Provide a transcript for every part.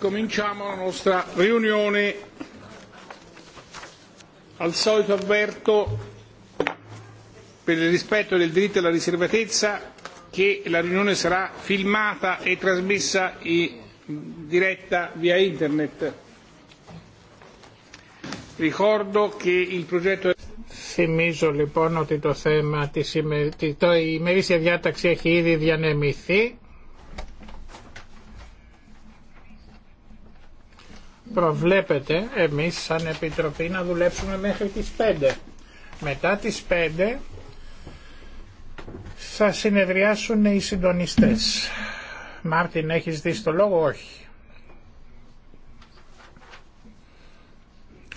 Cominciamo la nostra riunione. Al solito avverto, per il rispetto del diritto alla riservatezza, che la riunione sarà filmata e trasmessa in diretta via Internet. Ricordo che il progetto θυμίζω λοιπόν ότι ημερήσια διάταξη έχει ήδη διανεμηθεί. προβλέπεται εμείς σαν Επιτροπή να δουλέψουμε μέχρι τις 5. Μετά τις 5 θα συνεδριάσουν οι συντονιστές. Μάρτιν, έχεις δει στο λόγο, όχι.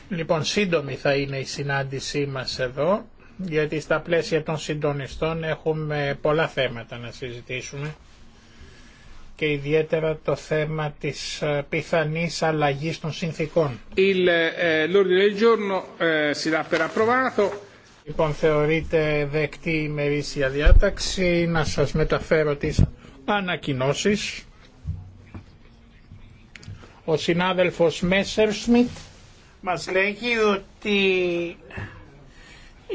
Λοιπόν, σύντομη θα είναι η συνάντησή μας εδώ, γιατί στα πλαίσια των συντονιστών έχουμε πολλά θέματα να συζητήσουμε και ιδιαίτερα το θέμα της ε, πιθανής αλλαγής των συνθήκων. Ε, ε, λοιπόν, θεωρείται δεκτή η μερίσια διάταξη. Να σας μεταφέρω τις ανακοινώσεις. Ο συνάδελφος Μέσερ Σμιτ μας λέγει ότι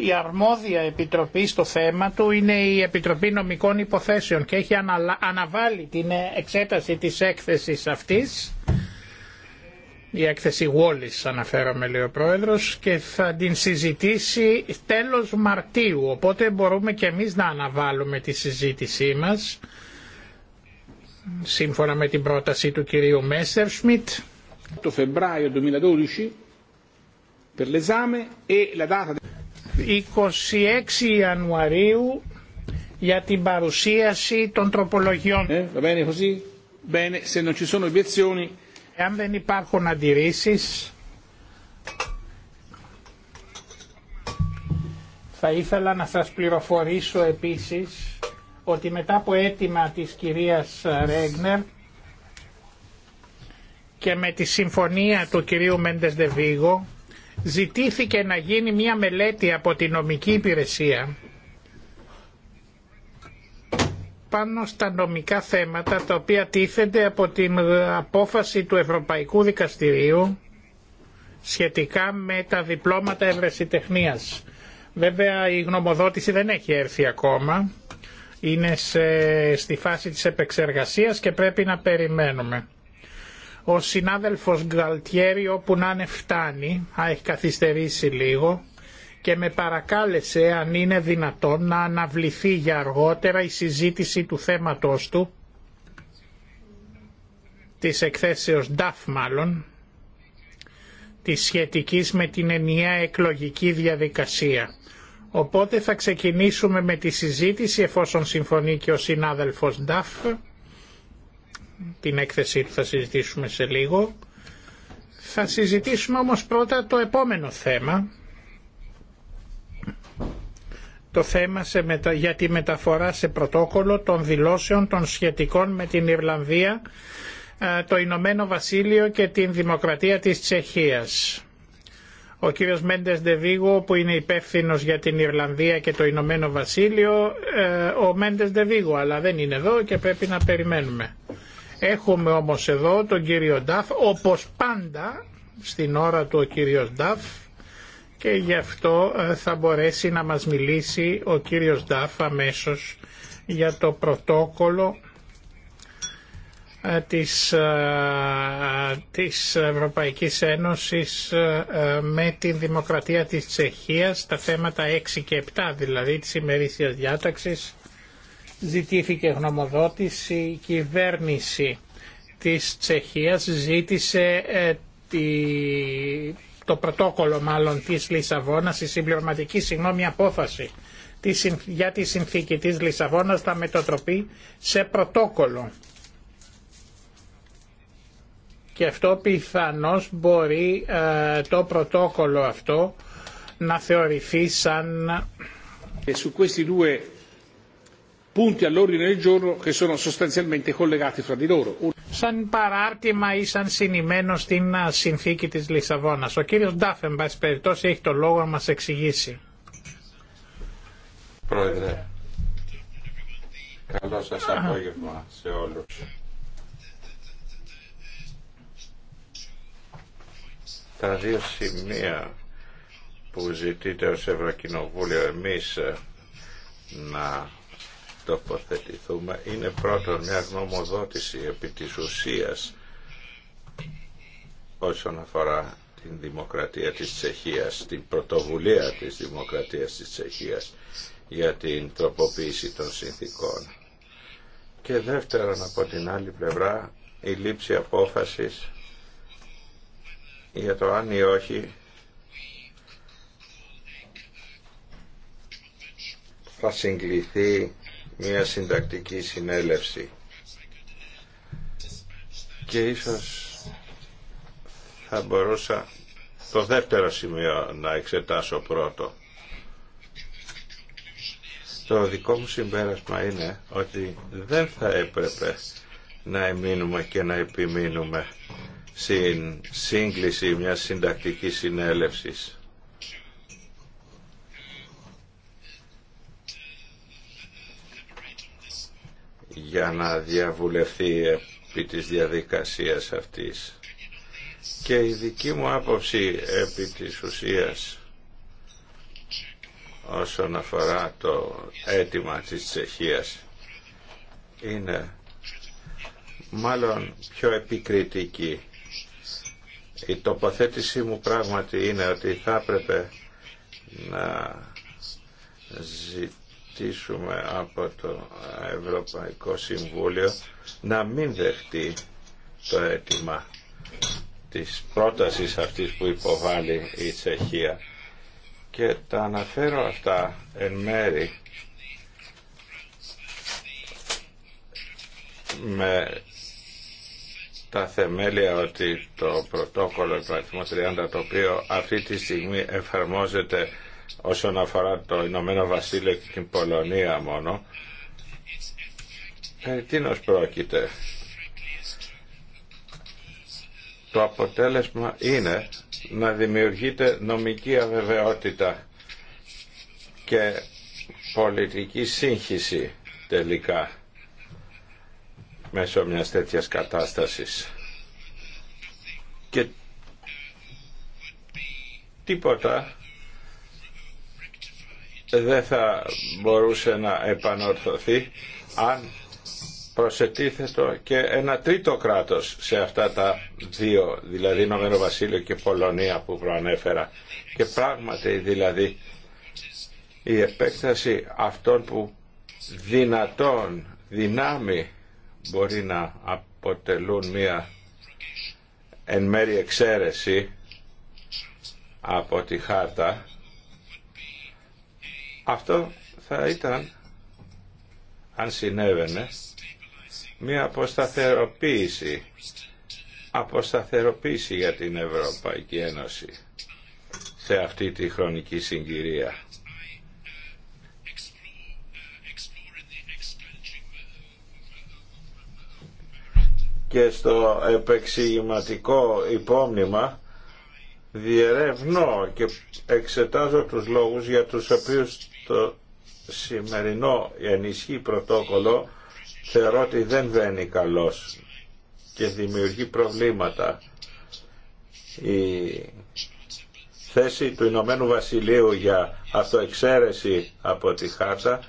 η αρμόδια επιτροπή στο θέμα του είναι η Επιτροπή Νομικών Υποθέσεων και έχει αναβάλει την εξέταση της έκθεσης αυτής η έκθεση Wallis αναφέρομαι λέει ο Πρόεδρος και θα την συζητήσει τέλος Μαρτίου οπότε μπορούμε και εμείς να αναβάλουμε τη συζήτησή μας σύμφωνα με την πρόταση του κυρίου Μέσερ το Φεβράιο του 2012 26 Ιανουαρίου για την παρουσίαση των τροπολογιών. Εάν δεν υπάρχουν αντιρρήσει, θα ήθελα να σα πληροφορήσω επίση ότι μετά από αίτημα της κυρίας Ρέγνερ και με τη συμφωνία του κυρίου Μέντες Δεβίγο ζητήθηκε να γίνει μια μελέτη από τη νομική υπηρεσία πάνω στα νομικά θέματα τα οποία τίθενται από την απόφαση του Ευρωπαϊκού Δικαστηρίου σχετικά με τα διπλώματα ευρεσιτεχνίας. Βέβαια η γνωμοδότηση δεν έχει έρθει ακόμα, είναι στη φάση της επεξεργασίας και πρέπει να περιμένουμε. Ο συνάδελφος Γκαλτιέρη όπου να είναι φτάνει, έχει καθυστερήσει λίγο, και με παρακάλεσε αν είναι δυνατόν να αναβληθεί για αργότερα η συζήτηση του θέματος του, της εκθέσεως Νταφ μάλλον, της σχετικής με την ενιαία εκλογική διαδικασία. Οπότε θα ξεκινήσουμε με τη συζήτηση εφόσον συμφωνεί και ο συνάδελφος Νταφ την έκθεσή του θα συζητήσουμε σε λίγο. Θα συζητήσουμε όμως πρώτα το επόμενο θέμα, το θέμα σε για τη μεταφορά σε πρωτόκολλο των δηλώσεων των σχετικών με την Ιρλανδία, το Ηνωμένο Βασίλειο και την Δημοκρατία της Τσεχίας. Ο κύριος Μέντες Ντεβίγο που είναι υπεύθυνο για την Ιρλανδία και το Ηνωμένο Βασίλειο, ε, ο Μέντες Ντεβίγο αλλά δεν είναι εδώ και πρέπει να περιμένουμε. Έχουμε όμως εδώ τον κύριο Νταφ, όπως πάντα στην ώρα του ο κύριος Νταφ και γι' αυτό ε, θα μπορέσει να μας μιλήσει ο κύριος Νταφ αμέσως για το πρωτόκολλο ε, της, ε, της Ευρωπαϊκής Ένωσης με την Δημοκρατία της Τσεχίας, τα θέματα 6 και 7 δηλαδή της ημερήσιας διάταξης ζητήθηκε γνωμοδότηση, η κυβέρνηση της Τσεχίας ζήτησε ε, το πρωτόκολλο μάλλον της Λισαβόνας, η συμπληρωματική συγγνώμη απόφαση για τη συνθήκη της Λισαβόνας να μετατροπεί σε πρωτόκολλο. Και αυτό πιθανώς μπορεί ε, το πρωτόκολλο αυτό να θεωρηθεί σαν... σε punti all'ordine del giorno che sono sostanzialmente collegati fra di loro. Σαν παράρτημα ή σαν συνημένο στην συνθήκη της Λισαβόνας. Ο κύριος Ντάφ, εν πάση περιπτώσει, έχει το λόγο να μας εξηγήσει. Πρόεδρε, καλό σας απόγευμα σε όλους. Τα δύο σημεία που ζητείτε ως Ευρωκοινοβούλιο εμείς ε, να τοποθετηθούμε είναι πρώτον μια γνωμοδότηση επί της ουσίας όσον αφορά την δημοκρατία της Τσεχίας, την πρωτοβουλία της δημοκρατίας της Τσεχίας για την τροποποίηση των συνθήκων. Και δεύτερον από την άλλη πλευρά η λήψη απόφασης για το αν ή όχι θα συγκληθεί μια συντακτική συνέλευση και ίσως θα μπορούσα το δεύτερο σημείο να εξετάσω πρώτο. Το δικό μου συμπέρασμα είναι ότι δεν θα έπρεπε να εμείνουμε και να επιμείνουμε στην σύγκληση μιας συντακτικής συνέλευσης. για να διαβουλευθεί επί της διαδικασίας αυτής. Και η δική μου άποψη επί της ουσίας όσον αφορά το αίτημα της Τσεχίας είναι μάλλον πιο επικριτική. Η τοποθέτησή μου πράγματι είναι ότι θα έπρεπε να ζητήσω ζητήσουμε από το Ευρωπαϊκό Συμβούλιο να μην δεχτεί το αίτημα της πρότασης αυτής που υποβάλλει η Τσεχία και τα αναφέρω αυτά εν μέρη με τα θεμέλια ότι το πρωτόκολλο αριθμού 30 το οποίο αυτή τη στιγμή εφαρμόζεται όσον αφορά το Ηνωμένο Βασίλειο και την Πολωνία μόνο τι ε, τίνος πρόκειται το αποτέλεσμα είναι να δημιουργείται νομική αβεβαιότητα και πολιτική σύγχυση τελικά μέσω μιας τέτοιας κατάστασης και τίποτα δεν θα μπορούσε να επανορθωθεί αν προσετίθετο και ένα τρίτο κράτος σε αυτά τα δύο, δηλαδή Ηνωμένο Βασίλειο και Πολωνία που προανέφερα. Και πράγματι δηλαδή η επέκταση αυτών που δυνατόν, δυνάμει μπορεί να αποτελούν μια εν μέρη εξαίρεση από τη χάρτα αυτό θα ήταν, αν συνέβαινε, μια αποσταθεροποίηση, αποσταθεροποίηση για την Ευρωπαϊκή Ένωση σε αυτή τη χρονική συγκυρία. και στο επεξηγηματικό υπόμνημα διερευνώ και εξετάζω τους λόγους για τους οποίους το σημερινό ενισχύ πρωτόκολλο θεωρώ ότι δεν βαίνει καλός και δημιουργεί προβλήματα. Η θέση του Ηνωμένου Βασιλείου για αυτοεξαίρεση από τη χάρτα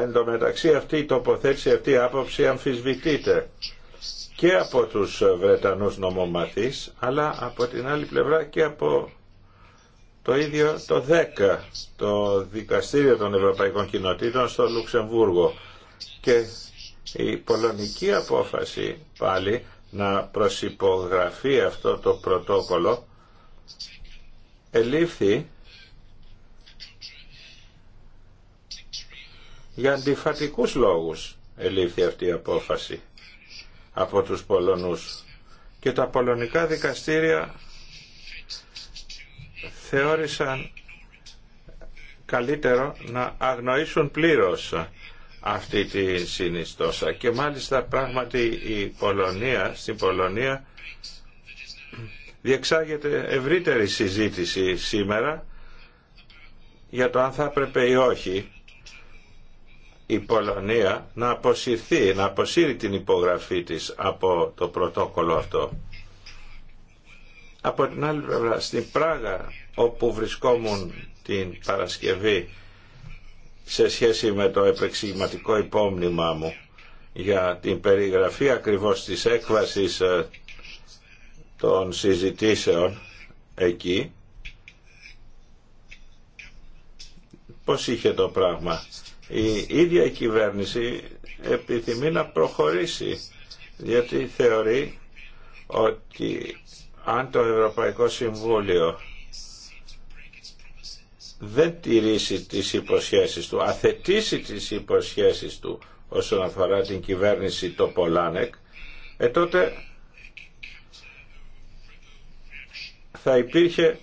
εν τω μεταξύ αυτή η τοποθέτηση, αυτή η άποψη αμφισβητείται και από τους Βρετανούς νομομαθείς αλλά από την άλλη πλευρά και από το ίδιο το 10, το Δικαστήριο των Ευρωπαϊκών Κοινοτήτων στο Λουξεμβούργο. Και η πολωνική απόφαση πάλι να προσυπογραφεί αυτό το πρωτόκολλο ελήφθη για αντιφατικούς λόγους ελήφθη αυτή η απόφαση από τους Πολωνούς και τα πολωνικά δικαστήρια θεώρησαν καλύτερο να αγνοήσουν πλήρως αυτή τη συνιστόσα και μάλιστα πράγματι η Πολωνία, στην Πολωνία διεξάγεται ευρύτερη συζήτηση σήμερα για το αν θα έπρεπε ή όχι η Πολωνία να αποσυρθεί, να αποσύρει την υπογραφή της από το πρωτόκολλο αυτό. Από την άλλη πλευρά, στην Πράγα όπου βρισκόμουν την Παρασκευή σε σχέση με το επεξηγηματικό υπόμνημά μου για την περιγραφή ακριβώς της έκβασης ε, των συζητήσεων εκεί πώς είχε το πράγμα η ίδια η κυβέρνηση επιθυμεί να προχωρήσει γιατί θεωρεί ότι αν το Ευρωπαϊκό Συμβούλιο δεν τηρήσει τις υποσχέσεις του, αθετήσει τις υποσχέσεις του όσον αφορά την κυβέρνηση το Πολάνεκ, ε, τότε θα υπήρχε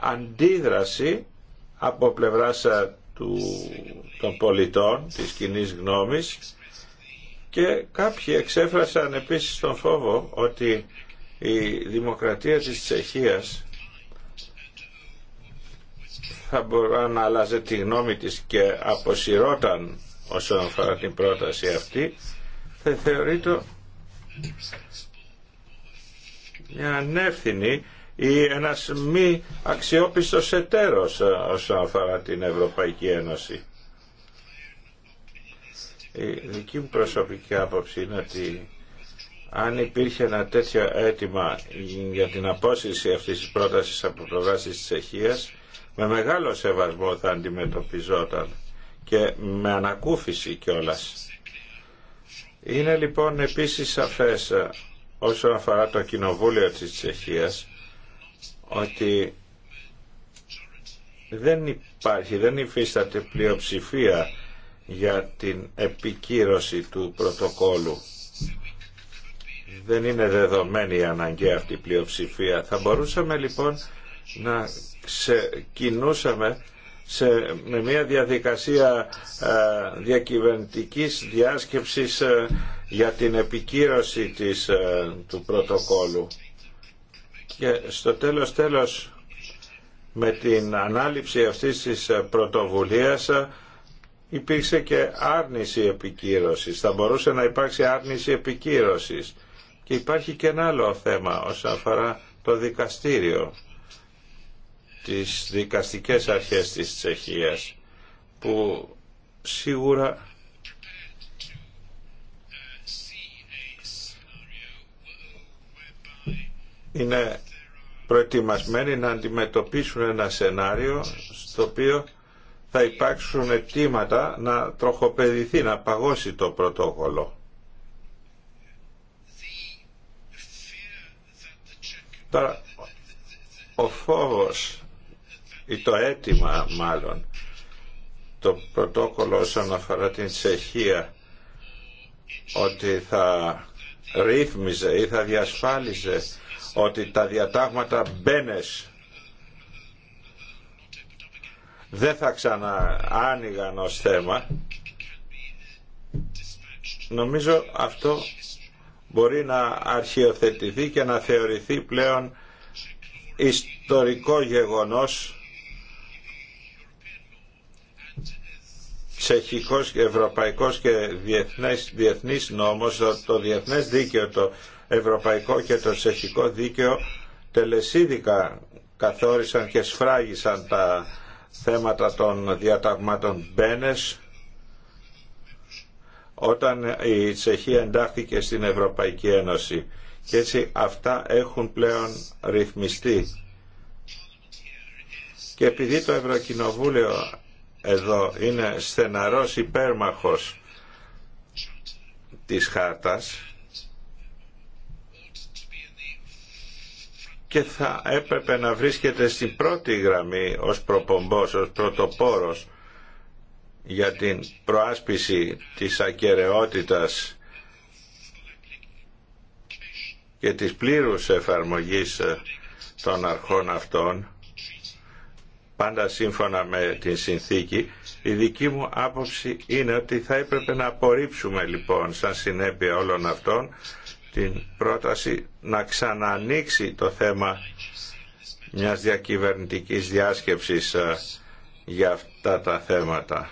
αντίδραση από πλευράς ε, του, των πολιτών, της κοινή γνώμης και κάποιοι εξέφρασαν επίσης τον φόβο ότι η δημοκρατία της Τσεχίας θα μπορούσε να αλλάζει τη γνώμη της και αποσυρώταν όσον αφορά την πρόταση αυτή, θα θεωρείται μια ανεύθυνη ή ένας μη αξιόπιστος εταίρος ε, όσον αφορά την Ευρωπαϊκή Ένωση. Η δική μου προσωπική άποψη είναι ότι αν υπήρχε ένα τέτοιο αίτημα για την απόσυρση αυτής της πρότασης από πλευράς της Τσεχίας, με μεγάλο σεβασμό θα αντιμετωπιζόταν και με ανακούφιση κιόλας. Είναι λοιπόν επίσης σαφές ε, όσον αφορά το Κοινοβούλιο της Τσεχίας ότι δεν υπάρχει, δεν υφίσταται πλειοψηφία για την επικύρωση του πρωτοκόλου. Δεν είναι δεδομένη η αναγκαία αυτή η πλειοψηφία. Θα μπορούσαμε λοιπόν να κινούσαμε σε, με μια διαδικασία ε, διακυβερνητικής διάσκεψης ε, για την επικύρωση της, ε, του πρωτοκόλου. Και στο τέλος τέλος με την ανάληψη αυτής της ε, πρωτοβουλίας υπήρξε και άρνηση επικύρωσης. Θα μπορούσε να υπάρξει άρνηση επικύρωσης. Και υπάρχει και ένα άλλο θέμα όσον αφορά το δικαστήριο τις δικαστικές αρχές της Τσεχίας που σίγουρα είναι προετοιμασμένοι να αντιμετωπίσουν ένα σενάριο στο οποίο θα υπάρξουν αιτήματα να τροχοπεδηθεί, να παγώσει το πρωτόκολλο. Τώρα, ο φόβος ή το αίτημα μάλλον το πρωτόκολλο όσον αφορά την Τσεχία ότι θα ρύθμιζε ή θα διασφάλιζε ότι τα διατάγματα μπένες δεν θα ξανά άνοιγαν ως θέμα νομίζω αυτό μπορεί να αρχιοθετηθεί και να θεωρηθεί πλέον ιστορικό γεγονός τσεχικός και ευρωπαϊκός και διεθνές, διεθνής νόμος, το, το διεθνές δίκαιο, το ευρωπαϊκό και το τσεχικό δίκαιο τελεσίδικα καθόρισαν και σφράγισαν τα θέματα των διαταγμάτων Μπένες όταν η Τσεχία εντάχθηκε στην Ευρωπαϊκή Ένωση και έτσι αυτά έχουν πλέον ρυθμιστεί και επειδή το Ευρωκοινοβούλιο εδώ είναι στεναρός υπέρμαχος της χάρτας και θα έπρεπε να βρίσκεται στην πρώτη γραμμή ως προπομπός, ως πρωτοπόρος για την προάσπιση της ακεραιότητας και της πλήρους εφαρμογής των αρχών αυτών πάντα σύμφωνα με την συνθήκη. Η δική μου άποψη είναι ότι θα έπρεπε να απορρίψουμε λοιπόν σαν συνέπεια όλων αυτών την πρόταση να ξανανοίξει το θέμα μιας διακυβερνητικής διάσκεψης ε, για αυτά τα θέματα.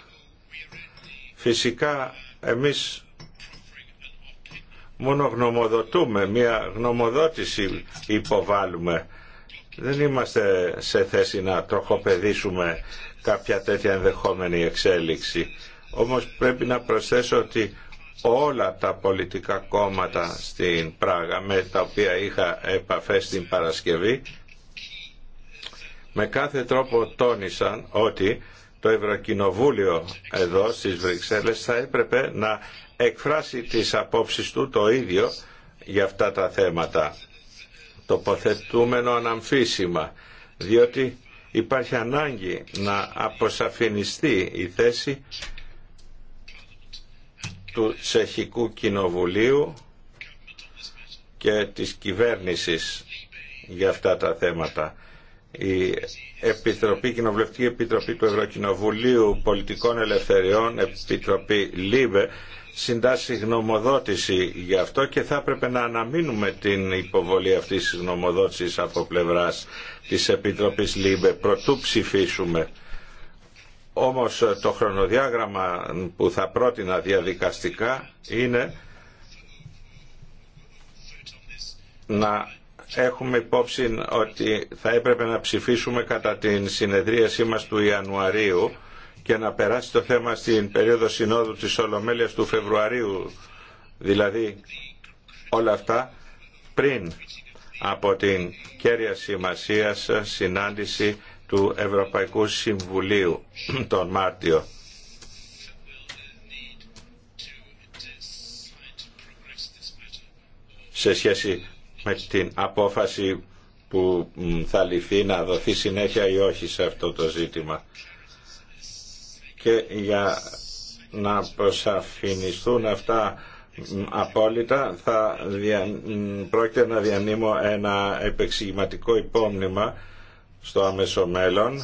Φυσικά εμείς μόνο γνωμοδοτούμε, μια γνωμοδότηση υποβάλλουμε δεν είμαστε σε θέση να τροχοπεδίσουμε κάποια τέτοια ενδεχόμενη εξέλιξη. Όμως πρέπει να προσθέσω ότι όλα τα πολιτικά κόμματα στην Πράγα με τα οποία είχα επαφές την Παρασκευή με κάθε τρόπο τόνισαν ότι το Ευρωκοινοβούλιο εδώ στις Βρυξέλλες θα έπρεπε να εκφράσει τις απόψεις του το ίδιο για αυτά τα θέματα τοποθετούμενο αναμφίσιμα, διότι υπάρχει ανάγκη να αποσαφινιστεί η θέση του Τσεχικού Κοινοβουλίου και της κυβέρνησης για αυτά τα θέματα. Η Επιτροπή, Κοινοβουλευτική Επιτροπή του Ευρωκοινοβουλίου Πολιτικών Ελευθεριών, Επιτροπή ΛΥΜΕ, συντάσσει γνωμοδότηση γι' αυτό και θα έπρεπε να αναμείνουμε την υποβολή αυτής της γνωμοδότησης από πλευράς της Επιτροπής ΛΥΜΠΕ προτού ψηφίσουμε. Όμως το χρονοδιάγραμμα που θα πρότεινα διαδικαστικά είναι να έχουμε υπόψη ότι θα έπρεπε να ψηφίσουμε κατά την συνεδρίασή μας του Ιανουαρίου και να περάσει το θέμα στην περίοδο συνόδου της Ολομέλειας του Φεβρουαρίου. Δηλαδή όλα αυτά πριν από την κέρια σημασία συνάντηση του Ευρωπαϊκού Συμβουλίου τον Μάρτιο. σε σχέση με την απόφαση που θα ληφθεί να δοθεί συνέχεια ή όχι σε αυτό το ζήτημα και για να προσαφινιστούν αυτά απόλυτα θα δια... πρόκειται να διανύμω ένα επεξηγηματικό υπόμνημα στο άμεσο μέλλον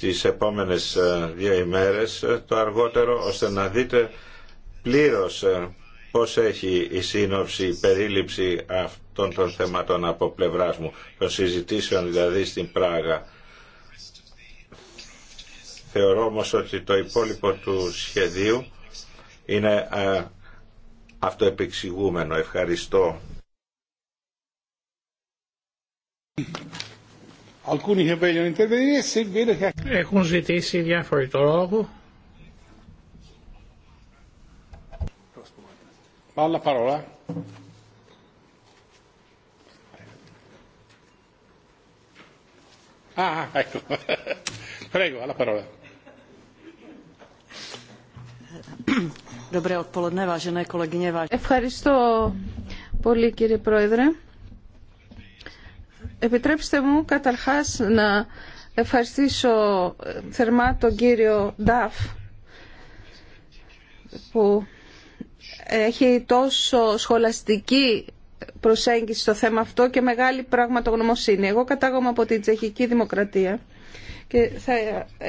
τις επόμενες ε, δύο ημέρες ε, το αργότερο ώστε να δείτε πλήρως ε, πώς έχει η σύνοψη, η περίληψη αυτών των θέματων από πλευράς μου των συζητήσεων δηλαδή στην Πράγα Θεωρώ όμως ότι το υπόλοιπο του σχεδίου είναι ε, αυτοεπεξηγούμενο. Ευχαριστώ. Έχουν ζητήσει διάφοροι το λόγο. Πάλα παρόλα. Α, ecco. Prego, alla parola. Ευχαριστώ πολύ κύριε Πρόεδρε. Επιτρέψτε μου καταρχάς να ευχαριστήσω θερμά τον κύριο Νταφ που έχει τόσο σχολαστική προσέγγιση στο θέμα αυτό και μεγάλη πραγματογνωμοσύνη. Εγώ κατάγομαι από την Τσεχική Δημοκρατία και θα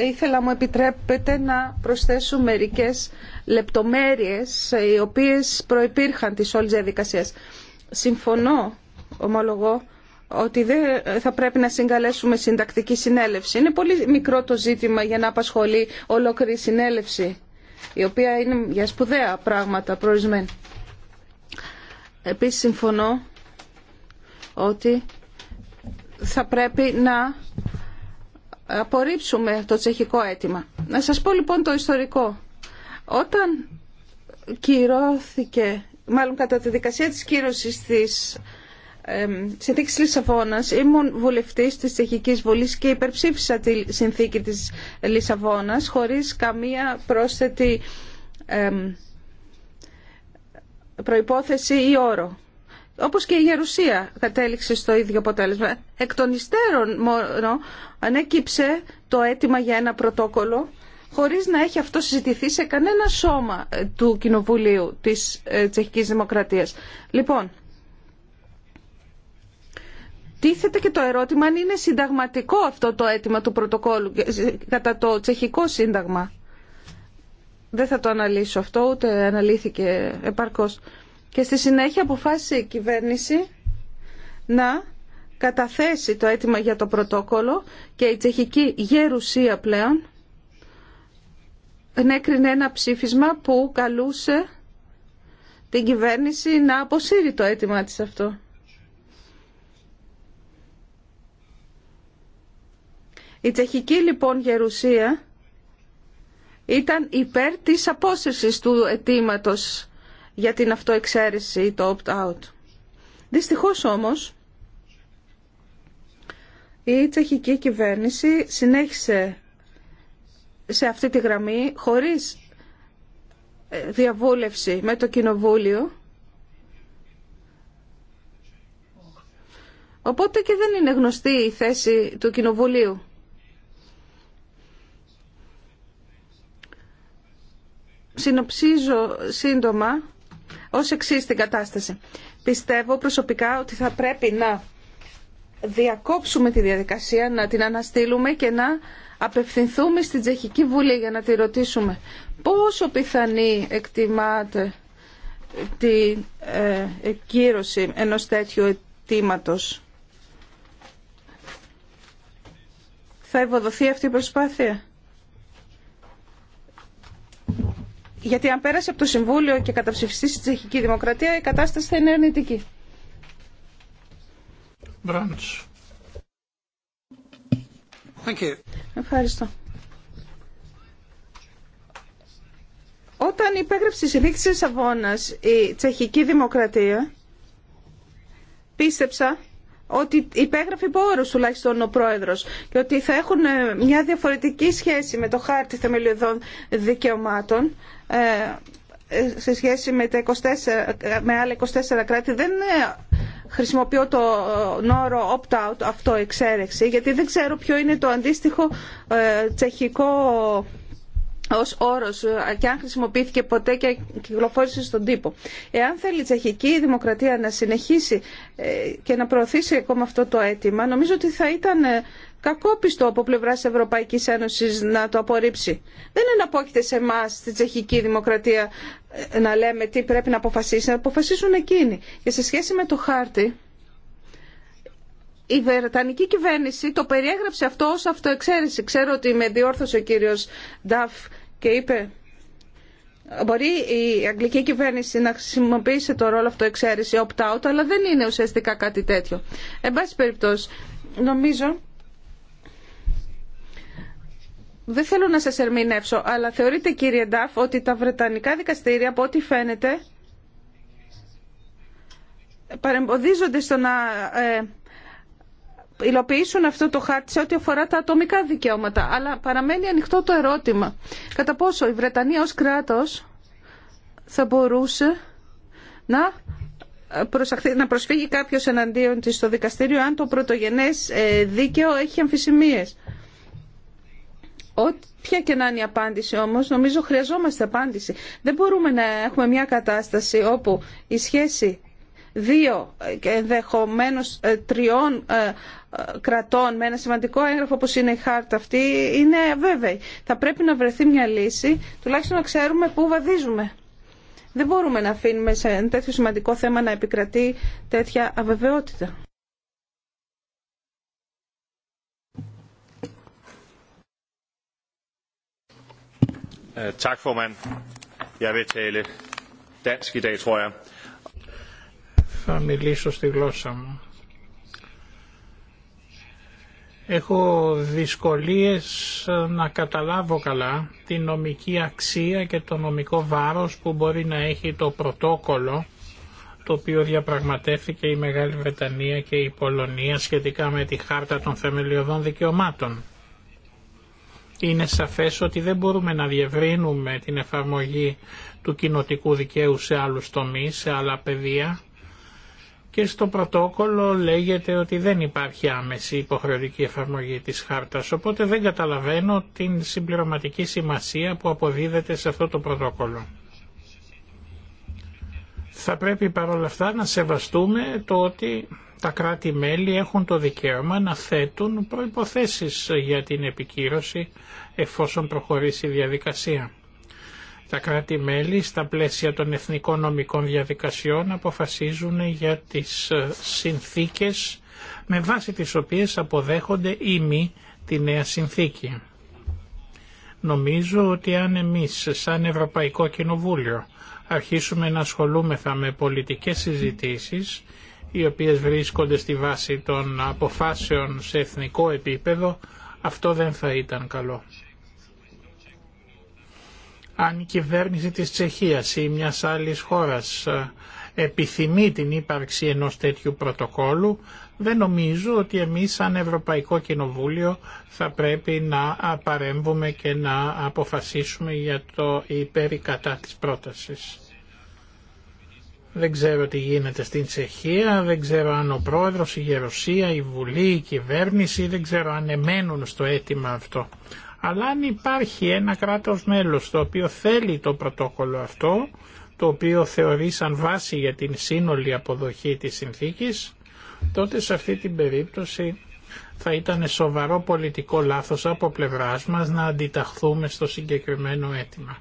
ήθελα μου επιτρέπετε να προσθέσω μερικές λεπτομέρειες οι οποίες προϋπήρχαν της όλης διαδικασία. Συμφωνώ, ομολογώ, ότι δεν θα πρέπει να συγκαλέσουμε συντακτική συνέλευση. Είναι πολύ μικρό το ζήτημα για να απασχολεί ολόκληρη συνέλευση, η οποία είναι για σπουδαία πράγματα προορισμένη. Επίσης συμφωνώ ότι θα πρέπει να απορρίψουμε το τσεχικό αίτημα. Να σας πω λοιπόν το ιστορικό. Όταν κυρώθηκε, μάλλον κατά τη δικασία της κύρωσης της ε, συνθήκης Λισαβόνας, ήμουν βουλευτής της Τσεχικής Βουλής και υπερψήφισα τη συνθήκη της Λισαβόνας χωρίς καμία πρόσθετη ε, προϋπόθεση ή όρο. Όπως και η Γερουσία κατέληξε στο ίδιο αποτέλεσμα. Εκ των υστέρων μόνο ανέκυψε το αίτημα για ένα πρωτόκολλο χωρίς να έχει αυτό συζητηθεί σε κανένα σώμα του Κοινοβουλίου της ε, Τσεχικής Δημοκρατίας. Λοιπόν, τίθεται και το ερώτημα αν είναι συνταγματικό αυτό το αίτημα του πρωτοκόλλου κατά το τσεχικό σύνταγμα. Δεν θα το αναλύσω αυτό, ούτε αναλύθηκε επαρκώς. Και στη συνέχεια αποφάσισε η κυβέρνηση να καταθέσει το αίτημα για το πρωτόκολλο και η τσεχική γερουσία πλέον ενέκρινε ένα ψήφισμα που καλούσε την κυβέρνηση να αποσύρει το αίτημά της αυτό. Η τσεχική λοιπόν γερουσία ήταν υπέρ της απόσυρσης του αιτήματος για την αυτοεξαίρεση ή το opt-out. Δυστυχώς όμως η τσεχική κυβέρνηση συνέχισε σε αυτή τη γραμμή χωρίς ε, διαβούλευση με το Κοινοβούλιο Οπότε και δεν είναι γνωστή η θέση του Κοινοβουλίου. Συνοψίζω σύντομα ως εξή την κατάσταση. Πιστεύω προσωπικά ότι θα πρέπει να διακόψουμε τη διαδικασία, να την αναστείλουμε και να απευθυνθούμε στην Τσεχική Βουλή για να τη ρωτήσουμε πόσο πιθανή εκτιμάται την ε, κύρωση ενός τέτοιου αιτήματο. Θα ευοδοθεί αυτή η προσπάθεια. Γιατί αν πέρασε από το Συμβούλιο και καταψηφιστεί στη Τσεχική Δημοκρατία, η κατάσταση θα είναι αρνητική. Μπραντς. Ευχαριστώ. Όταν υπέγραψε η συνήθιση της σαβόνας η Τσεχική Δημοκρατία, πίστεψα ότι υπέγραφε υπό τουλάχιστον ο πρόεδρος και ότι θα έχουν ε, μια διαφορετική σχέση με το χάρτη θεμελιωδών δικαιωμάτων ε, σε σχέση με, τα 24, με άλλα 24 κράτη δεν ε, χρησιμοποιώ το όρο opt-out, αυτό εξαίρεξη γιατί δεν ξέρω ποιο είναι το αντίστοιχο ε, τσεχικό ως όρος και αν χρησιμοποιήθηκε ποτέ και κυκλοφόρησε στον τύπο. Εάν θέλει η τσεχική δημοκρατία να συνεχίσει και να προωθήσει ακόμα αυτό το αίτημα, νομίζω ότι θα ήταν κακόπιστο από πλευρά Ευρωπαϊκή Ένωση να το απορρίψει. Δεν εναπόκειται σε εμά, στη τσεχική δημοκρατία, ε, να λέμε τι πρέπει να αποφασίσει, να αποφασίσουν εκείνοι. Και σε σχέση με το χάρτη, η Βρετανική κυβέρνηση το περιέγραψε αυτό ως αυτοεξαίρεση. Ξέρω ότι με διόρθωσε ο κύριος Νταφ και είπε Μπορεί η αγγλική κυβέρνηση να χρησιμοποιήσει το ρόλο αυτοεξαίρεση opt-out, αλλά δεν είναι ουσιαστικά κάτι τέτοιο. Εν πάση περιπτώσει, νομίζω δεν θέλω να σας ερμηνεύσω, αλλά θεωρείτε κύριε Νταφ ότι τα Βρετανικά δικαστήρια από ό,τι φαίνεται παρεμποδίζονται στο να ε, υλοποιήσουν αυτό το χάρτη σε ό,τι αφορά τα ατομικά δικαιώματα. Αλλά παραμένει ανοιχτό το ερώτημα. Κατά πόσο η Βρετανία ως κράτος θα μπορούσε να, να προσφύγει κάποιος εναντίον της στο δικαστήριο αν το πρωτογενές ε, δίκαιο έχει αμφισημίες. Ό,τι Ποια και να είναι η απάντηση όμως, νομίζω χρειαζόμαστε απάντηση. Δεν μπορούμε να έχουμε μια κατάσταση όπου η σχέση δύο και ενδεχομένω ε, τριών ε, ε, κρατών με ένα σημαντικό έγγραφο όπω είναι η χάρτα αυτή είναι βέβαιη. Θα πρέπει να βρεθεί μια λύση, τουλάχιστον να ξέρουμε πού βαδίζουμε. Δεν μπορούμε να αφήνουμε σε ένα τέτοιο σημαντικό θέμα να επικρατεί τέτοια αβεβαιότητα. Tak, Θα μιλήσω στη γλώσσα μου. Έχω δυσκολίες να καταλάβω καλά την νομική αξία και το νομικό βάρος που μπορεί να έχει το πρωτόκολλο το οποίο διαπραγματεύθηκε η Μεγάλη Βρετανία και η Πολωνία σχετικά με τη Χάρτα των Θεμελιωδών Δικαιωμάτων. Είναι σαφές ότι δεν μπορούμε να διευρύνουμε την εφαρμογή του κοινοτικού δικαίου σε άλλους τομείς, σε άλλα πεδία και στο πρωτόκολλο λέγεται ότι δεν υπάρχει άμεση υποχρεωτική εφαρμογή της χάρτας, οπότε δεν καταλαβαίνω την συμπληρωματική σημασία που αποδίδεται σε αυτό το πρωτόκολλο. Θα πρέπει παρόλα αυτά να σεβαστούμε το ότι τα κράτη-μέλη έχουν το δικαίωμα να θέτουν προϋποθέσεις για την επικύρωση εφόσον προχωρήσει η διαδικασία. Τα κράτη-μέλη στα πλαίσια των εθνικών νομικών διαδικασιών αποφασίζουν για τις ε, συνθήκες με βάση τις οποίες αποδέχονται ή μη τη νέα συνθήκη. Νομίζω ότι αν εμείς σαν Ευρωπαϊκό Κοινοβούλιο αρχίσουμε να ασχολούμεθα με πολιτικές συζητήσεις, οι οποίες βρίσκονται στη βάση των αποφάσεων σε εθνικό επίπεδο, αυτό δεν θα ήταν καλό. Αν η κυβέρνηση της Τσεχίας ή μιας άλλης χώρας ε, επιθυμεί την ύπαρξη ενός τέτοιου πρωτοκόλου, δεν νομίζω ότι εμείς σαν Ευρωπαϊκό Κοινοβούλιο θα πρέπει να παρέμβουμε και να αποφασίσουμε για το υπέρ ή κατά της πρότασης. Δεν ξέρω τι γίνεται στην Τσεχία, δεν ξέρω αν ο πρόεδρος, η Γερουσία, η Βουλή, η κυβέρνηση, δεν ξέρω αν εμένουν στο αίτημα αυτό. Αλλά αν υπάρχει ένα κράτος μέλος το οποίο θέλει το πρωτόκολλο αυτό, το οποίο θεωρεί σαν βάση για την σύνολη αποδοχή της συνθήκης, τότε σε αυτή την περίπτωση θα ήταν σοβαρό πολιτικό λάθος από πλευράς μας να αντιταχθούμε στο συγκεκριμένο αίτημα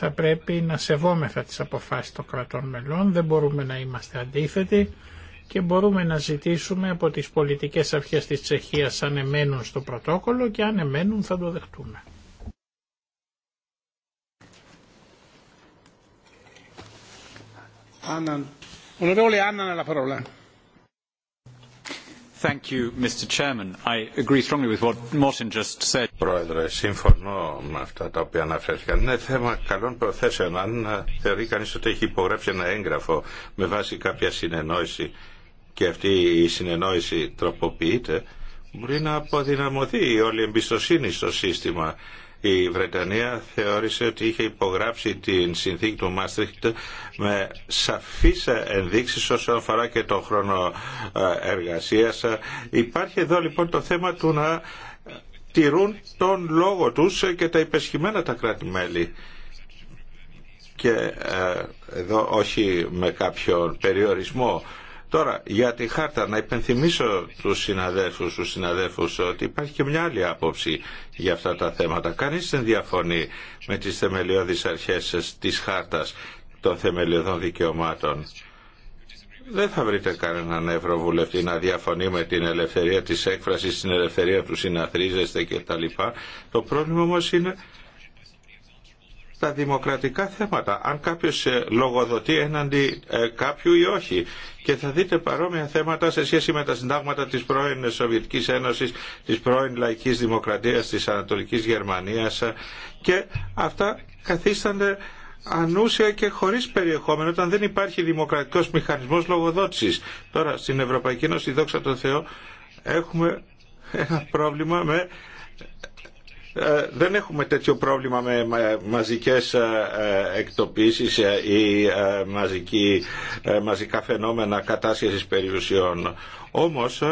θα πρέπει να σεβόμεθα τις αποφάσεις των κρατών μελών, δεν μπορούμε να είμαστε αντίθετοι και μπορούμε να ζητήσουμε από τις πολιτικές αρχές της Τσεχίας αν στο πρωτόκολλο και αν θα το δεχτούμε. Ευχαριστώ, Πρόεδρε, συμφωνώ με αυτά τα οποία αναφέρθηκαν. Είναι θέμα καλών προθέσεων. Αν ε, θεωρεί κανείς ότι έχει υπογράψει ένα έγγραφο με βάση κάποια συνεννόηση και αυτή η συνεννόηση τροποποιείται, μπορεί να αποδυναμωθεί όλη εμπιστοσύνη στο σύστημα η Βρετανία θεώρησε ότι είχε υπογράψει την συνθήκη του Μάστριχτ με σαφείς ενδείξεις όσον αφορά και το χρόνο ε, εργασίας. Υπάρχει εδώ λοιπόν το θέμα του να τηρούν τον λόγο τους και τα υπεσχημένα τα κράτη-μέλη και ε, εδώ όχι με κάποιον περιορισμό Τώρα, για τη χάρτα, να υπενθυμίσω του συναδέλφου, του συναδέλφου, ότι υπάρχει και μια άλλη άποψη για αυτά τα θέματα. Κανεί δεν διαφωνεί με τις θεμελιώδεις αρχές της χάρτας των θεμελιωδών δικαιωμάτων. Δεν θα βρείτε κανέναν Ευρωβουλευτή να διαφωνεί με την ελευθερία της έκφρασης, την ελευθερία του συναθρίζεστε κτλ. Το πρόβλημα όμως είναι τα δημοκρατικά θέματα, αν κάποιο ε, λογοδοτεί έναντι ε, κάποιου ή όχι. Και θα δείτε παρόμοια θέματα σε σχέση με τα συντάγματα της πρώην Σοβιετικής Ένωσης, της πρώην Λαϊκή Δημοκρατίας της Ανατολικής Γερμανίας ε, και αυτά καθίστανται ανούσια και χωρίς περιεχόμενο όταν δεν υπάρχει δημοκρατικός μηχανισμός λογοδότησης. Τώρα στην Ευρωπαϊκή Ένωση, δόξα τω Θεώ, έχουμε ένα πρόβλημα με ε, δεν έχουμε τέτοιο πρόβλημα με μαζικές ε, ε, εκτοπίσεις ή μαζικά φαινόμενα κατάσχεσης περιουσιών. Όμως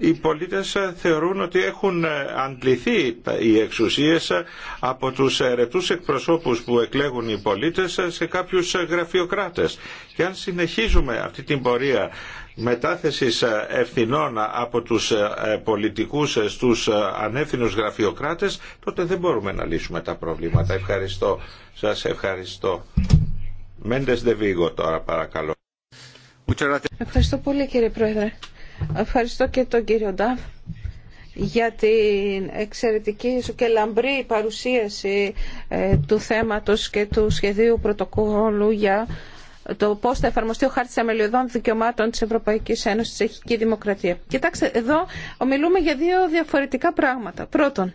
οι πολίτες θεωρούν ότι έχουν αντληθεί οι εξουσίες από τους ερετούς εκπροσώπους που εκλέγουν οι πολίτες σε κάποιους γραφειοκράτες. Και αν συνεχίζουμε αυτή την πορεία μετάθεσης ευθυνών από τους πολιτικούς στους ανεύθυνους γραφειοκράτες, τότε δεν μπορούμε να λύσουμε τα προβλήματα. Ευχαριστώ. Σας ευχαριστώ. Μέντες Δεβίγο τώρα παρακαλώ. Ευχαριστώ πολύ κύριε Πρόεδρε. Ευχαριστώ και τον κύριο Νταφ για την εξαιρετική σου και λαμπρή παρουσίαση ε, του θέματος και του σχεδίου πρωτοκόλλου για το πώς θα εφαρμοστεί ο χάρτης αμελιωδών δικαιωμάτων της Ευρωπαϊκής Ένωσης της Τσεχική Δημοκρατία. Κοιτάξτε, εδώ ομιλούμε για δύο διαφορετικά πράγματα. Πρώτον,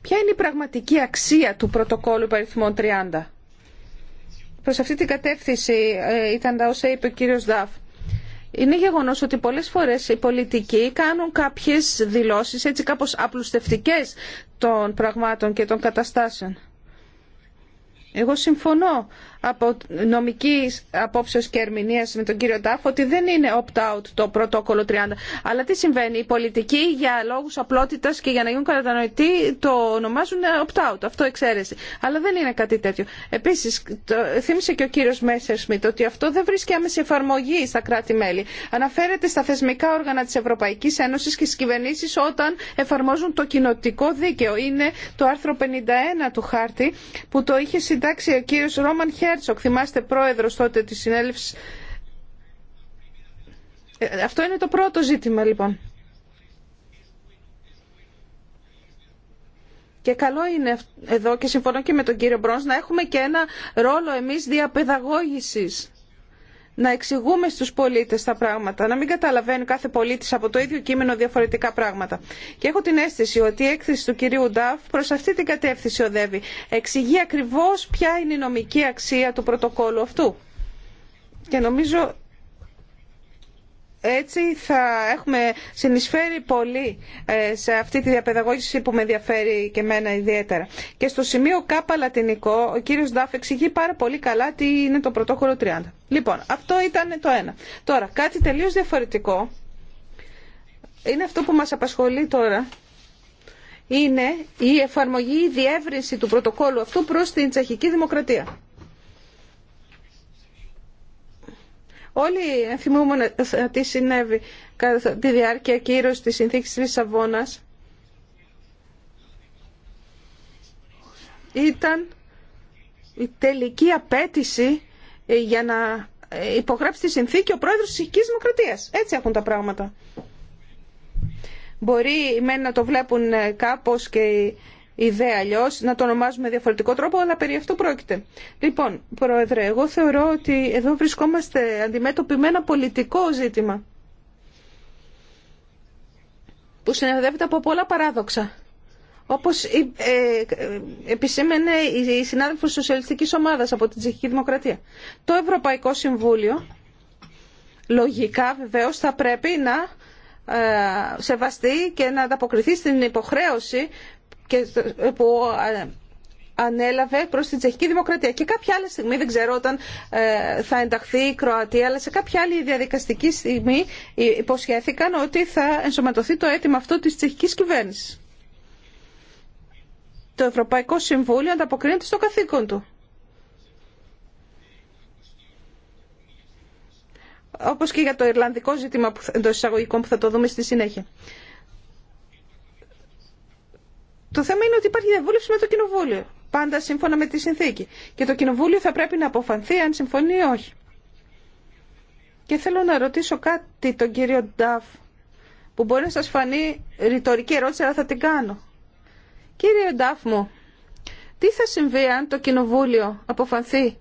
ποια είναι η πραγματική αξία του πρωτοκόλλου παριθμών 30. Προς αυτή την κατεύθυνση ε, ήταν τα όσα είπε ο κύριος Δαφ. Είναι γεγονό ότι πολλές φορές οι πολιτικοί κάνουν κάποιες δηλώσεις έτσι κάπως απλουστευτικές των πραγμάτων και των καταστάσεων. Εγώ συμφωνώ από νομική απόψεω και ερμηνεία με τον κύριο Ντάφ ότι δεν είναι opt-out το πρωτόκολλο 30. Αλλά τι συμβαίνει, οι πολιτικοί για λόγου απλότητα και για να γίνουν κατανοητοί το ονομάζουν opt-out, αυτό εξαίρεση. Αλλά δεν είναι κάτι τέτοιο. Επίση, θύμισε και ο κύριο Μέσσερ Σμιτ ότι αυτό δεν βρίσκει άμεση εφαρμογή στα κράτη-μέλη. Αναφέρεται στα θεσμικά όργανα τη Ευρωπαϊκή Ένωση και στι κυβερνήσει όταν εφαρμόζουν το κοινοτικό δίκαιο. Είναι το άρθρο 51 του χάρτη που το είχε συντάξει ο κύριο Ρόμαν Χέρτσοκ, θυμάστε πρόεδρος τότε της συνέλευσης. Ε, αυτό είναι το πρώτο ζήτημα λοιπόν. Και καλό είναι εδώ και συμφωνώ και με τον κύριο Μπρόνς να έχουμε και ένα ρόλο εμείς διαπαιδαγώγησης να εξηγούμε στους πολίτες τα πράγματα, να μην καταλαβαίνει κάθε πολίτης από το ίδιο κείμενο διαφορετικά πράγματα. Και έχω την αίσθηση ότι η έκθεση του κυρίου Νταφ προς αυτή την κατεύθυνση οδεύει. Εξηγεί ακριβώς ποια είναι η νομική αξία του πρωτοκόλου αυτού. Και νομίζω έτσι θα έχουμε συνεισφέρει πολύ ε, σε αυτή τη διαπαιδαγώγηση που με ενδιαφέρει και εμένα ιδιαίτερα. Και στο σημείο ΚΑΠΑ λατινικό ο κύριος Ντάφ εξηγεί πάρα πολύ καλά τι είναι το πρωτόκολλο 30. Λοιπόν, αυτό ήταν το ένα. Τώρα, κάτι τελείως διαφορετικό είναι αυτό που μας απασχολεί τώρα. Είναι η εφαρμογή, η διεύρυνση του πρωτοκόλλου αυτού προς την τσαχική δημοκρατία. Όλοι θυμούμε τι συνέβη κατά τη διάρκεια κύρωση της συνθήκης της Λισαβόνας. Ήταν η τελική απέτηση για να υπογράψει τη συνθήκη ο πρόεδρος της Οικικής Δημοκρατίας. Έτσι έχουν τα πράγματα. Μπορεί μένα να το βλέπουν κάπως και οι ιδέα αλλιώ, να το ονομάζουμε διαφορετικό τρόπο, αλλά περί αυτού πρόκειται. Λοιπόν, Πρόεδρε, εγώ θεωρώ ότι εδώ βρισκόμαστε αντιμέτωποι με ένα πολιτικό ζήτημα που συνεδεύεται από πολλά παράδοξα. Όπως ε, ε, επισήμενε η συνάδελφος της Σοσιαλιστικής Ομάδας από την Τσεχική Δημοκρατία. Το Ευρωπαϊκό Συμβούλιο, λογικά βεβαίως, θα πρέπει να ε, σεβαστεί και να ανταποκριθεί στην υποχρέωση και που ε, ανέλαβε προς την Τσεχική Δημοκρατία. Και κάποια άλλη στιγμή, δεν ξέρω όταν ε, θα ενταχθεί η Κροατία, αλλά σε κάποια άλλη διαδικαστική στιγμή υποσχέθηκαν ότι θα ενσωματωθεί το αίτημα αυτό της τσεχικής κυβέρνησης. Το Ευρωπαϊκό Συμβούλιο ανταποκρίνεται στο καθήκον του. Όπως και για το Ιρλανδικό ζήτημα εντό εισαγωγικών που θα το δούμε στη συνέχεια. Το θέμα είναι ότι υπάρχει διαβούλευση με το Κοινοβούλιο. Πάντα σύμφωνα με τη συνθήκη. Και το Κοινοβούλιο θα πρέπει να αποφανθεί αν συμφωνεί ή όχι. Και θέλω να ρωτήσω κάτι τον κύριο Νταφ, που μπορεί να σας φανεί ρητορική ερώτηση, αλλά θα την κάνω. Κύριε Νταφ μου, τι θα συμβεί αν το Κοινοβούλιο αποφανθεί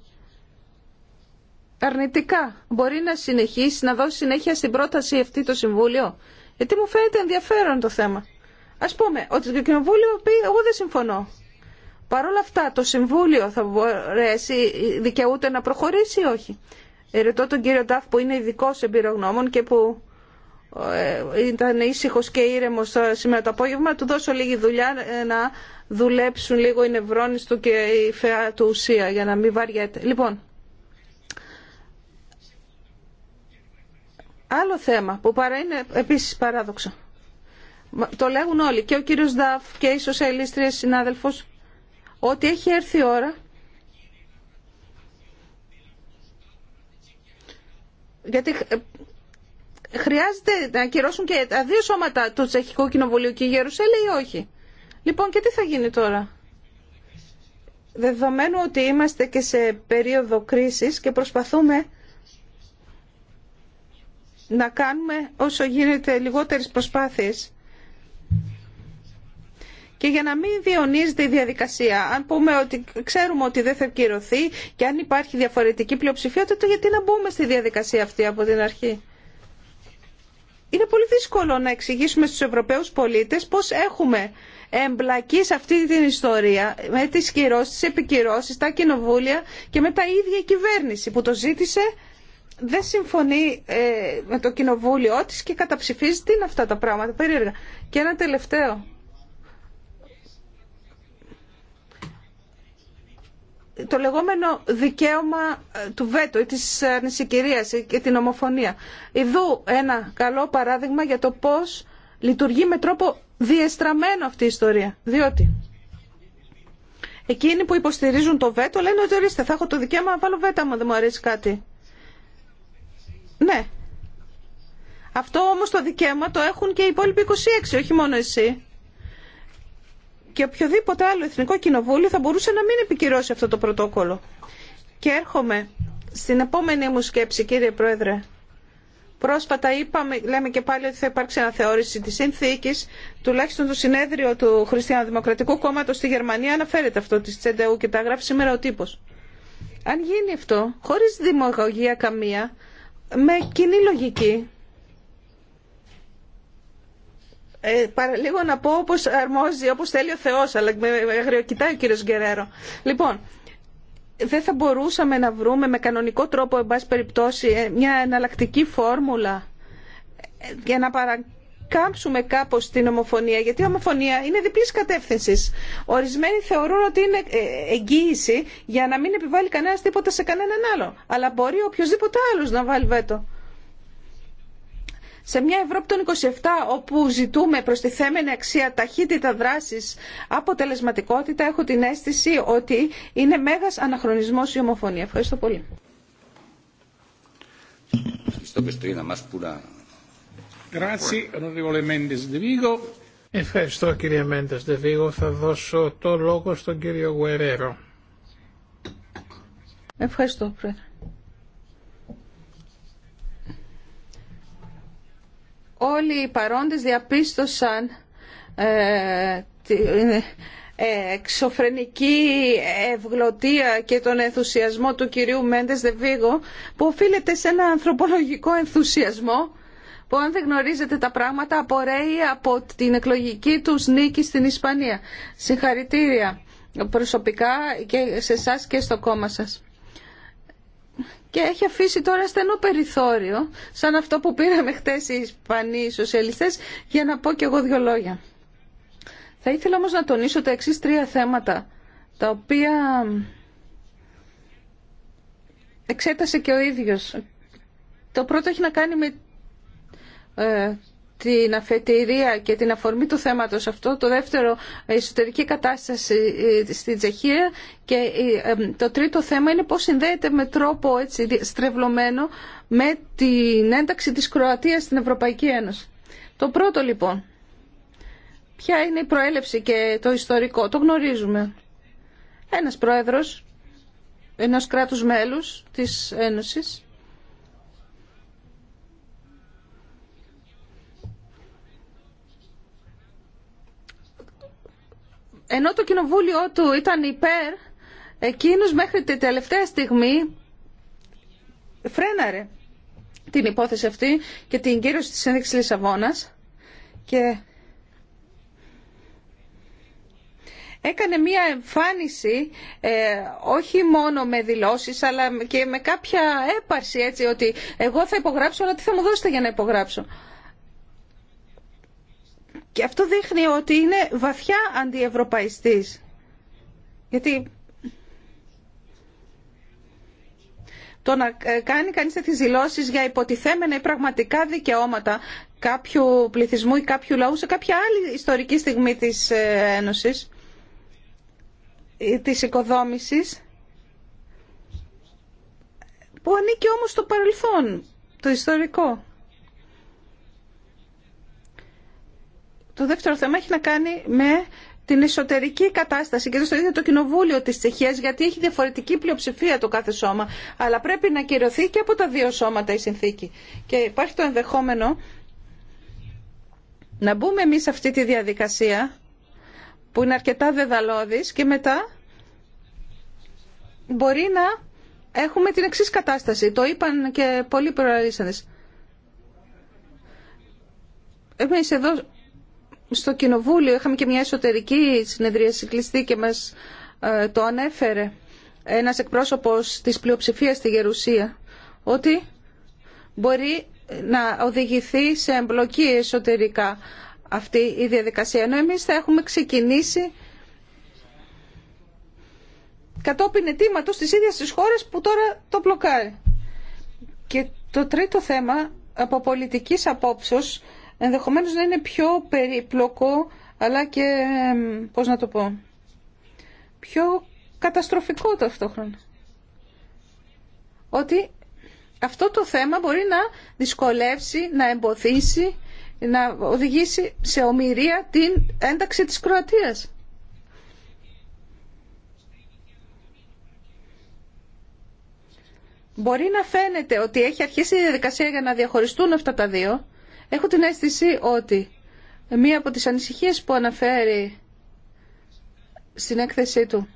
αρνητικά. Μπορεί να συνεχίσει, να δώσει συνέχεια στην πρόταση αυτή το Συμβούλιο. Γιατί μου φαίνεται ενδιαφέρον το θέμα. Ας πούμε ότι το Κοινοβούλιο πει εγώ δεν συμφωνώ. Παρ' όλα αυτά το Συμβούλιο θα μπορέσει, δικαιούται να προχωρήσει ή όχι. Ερωτώ τον κύριο Νταφ που είναι ειδικό εμπειρογνώμων και που ε, ήταν ήσυχο και ήρεμο ε, σήμερα το απόγευμα, του δώσω λίγη δουλειά ε, να δουλέψουν λίγο οι νευρώνε του και η φαιά του ουσία για να μην βαριέται. Λοιπόν, άλλο θέμα που παρά είναι επίσης παράδοξο. Το λέγουν όλοι, και ο κύριος Δαφ και οι σοσιαλίστρια συνάδελφος, ότι έχει έρθει η ώρα γιατί ε, χρειάζεται να ακυρώσουν και τα δύο σώματα του Τσεχικού Κοινοβουλίου και η Γερουσέλη ή όχι. Λοιπόν, και τι θα γίνει τώρα. Δεδομένου ότι είμαστε και σε περίοδο κρίσης και προσπαθούμε να κάνουμε όσο γίνεται λιγότερες προσπάθειες και για να μην διονύζεται η διαδικασία, αν πούμε ότι ξέρουμε ότι δεν θα κυρωθεί και αν υπάρχει διαφορετική πλειοψηφία, τότε γιατί να μπούμε στη διαδικασία αυτή από την αρχή. Είναι πολύ δύσκολο να εξηγήσουμε στους Ευρωπαίους πολίτες πώς έχουμε εμπλακεί σε αυτή την ιστορία με τις κυρώσεις, τις επικυρώσεις, τα κοινοβούλια και με τα ίδια η κυβέρνηση που το ζήτησε δεν συμφωνεί ε, με το κοινοβούλιο της και καταψηφίζει τι είναι αυτά τα πράγματα περίεργα. Και ένα τελευταίο. το λεγόμενο δικαίωμα ε, του βέτο ή της ε, ανησυχηρίας και την ομοφωνία. Ιδού ένα καλό παράδειγμα για το πώς λειτουργεί με τρόπο διεστραμμένο αυτή η ιστορία. Διότι εκείνοι που υποστηρίζουν το βέτο λένε ότι ορίστε θα έχω το δικαίωμα να βάλω βέτα μου δεν μου αρέσει κάτι. Ναι. Αυτό όμως το δικαίωμα το έχουν και οι υπόλοιποι 26, όχι μόνο εσύ και οποιοδήποτε άλλο εθνικό κοινοβούλιο θα μπορούσε να μην επικυρώσει αυτό το πρωτόκολλο. Και έρχομαι στην επόμενη μου σκέψη, κύριε Πρόεδρε. Πρόσφατα είπαμε, λέμε και πάλι ότι θα υπάρξει αναθεώρηση της συνθήκης, τουλάχιστον το συνέδριο του Χριστιανοδημοκρατικού Κόμματος στη Γερμανία αναφέρεται αυτό της Τσεντεού και τα γράφει σήμερα ο τύπος. Αν γίνει αυτό, χωρίς δημογωγία καμία, με κοινή λογική, Ε, παραλίγο να πω όπως αρμόζει, όπως θέλει ο Θεός, αλλά με αγριοκοιτάει ο κύριος Γκερέρο. Λοιπόν, δεν θα μπορούσαμε να βρούμε με κανονικό τρόπο, εν πάση περιπτώσει, ε, μια εναλλακτική φόρμουλα ε, για να παρακάμψουμε κάπως την ομοφωνία, γιατί η ομοφωνία είναι διπλής κατεύθυνσης. Ορισμένοι θεωρούν ότι είναι ε, εγγύηση για να μην επιβάλλει κανένας τίποτα σε κανέναν άλλο. Αλλά μπορεί οποιοδήποτε άλλος να βάλει βέτο σε μια Ευρώπη των 27 όπου ζητούμε προστιθέμενη αξία, ταχύτητα δράσης, αποτελεσματικότητα, έχω την αίσθηση ότι είναι μέγας αναχρονισμός η ομοφωνία. Ευχαριστώ πολύ. Ευχαριστώ κύριε Μέντες Δεβίγο. Θα δώσω το λόγο στον κύριο Γουερέρο. Ευχαριστώ πρόεδρε. όλοι οι παρόντες διαπίστωσαν ε, την ε, εξωφρενική ευγλωτία και τον ενθουσιασμό του κυρίου Μέντες Δεβίγο που οφείλεται σε ένα ανθρωπολογικό ενθουσιασμό που αν δεν γνωρίζετε τα πράγματα απορρέει από την εκλογική τους νίκη στην Ισπανία. Συγχαρητήρια προσωπικά και σε εσά και στο κόμμα σας και έχει αφήσει τώρα στενό περιθώριο, σαν αυτό που πήραμε χτες οι Ισπανοί οι για να πω και εγώ δύο λόγια. Θα ήθελα όμως να τονίσω τα εξή τρία θέματα, τα οποία εξέτασε και ο ίδιος. Το πρώτο έχει να κάνει με ε, την αφετηρία και την αφορμή του θέματος αυτό, το δεύτερο εσωτερική κατάσταση ε, στην Τσεχία και ε, ε, το τρίτο θέμα είναι πώς συνδέεται με τρόπο έτσι στρεβλωμένο με την ένταξη της Κροατίας στην Ευρωπαϊκή Ένωση. Το πρώτο λοιπόν, ποια είναι η προέλευση και το ιστορικό, το γνωρίζουμε. Ένας πρόεδρος ενός κράτους μέλους της Ένωσης ενώ το κοινοβούλιο του ήταν υπέρ, εκείνος μέχρι τη τελευταία στιγμή φρέναρε την υπόθεση αυτή και την κύρωση της ένδειξης Λισαβόνας και έκανε μία εμφάνιση ε, όχι μόνο με δηλώσεις αλλά και με κάποια έπαρση έτσι ότι εγώ θα υπογράψω αλλά τι θα μου δώσετε για να υπογράψω. Και αυτό δείχνει ότι είναι βαθιά αντιευρωπαϊστής. Γιατί το να κάνει κανείς τέτοιες δηλώσεις για υποτιθέμενα ή πραγματικά δικαιώματα κάποιου πληθυσμού ή κάποιου λαού σε κάποια άλλη ιστορική στιγμή της ε, Ένωσης, ε, της οικοδόμησης, που ανήκει όμως στο παρελθόν, το ιστορικό. Το δεύτερο θέμα έχει να κάνει με την εσωτερική κατάσταση και το ίδιο το κοινοβούλιο της Τσεχίας γιατί έχει διαφορετική πλειοψηφία το κάθε σώμα αλλά πρέπει να κυρωθεί και από τα δύο σώματα η συνθήκη και υπάρχει το ενδεχόμενο να μπούμε εμείς σε αυτή τη διαδικασία που είναι αρκετά δεδαλώδης και μετά μπορεί να έχουμε την εξής κατάσταση το είπαν και πολλοί προαρίσανες εμείς εδώ στο Κοινοβούλιο είχαμε και μια εσωτερική συνεδρία συγκλειστή και μας ε, το ανέφερε ένας εκπρόσωπος της πλειοψηφίας στη Γερουσία ότι μπορεί να οδηγηθεί σε εμπλοκή εσωτερικά αυτή η διαδικασία. Ενώ εμείς θα έχουμε ξεκινήσει κατόπιν αιτήματος της ίδιας της χώρες που τώρα το μπλοκάρει. Και το τρίτο θέμα από πολιτικής απόψεως ενδεχομένως να είναι πιο περίπλοκο, αλλά και, πώς να το πω, πιο καταστροφικό ταυτόχρονα. Ότι αυτό το θέμα μπορεί να δυσκολεύσει, να εμποδίσει, να οδηγήσει σε ομοιρία την ένταξη της Κροατίας. Μπορεί να φαίνεται ότι έχει αρχίσει η διαδικασία για να διαχωριστούν αυτά τα δύο, Έχω την αίσθηση ότι μία από τις ανησυχίες που αναφέρει στην έκθεσή του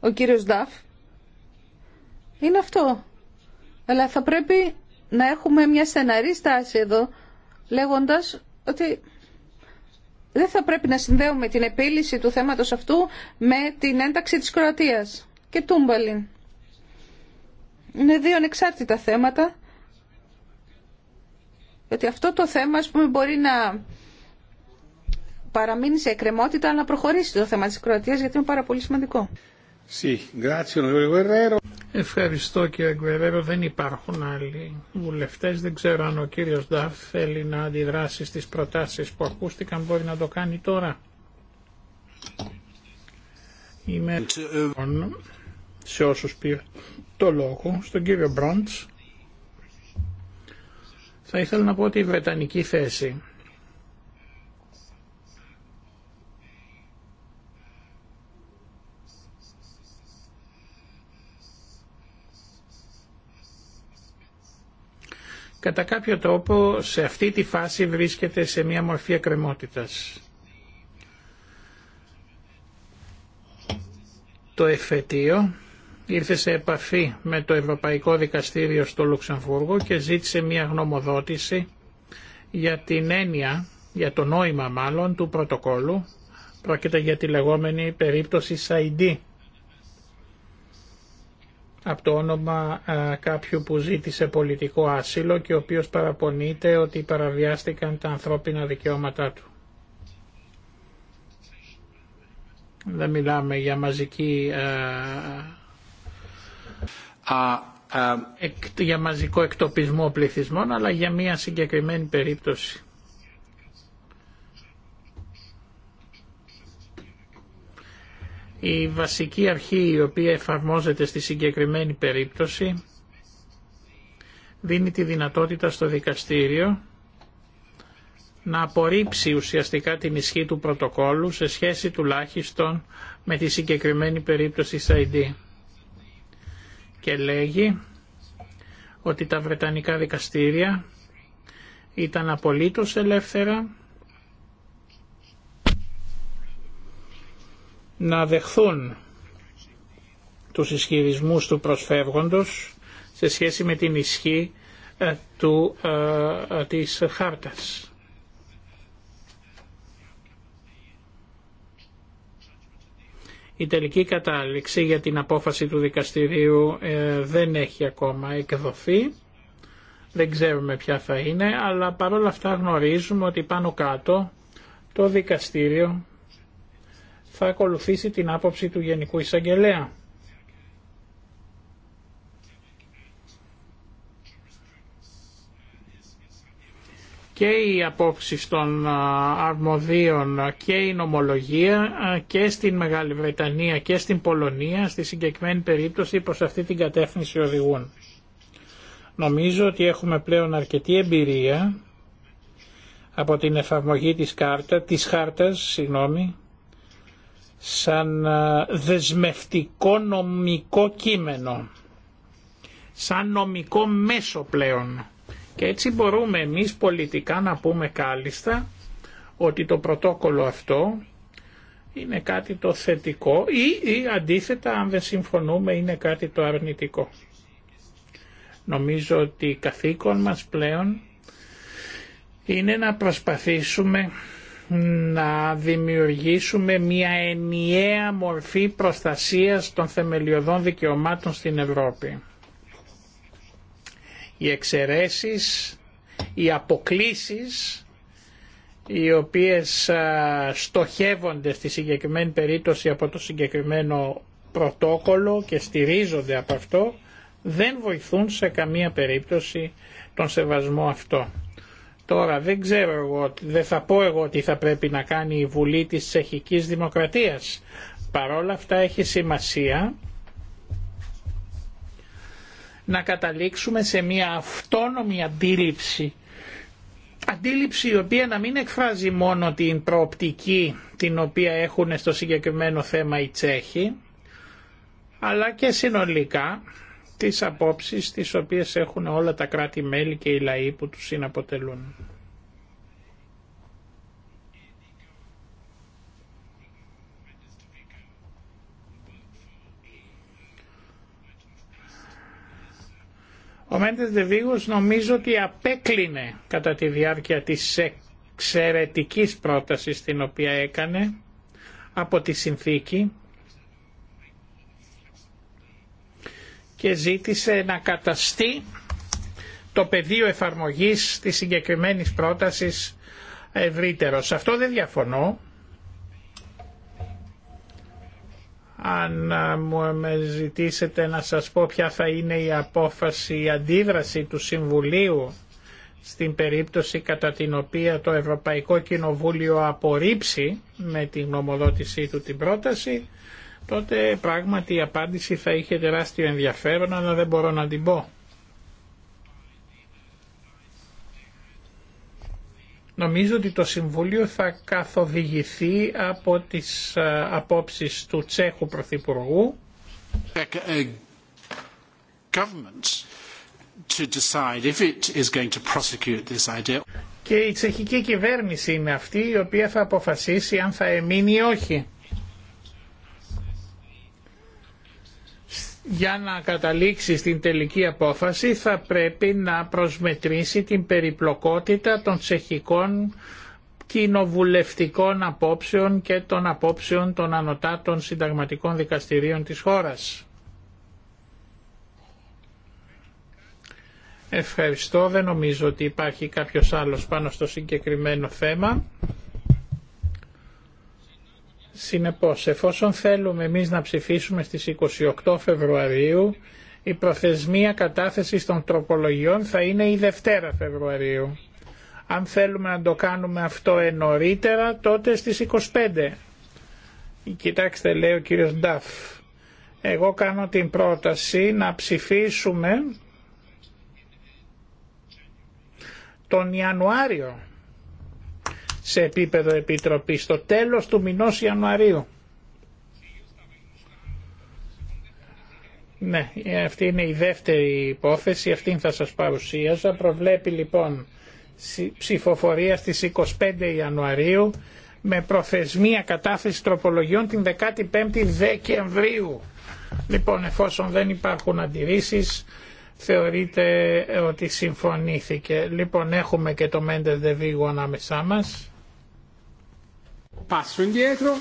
ο κύριος Νταφ είναι αυτό. Αλλά θα πρέπει να έχουμε μια στεναρή στάση εδώ λέγοντας ότι δεν θα πρέπει να συνδέουμε την επίλυση του θέματος αυτού με την ένταξη της Κροατίας και Τούμπαλιν. Είναι δύο ανεξάρτητα θέματα γιατί αυτό το θέμα ας πούμε, μπορεί να παραμείνει σε εκκρεμότητα, αλλά να προχωρήσει το θέμα της Κροατίας, γιατί είναι πάρα πολύ σημαντικό. Ευχαριστώ κύριε Γκουερέρο. Δεν υπάρχουν άλλοι βουλευτέ. Δεν ξέρω αν ο κύριος Νταφ θέλει να αντιδράσει στις προτάσεις που ακούστηκαν. Μπορεί να το κάνει τώρα. Είμαι ε, ε, λοιπόν σε όσους πήρε το λόγο, στον κύριο Μπρόντς. Θα ήθελα να πω ότι η Βρετανική θέση κατά κάποιο τρόπο σε αυτή τη φάση βρίσκεται σε μια μορφή ακρεμότητας. Το εφετείο ήρθε σε επαφή με το Ευρωπαϊκό Δικαστήριο στο Λουξεμβούργο και ζήτησε μια γνωμοδότηση για την έννοια, για το νόημα μάλλον, του πρωτοκόλου. Πρόκειται για τη λεγόμενη περίπτωση ΣΑΙΝΤΗ από το όνομα κάποιου που ζήτησε πολιτικό άσυλο και ο οποίος παραπονείται ότι παραβιάστηκαν τα ανθρώπινα δικαιώματά του. Δεν μιλάμε για μαζική για μαζικό εκτοπισμό πληθυσμών, αλλά για μία συγκεκριμένη περίπτωση. Η βασική αρχή η οποία εφαρμόζεται στη συγκεκριμένη περίπτωση δίνει τη δυνατότητα στο δικαστήριο να απορρίψει ουσιαστικά την ισχύ του πρωτοκόλου σε σχέση τουλάχιστον με τη συγκεκριμένη περίπτωση ΣΑΙΔΗ και λέγει ότι τα Βρετανικά δικαστήρια ήταν απολύτως ελεύθερα να δεχθούν τους ισχυρισμούς του προσφεύγοντος σε σχέση με την ισχύ ε, του, ε, ε, της χάρτας. Η τελική κατάληξη για την απόφαση του δικαστηρίου ε, δεν έχει ακόμα εκδοθεί. Δεν ξέρουμε ποια θα είναι, αλλά παρόλα αυτά γνωρίζουμε ότι πάνω κάτω το δικαστήριο θα ακολουθήσει την άποψη του Γενικού Εισαγγελέα. και οι απόψεις των αρμοδίων και η νομολογία και στην Μεγάλη Βρετανία και στην Πολωνία στη συγκεκριμένη περίπτωση προς αυτή την κατεύθυνση οδηγούν. Νομίζω ότι έχουμε πλέον αρκετή εμπειρία από την εφαρμογή της, κάρτα, της χάρτας συγγνώμη, σαν δεσμευτικό νομικό κείμενο, σαν νομικό μέσο πλέον και έτσι μπορούμε εμείς πολιτικά να πούμε κάλλιστα ότι το πρωτόκολλο αυτό είναι κάτι το θετικό ή, ή αντίθετα αν δεν συμφωνούμε είναι κάτι το αρνητικό. Νομίζω ότι καθήκον μας πλέον είναι να προσπαθήσουμε να δημιουργήσουμε μια ενιαία μορφή προστασίας των θεμελιωδών δικαιωμάτων στην Ευρώπη οι εξαιρέσει, οι αποκλήσεις οι οποίες στοχεύονται στη συγκεκριμένη περίπτωση από το συγκεκριμένο πρωτόκολλο και στηρίζονται από αυτό δεν βοηθούν σε καμία περίπτωση τον σεβασμό αυτό. Τώρα δεν ξέρω εγώ, δεν θα πω εγώ τι θα πρέπει να κάνει η Βουλή της Τσεχικής Δημοκρατίας. Παρόλα αυτά έχει σημασία να καταλήξουμε σε μια αυτόνομη αντίληψη αντίληψη η οποία να μην εκφράζει μόνο την προοπτική την οποία έχουν στο συγκεκριμένο θέμα οι Τσέχοι αλλά και συνολικά τις απόψεις τις οποίες έχουν όλα τα κράτη-μέλη και οι λαοί που τους συναποτελούν. Ο Μέντες Δεβίγος νομίζω ότι απέκλεινε κατά τη διάρκεια της εξαιρετική πρότασης την οποία έκανε από τη συνθήκη και ζήτησε να καταστεί το πεδίο εφαρμογής της συγκεκριμένης πρότασης ευρύτερο. Σε αυτό δεν διαφωνώ. αν μου ζητήσετε να σας πω ποια θα είναι η απόφαση, η αντίδραση του Συμβουλίου στην περίπτωση κατά την οποία το Ευρωπαϊκό Κοινοβούλιο απορρίψει με την γνωμοδότησή του την πρόταση, τότε πράγματι η απάντηση θα είχε τεράστιο ενδιαφέρον, αλλά δεν μπορώ να την πω. Νομίζω ότι το Συμβούλιο θα καθοδηγηθεί από τις ε, απόψεις του Τσέχου Πρωθυπουργού uh, και η τσεχική κυβέρνηση είναι αυτή η οποία θα αποφασίσει αν θα εμείνει ή όχι. για να καταλήξει στην τελική απόφαση θα πρέπει να προσμετρήσει την περιπλοκότητα των τσεχικών κοινοβουλευτικών απόψεων και των απόψεων των ανωτάτων συνταγματικών δικαστηρίων της χώρας. Ευχαριστώ. Δεν νομίζω ότι υπάρχει κάποιος άλλος πάνω στο συγκεκριμένο θέμα. Συνεπώς, εφόσον θέλουμε εμείς να ψηφίσουμε στις 28 Φεβρουαρίου, η προθεσμία κατάθεσης των τροπολογιών θα είναι η Δευτέρα Φεβρουαρίου. Αν θέλουμε να το κάνουμε αυτό ε, νωρίτερα, τότε στις 25. Κοιτάξτε, λέει ο κύριος Νταφ. Εγώ κάνω την πρόταση να ψηφίσουμε τον Ιανουάριο σε επίπεδο επίτροπή στο τέλος του μηνός Ιανουαρίου. Ναι, αυτή είναι η δεύτερη υπόθεση, αυτήν θα σας παρουσίαζα. Προβλέπει λοιπόν ψηφοφορία στις 25 Ιανουαρίου με προθεσμία κατάθεση τροπολογιών την 15η Δεκεμβρίου. Λοιπόν, εφόσον δεν υπάρχουν αντιρρήσεις, θεωρείται ότι συμφωνήθηκε. Λοιπόν, έχουμε και το Μέντερ Δεβίγου ανάμεσά μας passo indietro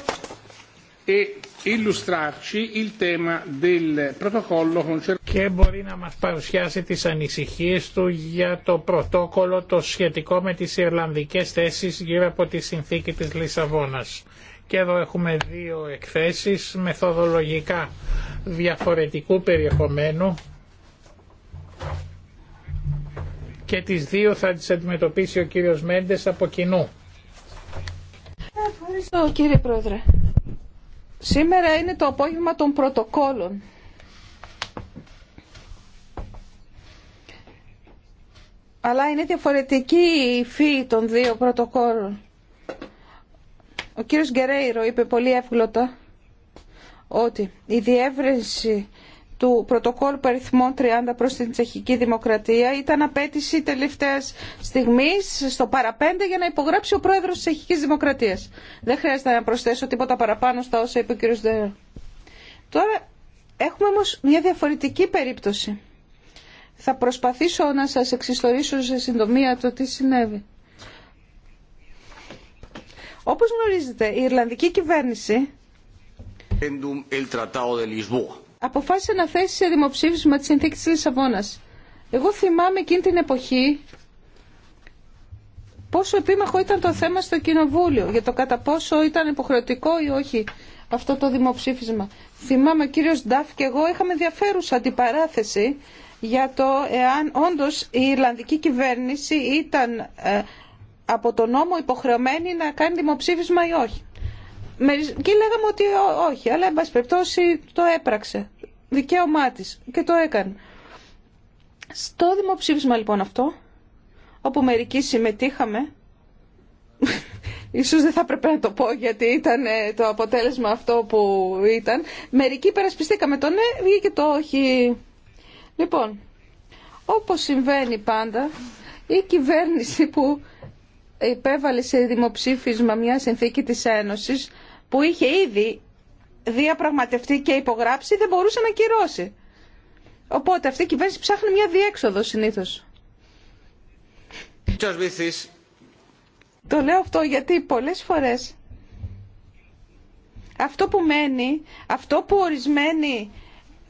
e illustrarci il tema del protocollo και μπορεί να μας παρουσιάσει τις ανησυχίες του για το πρωτόκολλο το σχετικό με τις Ιρλανδικές θέσεις γύρω από τη συνθήκη της Λισαβόνας. Και εδώ έχουμε δύο εκθέσεις μεθοδολογικά διαφορετικού περιεχομένου και τις δύο θα τις αντιμετωπίσει ο κύριος Μέντες από κοινού. Ευχαριστώ κύριε Πρόεδρε. Σήμερα είναι το απόγευμα των πρωτοκόλων. Αλλά είναι διαφορετική η φύη των δύο πρωτοκόλων. Ο κύριος Γκερέιρο είπε πολύ εύγλωτα ότι η διεύρυνση του πρωτοκόλου περιθμών 30 προς την Τσεχική Δημοκρατία ήταν απέτηση τελευταίας στιγμής στο παραπέντε για να υπογράψει ο πρόεδρος της Τσεχικής Δημοκρατίας. Δεν χρειάζεται να προσθέσω τίποτα παραπάνω στα όσα είπε ο κ. Δέρα. Τώρα έχουμε όμως μια διαφορετική περίπτωση. Θα προσπαθήσω να σας εξιστορήσω σε συντομία το τι συνέβη. Όπως γνωρίζετε, η Ιρλανδική κυβέρνηση αποφάσισε να θέσει σε δημοψήφισμα τη συνθήκη τη Λισαβόνα. Εγώ θυμάμαι εκείνη την εποχή πόσο επίμαχο ήταν το θέμα στο Κοινοβούλιο για το κατά πόσο ήταν υποχρεωτικό ή όχι αυτό το δημοψήφισμα. Θυμάμαι ο κύριος Ντάφ και εγώ είχαμε ενδιαφέρουσα αντιπαράθεση για το εάν όντως η Ιρλανδική κυβέρνηση ήταν ε, από τον νόμο υποχρεωμένη να κάνει δημοψήφισμα ή όχι. Και λέγαμε ότι όχι, αλλά εν περιπτώσει το έπραξε δικαίωμά τη και το έκανε. Στο δημοψήφισμα λοιπόν αυτό, όπου μερικοί συμμετείχαμε, ίσως δεν θα έπρεπε να το πω γιατί ήταν ε, το αποτέλεσμα αυτό που ήταν, μερικοί περασπιστήκαμε το ναι, βγήκε το όχι. Λοιπόν, όπως συμβαίνει πάντα, η κυβέρνηση που υπέβαλε σε δημοψήφισμα μια συνθήκη της Ένωσης, που είχε ήδη διαπραγματευτεί και υπογράψει δεν μπορούσε να κυρώσει. Οπότε αυτή η κυβέρνηση ψάχνει μια διέξοδο συνήθω. Το λέω αυτό γιατί πολλές φορές αυτό που μένει, αυτό που ορισμένοι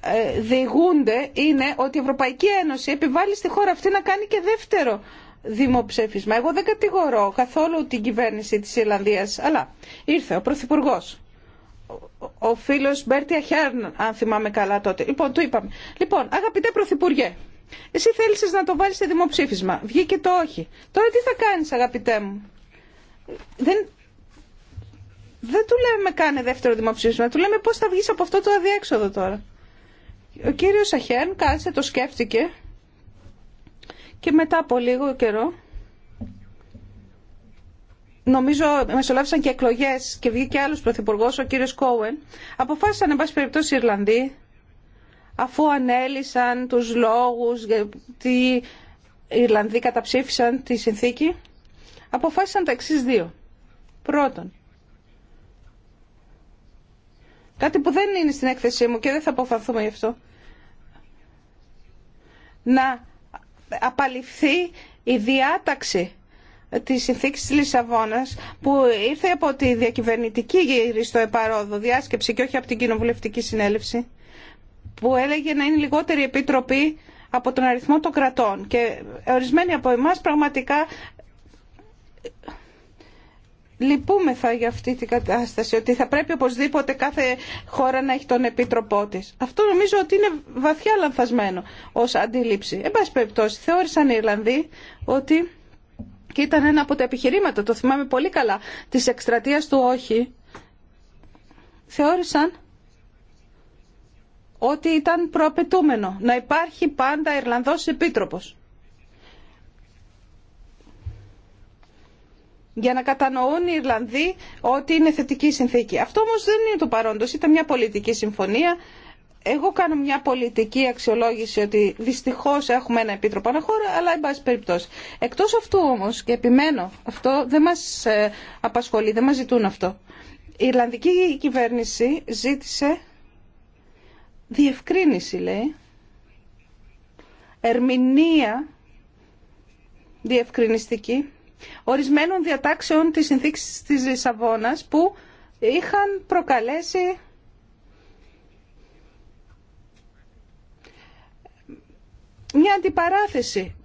ε, διηγούνται είναι ότι η Ευρωπαϊκή Ένωση επιβάλλει στη χώρα αυτή να κάνει και δεύτερο δημοψήφισμα. Εγώ δεν κατηγορώ καθόλου την κυβέρνηση της Ιρλανδίας, αλλά ήρθε ο Πρωθυπουργός ο φίλος Μπέρτι Αχιάρν, αν θυμάμαι καλά τότε. Λοιπόν, το είπαμε. Λοιπόν, αγαπητέ Πρωθυπουργέ, εσύ θέλησε να το βάλεις σε δημοψήφισμα. Βγήκε το όχι. Τώρα τι θα κάνεις, αγαπητέ μου. Δεν, δεν του λέμε κάνε δεύτερο δημοψήφισμα. Του λέμε πώς θα βγεις από αυτό το αδιέξοδο τώρα. Ο κύριος Αχιάρν κάτσε, το σκέφτηκε και μετά από λίγο καιρό νομίζω μεσολάβησαν και εκλογές και βγήκε άλλος πρωθυπουργό, ο κύριος Κόουεν, αποφάσισαν, εν πάση περιπτώσει, οι Ιρλανδοί, αφού ανέλησαν τους λόγους γιατί οι Ιρλανδοί καταψήφισαν τη συνθήκη, αποφάσισαν τα εξή δύο. Πρώτον, κάτι που δεν είναι στην έκθεσή μου και δεν θα αποφαθούμε γι' αυτό, να απαλληφθεί η διάταξη τη συνθήκη τη Λισαβόνα που ήρθε από τη διακυβερνητική γύρι στο επαρόδο διάσκεψη και όχι από την κοινοβουλευτική συνέλευση που έλεγε να είναι λιγότερη επιτροπή από τον αριθμό των κρατών και ορισμένοι από εμάς πραγματικά λυπούμεθα για αυτή την κατάσταση ότι θα πρέπει οπωσδήποτε κάθε χώρα να έχει τον επίτροπό της. Αυτό νομίζω ότι είναι βαθιά λανθασμένο ως αντίληψη. Εν πάση περιπτώσει θεώρησαν οι Ιρλανδοί ότι και ήταν ένα από τα επιχειρήματα, το θυμάμαι πολύ καλά, της εκστρατείας του όχι, θεώρησαν ότι ήταν προαπαιτούμενο να υπάρχει πάντα Ιρλανδός Επίτροπος. για να κατανοούν οι Ιρλανδοί ότι είναι θετική συνθήκη. Αυτό όμως δεν είναι το παρόντος. Ήταν μια πολιτική συμφωνία εγώ κάνω μια πολιτική αξιολόγηση ότι δυστυχώς έχουμε ένα επίτροπο αναχώρα, αλλά εν πάση περιπτώσει. Εκτός αυτού όμως, και επιμένω, αυτό δεν μας ε, απασχολεί, δεν μας ζητούν αυτό. Η Ιρλανδική κυβέρνηση ζήτησε διευκρίνηση, λέει, ερμηνεία διευκρινιστική ορισμένων διατάξεων της συνθήκης της Λισαβόνας που είχαν προκαλέσει μια αντιπαράθεση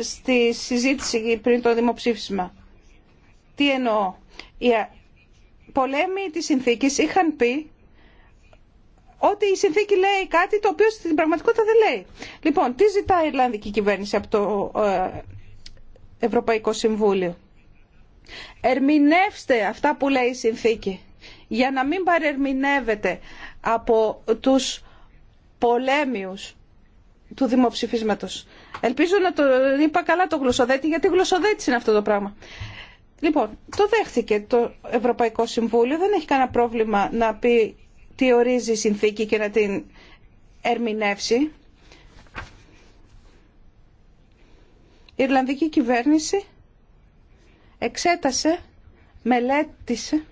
στη συζήτηση πριν το δημοψήφισμα. Τι εννοώ. Οι πολέμοι της συνθήκης είχαν πει ότι η συνθήκη λέει κάτι το οποίο στην πραγματικότητα δεν λέει. Λοιπόν, τι ζητάει η Ιρλανδική κυβέρνηση από το ε, Ευρωπαϊκό Συμβούλιο. Ερμηνεύστε αυτά που λέει η συνθήκη για να μην παρερμηνεύετε από τους πολέμιους του δημοψηφίσματος. Ελπίζω να το είπα καλά το γλωσσοδέτη, γιατί γλωσσοδέτης είναι αυτό το πράγμα. Λοιπόν, το δέχθηκε το Ευρωπαϊκό Συμβούλιο, δεν έχει κανένα πρόβλημα να πει τι ορίζει η συνθήκη και να την ερμηνεύσει. Η Ιρλανδική κυβέρνηση εξέτασε, μελέτησε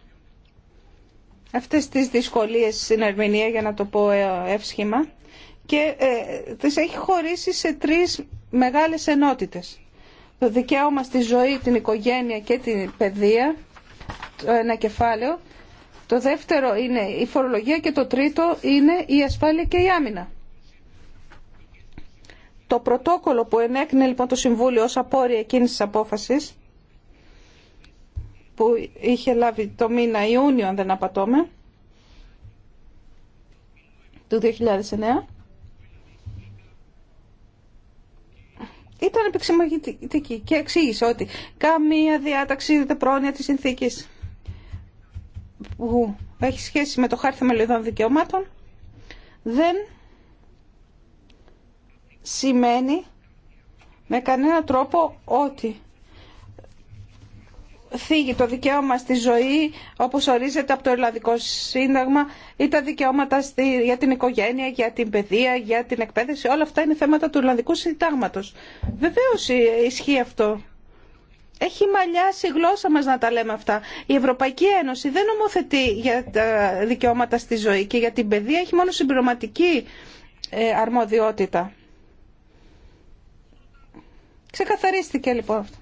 αυτές τις δυσκολίες στην Ερμηνεία, για να το πω ε, εύσχημα, και ε, τις έχει χωρίσει σε τρεις μεγάλες ενότητες. Το δικαίωμα στη ζωή, την οικογένεια και την παιδεία, το ένα κεφάλαιο. Το δεύτερο είναι η φορολογία και το τρίτο είναι η ασφάλεια και η άμυνα. Το πρωτόκολλο που ενέκρινε λοιπόν το Συμβούλιο ως απόρρια εκείνης της απόφασης που είχε λάβει το μήνα Ιούνιο αν δεν απατώμε του 2009 ήταν επεξημαγητική και εξήγησε ότι καμία διάταξη δεν πρόνοια της συνθήκης που έχει σχέση με το χάρτη λιδών δικαιωμάτων δεν σημαίνει με κανένα τρόπο ότι θίγει το δικαίωμα στη ζωή όπως ορίζεται από το Ελλαδικό Σύνταγμα ή τα δικαιώματα στη, για την οικογένεια, για την παιδεία, για την εκπαίδευση. Όλα αυτά είναι θέματα του Ελλαδικού Συντάγματος. Βεβαίως ισχύει αυτό. Έχει μαλλιάσει η γλώσσα μας να τα λέμε αυτά. Η Ευρωπαϊκή Ένωση δεν ομοθετεί για τα δικαιώματα στη ζωή και για την παιδεία έχει μόνο συμπληρωματική ε, αρμοδιότητα. Ξεκαθαρίστηκε λοιπόν αυτό.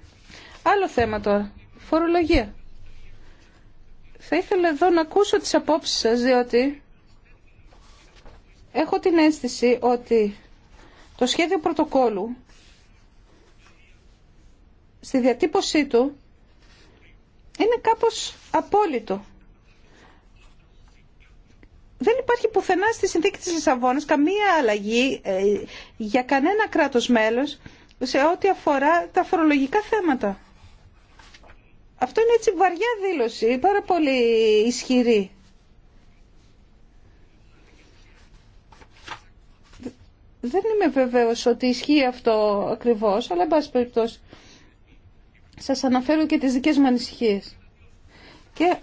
Άλλο θέμα τώρα φορολογία. Θα ήθελα εδώ να ακούσω τις απόψεις σας, διότι έχω την αίσθηση ότι το σχέδιο πρωτοκόλλου στη διατύπωσή του είναι κάπως απόλυτο. Δεν υπάρχει πουθενά στη συνθήκη της Λισαβόνας καμία αλλαγή ε, για κανένα κράτος μέλος σε ό,τι αφορά τα φορολογικά θέματα. Αυτό είναι έτσι βαριά δήλωση, πάρα πολύ ισχυρή. Δεν είμαι βεβαίως ότι ισχύει αυτό ακριβώς, αλλά εν πάση περιπτώσει. Σας αναφέρω και τις δικές μου ανησυχίες. Και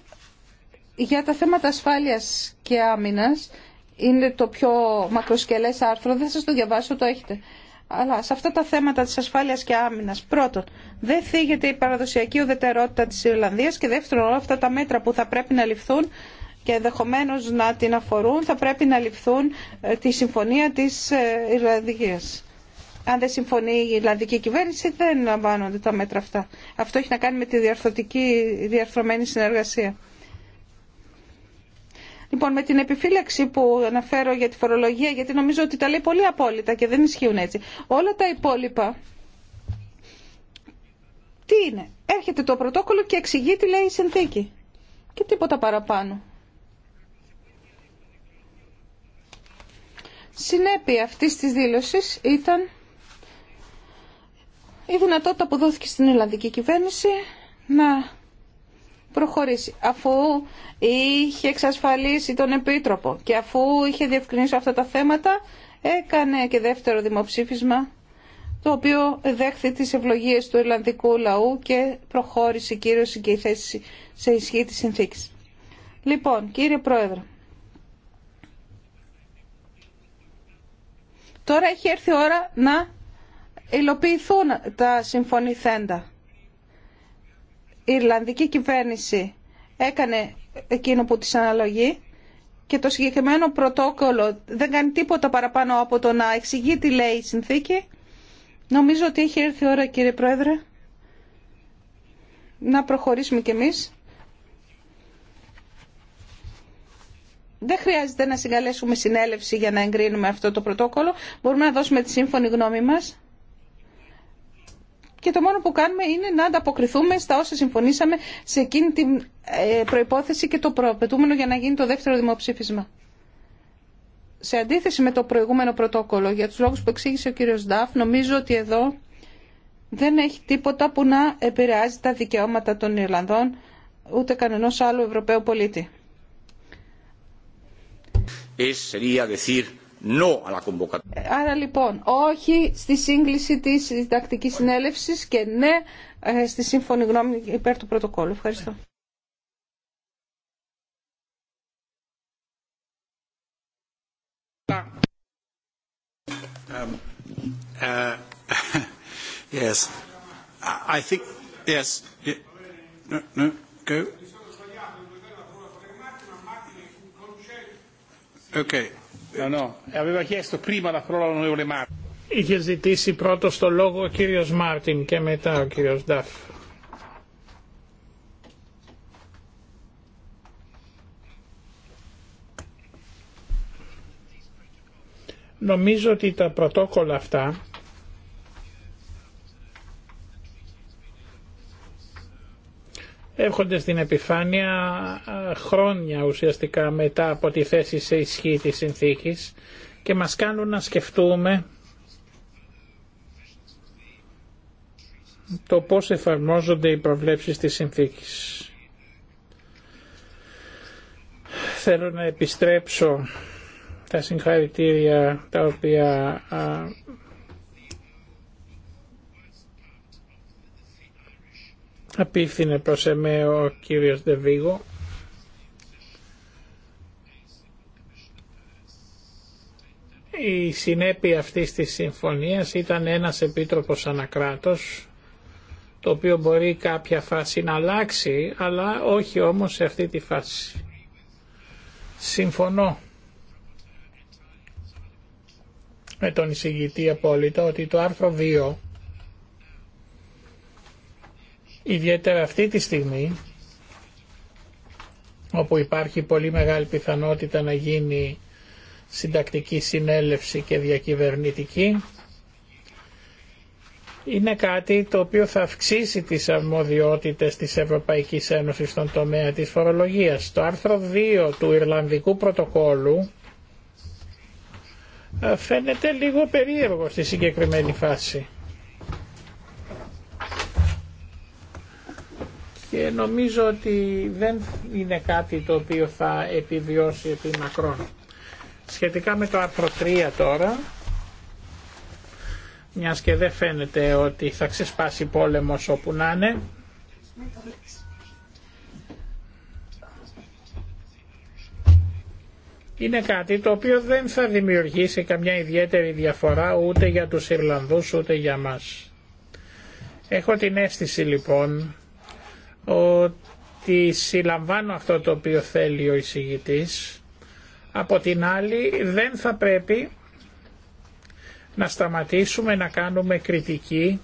για τα θέματα ασφάλειας και άμυνας, είναι το πιο μακροσκελές άρθρο, δεν σας το διαβάσω, το έχετε. Αλλά σε αυτά τα θέματα της ασφάλειας και άμυνας, πρώτον, δεν θίγεται η παραδοσιακή ουδετερότητα της Ιρλανδίας και δεύτερον, όλα αυτά τα μέτρα που θα πρέπει να ληφθούν και ενδεχομένω να την αφορούν, θα πρέπει να ληφθούν ε, τη συμφωνία της ε, Ιρλανδίας. Αν δεν συμφωνεί η Ιρλανδική κυβέρνηση, δεν λαμβάνονται τα μέτρα αυτά. Αυτό έχει να κάνει με τη διαρθρωμένη συνεργασία. Λοιπόν, με την επιφύλαξη που αναφέρω για τη φορολογία, γιατί νομίζω ότι τα λέει πολύ απόλυτα και δεν ισχύουν έτσι. Όλα τα υπόλοιπα, τι είναι. Έρχεται το πρωτόκολλο και εξηγεί τι λέει η συνθήκη. Και τίποτα παραπάνω. Συνέπεια αυτή τη δήλωση ήταν η δυνατότητα που δόθηκε στην Ιρλανδική κυβέρνηση να προχωρήσει. Αφού είχε εξασφαλίσει τον Επίτροπο και αφού είχε διευκρινίσει αυτά τα θέματα, έκανε και δεύτερο δημοψήφισμα το οποίο δέχθη τις ευλογίες του Ιρλανδικού λαού και προχώρησε η κύρωση και η σε ισχύ της συνθήκης. Λοιπόν, κύριε Πρόεδρε, τώρα έχει έρθει η ώρα να υλοποιηθούν τα συμφωνηθέντα η Ιρλανδική κυβέρνηση έκανε εκείνο που της αναλογεί και το συγκεκριμένο πρωτόκολλο δεν κάνει τίποτα παραπάνω από το να εξηγεί τι λέει η συνθήκη. Νομίζω ότι έχει έρθει η ώρα κύριε Πρόεδρε να προχωρήσουμε κι εμείς. Δεν χρειάζεται να συγκαλέσουμε συνέλευση για να εγκρίνουμε αυτό το πρωτόκολλο. Μπορούμε να δώσουμε τη σύμφωνη γνώμη μας και το μόνο που κάνουμε είναι να ανταποκριθούμε στα όσα συμφωνήσαμε σε εκείνη την ε, προϋπόθεση και το προαπαιτούμενο για να γίνει το δεύτερο δημοψήφισμα. Σε αντίθεση με το προηγούμενο πρωτόκολλο, για τους λόγους που εξήγησε ο κύριος Νταφ, νομίζω ότι εδώ δεν έχει τίποτα που να επηρεάζει τα δικαιώματα των Ιρλανδών ούτε κανενός άλλου Ευρωπαίου πολίτη. Ε, άρα λοιπόν, όχι στη σύγκληση τη διδακτικής συνέλευση, και ναι ε, στη σύμφωνη γνώμη υπέρ του πρωτοκόλλου. Ευχαριστώ. Okay. Είχε ζητήσει πρώτο το λόγο ο κύριος Μάρτιν και μετά ο κύριος Νταφ. Νομίζω ότι τα πρωτόκολλα αυτά έρχονται στην επιφάνεια χρόνια ουσιαστικά μετά από τη θέση σε ισχύ της συνθήκης και μας κάνουν να σκεφτούμε το πώς εφαρμόζονται οι προβλέψεις της συνθήκης. Θέλω να επιστρέψω τα συγχαρητήρια τα οποία Απίθυνε προς εμέ ο κύριος Δεβίγο. Η συνέπεια αυτής της συμφωνίας ήταν ένας επίτροπος ανακράτος, το οποίο μπορεί κάποια φάση να αλλάξει, αλλά όχι όμως σε αυτή τη φάση. Συμφωνώ με τον εισηγητή απόλυτα ότι το άρθρο 2 Ιδιαίτερα αυτή τη στιγμή όπου υπάρχει πολύ μεγάλη πιθανότητα να γίνει συντακτική συνέλευση και διακυβερνητική είναι κάτι το οποίο θα αυξήσει τις αρμοδιότητες της Ευρωπαϊκής Ένωσης στον τομέα της φορολογίας. Το άρθρο 2 του Ιρλανδικού πρωτοκόλου ε, φαίνεται λίγο περίεργο στη συγκεκριμένη φάση. και νομίζω ότι δεν είναι κάτι το οποίο θα επιβιώσει επί μακρόν. Σχετικά με το άρθρο τώρα, μιας και δεν φαίνεται ότι θα ξεσπάσει πόλεμος όπου να είναι, είναι κάτι το οποίο δεν θα δημιουργήσει καμιά ιδιαίτερη διαφορά ούτε για τους Ιρλανδούς ούτε για μας. Έχω την αίσθηση λοιπόν ότι συλλαμβάνω αυτό το οποίο θέλει ο εισηγητής. Από την άλλη δεν θα πρέπει να σταματήσουμε να κάνουμε κριτική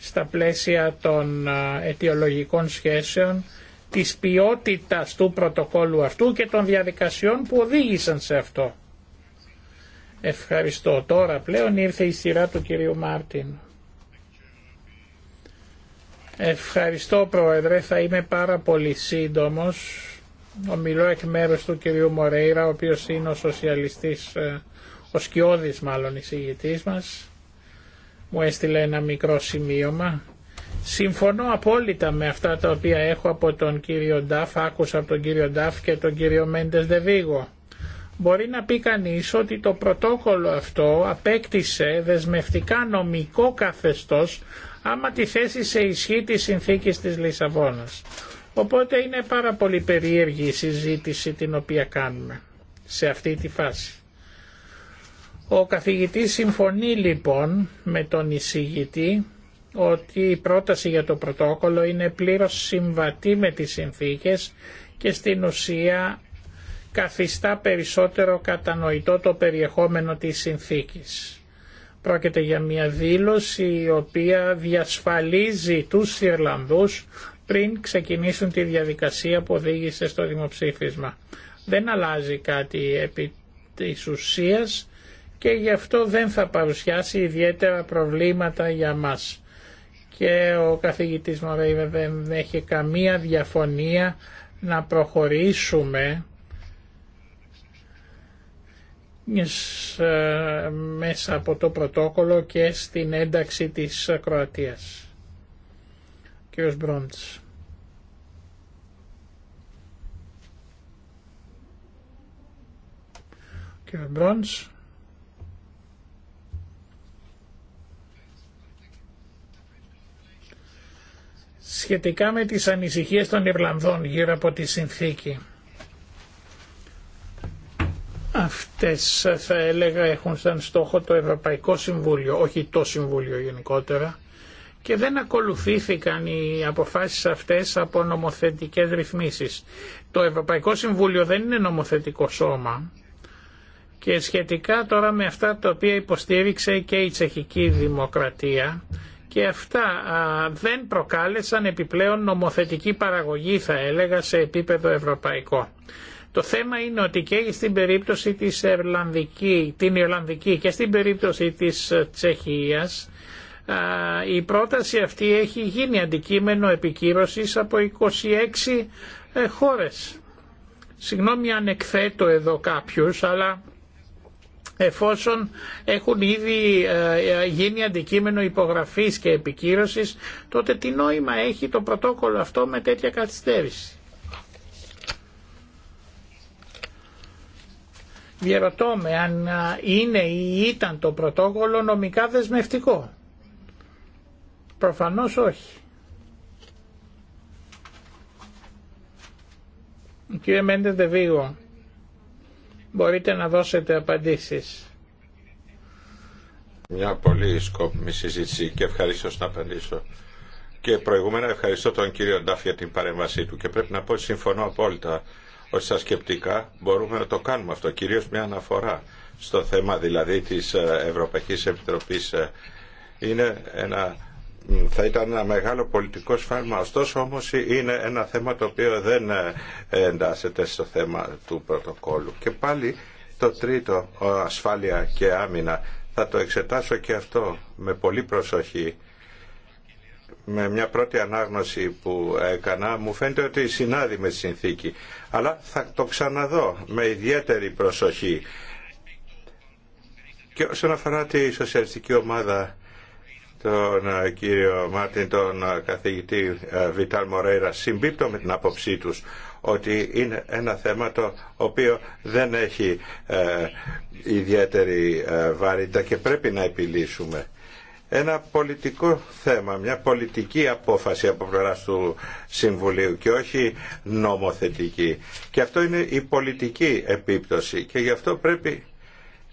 στα πλαίσια των αιτιολογικών σχέσεων της ποιότητας του πρωτοκόλου αυτού και των διαδικασιών που οδήγησαν σε αυτό. Ευχαριστώ. Τώρα πλέον ήρθε η σειρά του κυρίου Μάρτιν. Ευχαριστώ Πρόεδρε, θα είμαι πάρα πολύ σύντομος. Ομιλώ εκ μέρους του κυρίου Μορέιρα, ο οποίος είναι ο σοσιαλιστής, ε, ο σκιώδης μάλλον εισηγητής μας. Μου έστειλε ένα μικρό σημείωμα. Συμφωνώ απόλυτα με αυτά τα οποία έχω από τον κύριο Νταφ, άκουσα από τον κύριο Νταφ και τον κύριο Μέντες Δεβίγο. Μπορεί να πει κανείς ότι το πρωτόκολλο αυτό απέκτησε δεσμευτικά νομικό καθεστώς άμα τη θέσει σε ισχύ τη συνθήκη της Λισαβόνα. Οπότε είναι πάρα πολύ περίεργη η συζήτηση την οποία κάνουμε σε αυτή τη φάση. Ο καθηγητής συμφωνεί λοιπόν με τον εισηγητή ότι η πρόταση για το πρωτόκολλο είναι πλήρως συμβατή με τις συνθήκες και στην ουσία καθιστά περισσότερο κατανοητό το περιεχόμενο της συνθήκης. Πρόκειται για μια δήλωση η οποία διασφαλίζει τους Ιρλανδούς πριν ξεκινήσουν τη διαδικασία που οδήγησε στο δημοψήφισμα. Δεν αλλάζει κάτι επί της ουσίας και γι' αυτό δεν θα παρουσιάσει ιδιαίτερα προβλήματα για μας. Και ο καθηγητής Μωρέιβε δεν έχει καμία διαφωνία να προχωρήσουμε ε, μέσα από το πρωτόκολλο και στην ένταξη της Κροατίας. Κύριος Μπρόντς. Κύριος Μπρόντς. Σχετικά με τις ανησυχίες των Ιρλανδών γύρω από τη συνθήκη Αυτές θα έλεγα έχουν σαν στόχο το Ευρωπαϊκό Συμβούλιο, όχι το Συμβούλιο γενικότερα και δεν ακολουθήθηκαν οι αποφάσεις αυτές από νομοθετικές ρυθμίσεις. Το Ευρωπαϊκό Συμβούλιο δεν είναι νομοθετικό σώμα και σχετικά τώρα με αυτά τα οποία υποστήριξε και η τσεχική δημοκρατία και αυτά δεν προκάλεσαν επιπλέον νομοθετική παραγωγή θα έλεγα σε επίπεδο ευρωπαϊκό. Το θέμα είναι ότι και στην περίπτωση της Ιρλανδική, την Ιρλανδική και στην περίπτωση της Τσεχίας η πρόταση αυτή έχει γίνει αντικείμενο επικύρωσης από 26 ε, χώρες. Συγγνώμη αν εκθέτω εδώ κάποιους, αλλά εφόσον έχουν ήδη ε, γίνει αντικείμενο υπογραφής και επικύρωσης, τότε τι νόημα έχει το πρωτόκολλο αυτό με τέτοια καθυστέρηση. Διερωτώ με αν είναι ή ήταν το πρωτόκολλο νομικά δεσμευτικό. Προφανώς όχι. Κύριε Μέντε Δεβίγο, μπορείτε να δώσετε απαντήσεις. Μια πολύ σκόπιμη συζήτηση και ευχαριστώ να απαντήσω. Και προηγούμενα ευχαριστώ τον κύριο Ντάφ για την παρέμβασή του και πρέπει να πω ότι συμφωνώ απόλυτα ότι στα σκεπτικά μπορούμε να το κάνουμε αυτό, κυρίως μια αναφορά στο θέμα δηλαδή της ε, Ευρωπαϊκής Επιτροπής. Ε. Είναι ένα θα ήταν ένα μεγάλο πολιτικό σφάλμα. Ωστόσο όμως είναι ένα θέμα το οποίο δεν ε, εντάσσεται στο θέμα του πρωτοκόλλου. Και πάλι το τρίτο, ασφάλεια και άμυνα. Θα το εξετάσω και αυτό με πολύ προσοχή με μια πρώτη ανάγνωση που έκανα μου φαίνεται ότι συνάδει με τη συνθήκη αλλά θα το ξαναδώ με ιδιαίτερη προσοχή και όσον αφορά τη σοσιαλιστική ομάδα τον ε, κύριο Μάρτιν, τον ε, καθηγητή ε, Βιτάλ Μορέιρα, συμπίπτω με την άποψή τους ότι είναι ένα θέμα το οποίο δεν έχει ιδιαίτερη βαρύτητα και πρέπει να επιλύσουμε ένα πολιτικό θέμα, μια πολιτική απόφαση από πλευρά του Συμβουλίου και όχι νομοθετική. Και αυτό είναι η πολιτική επίπτωση και γι' αυτό πρέπει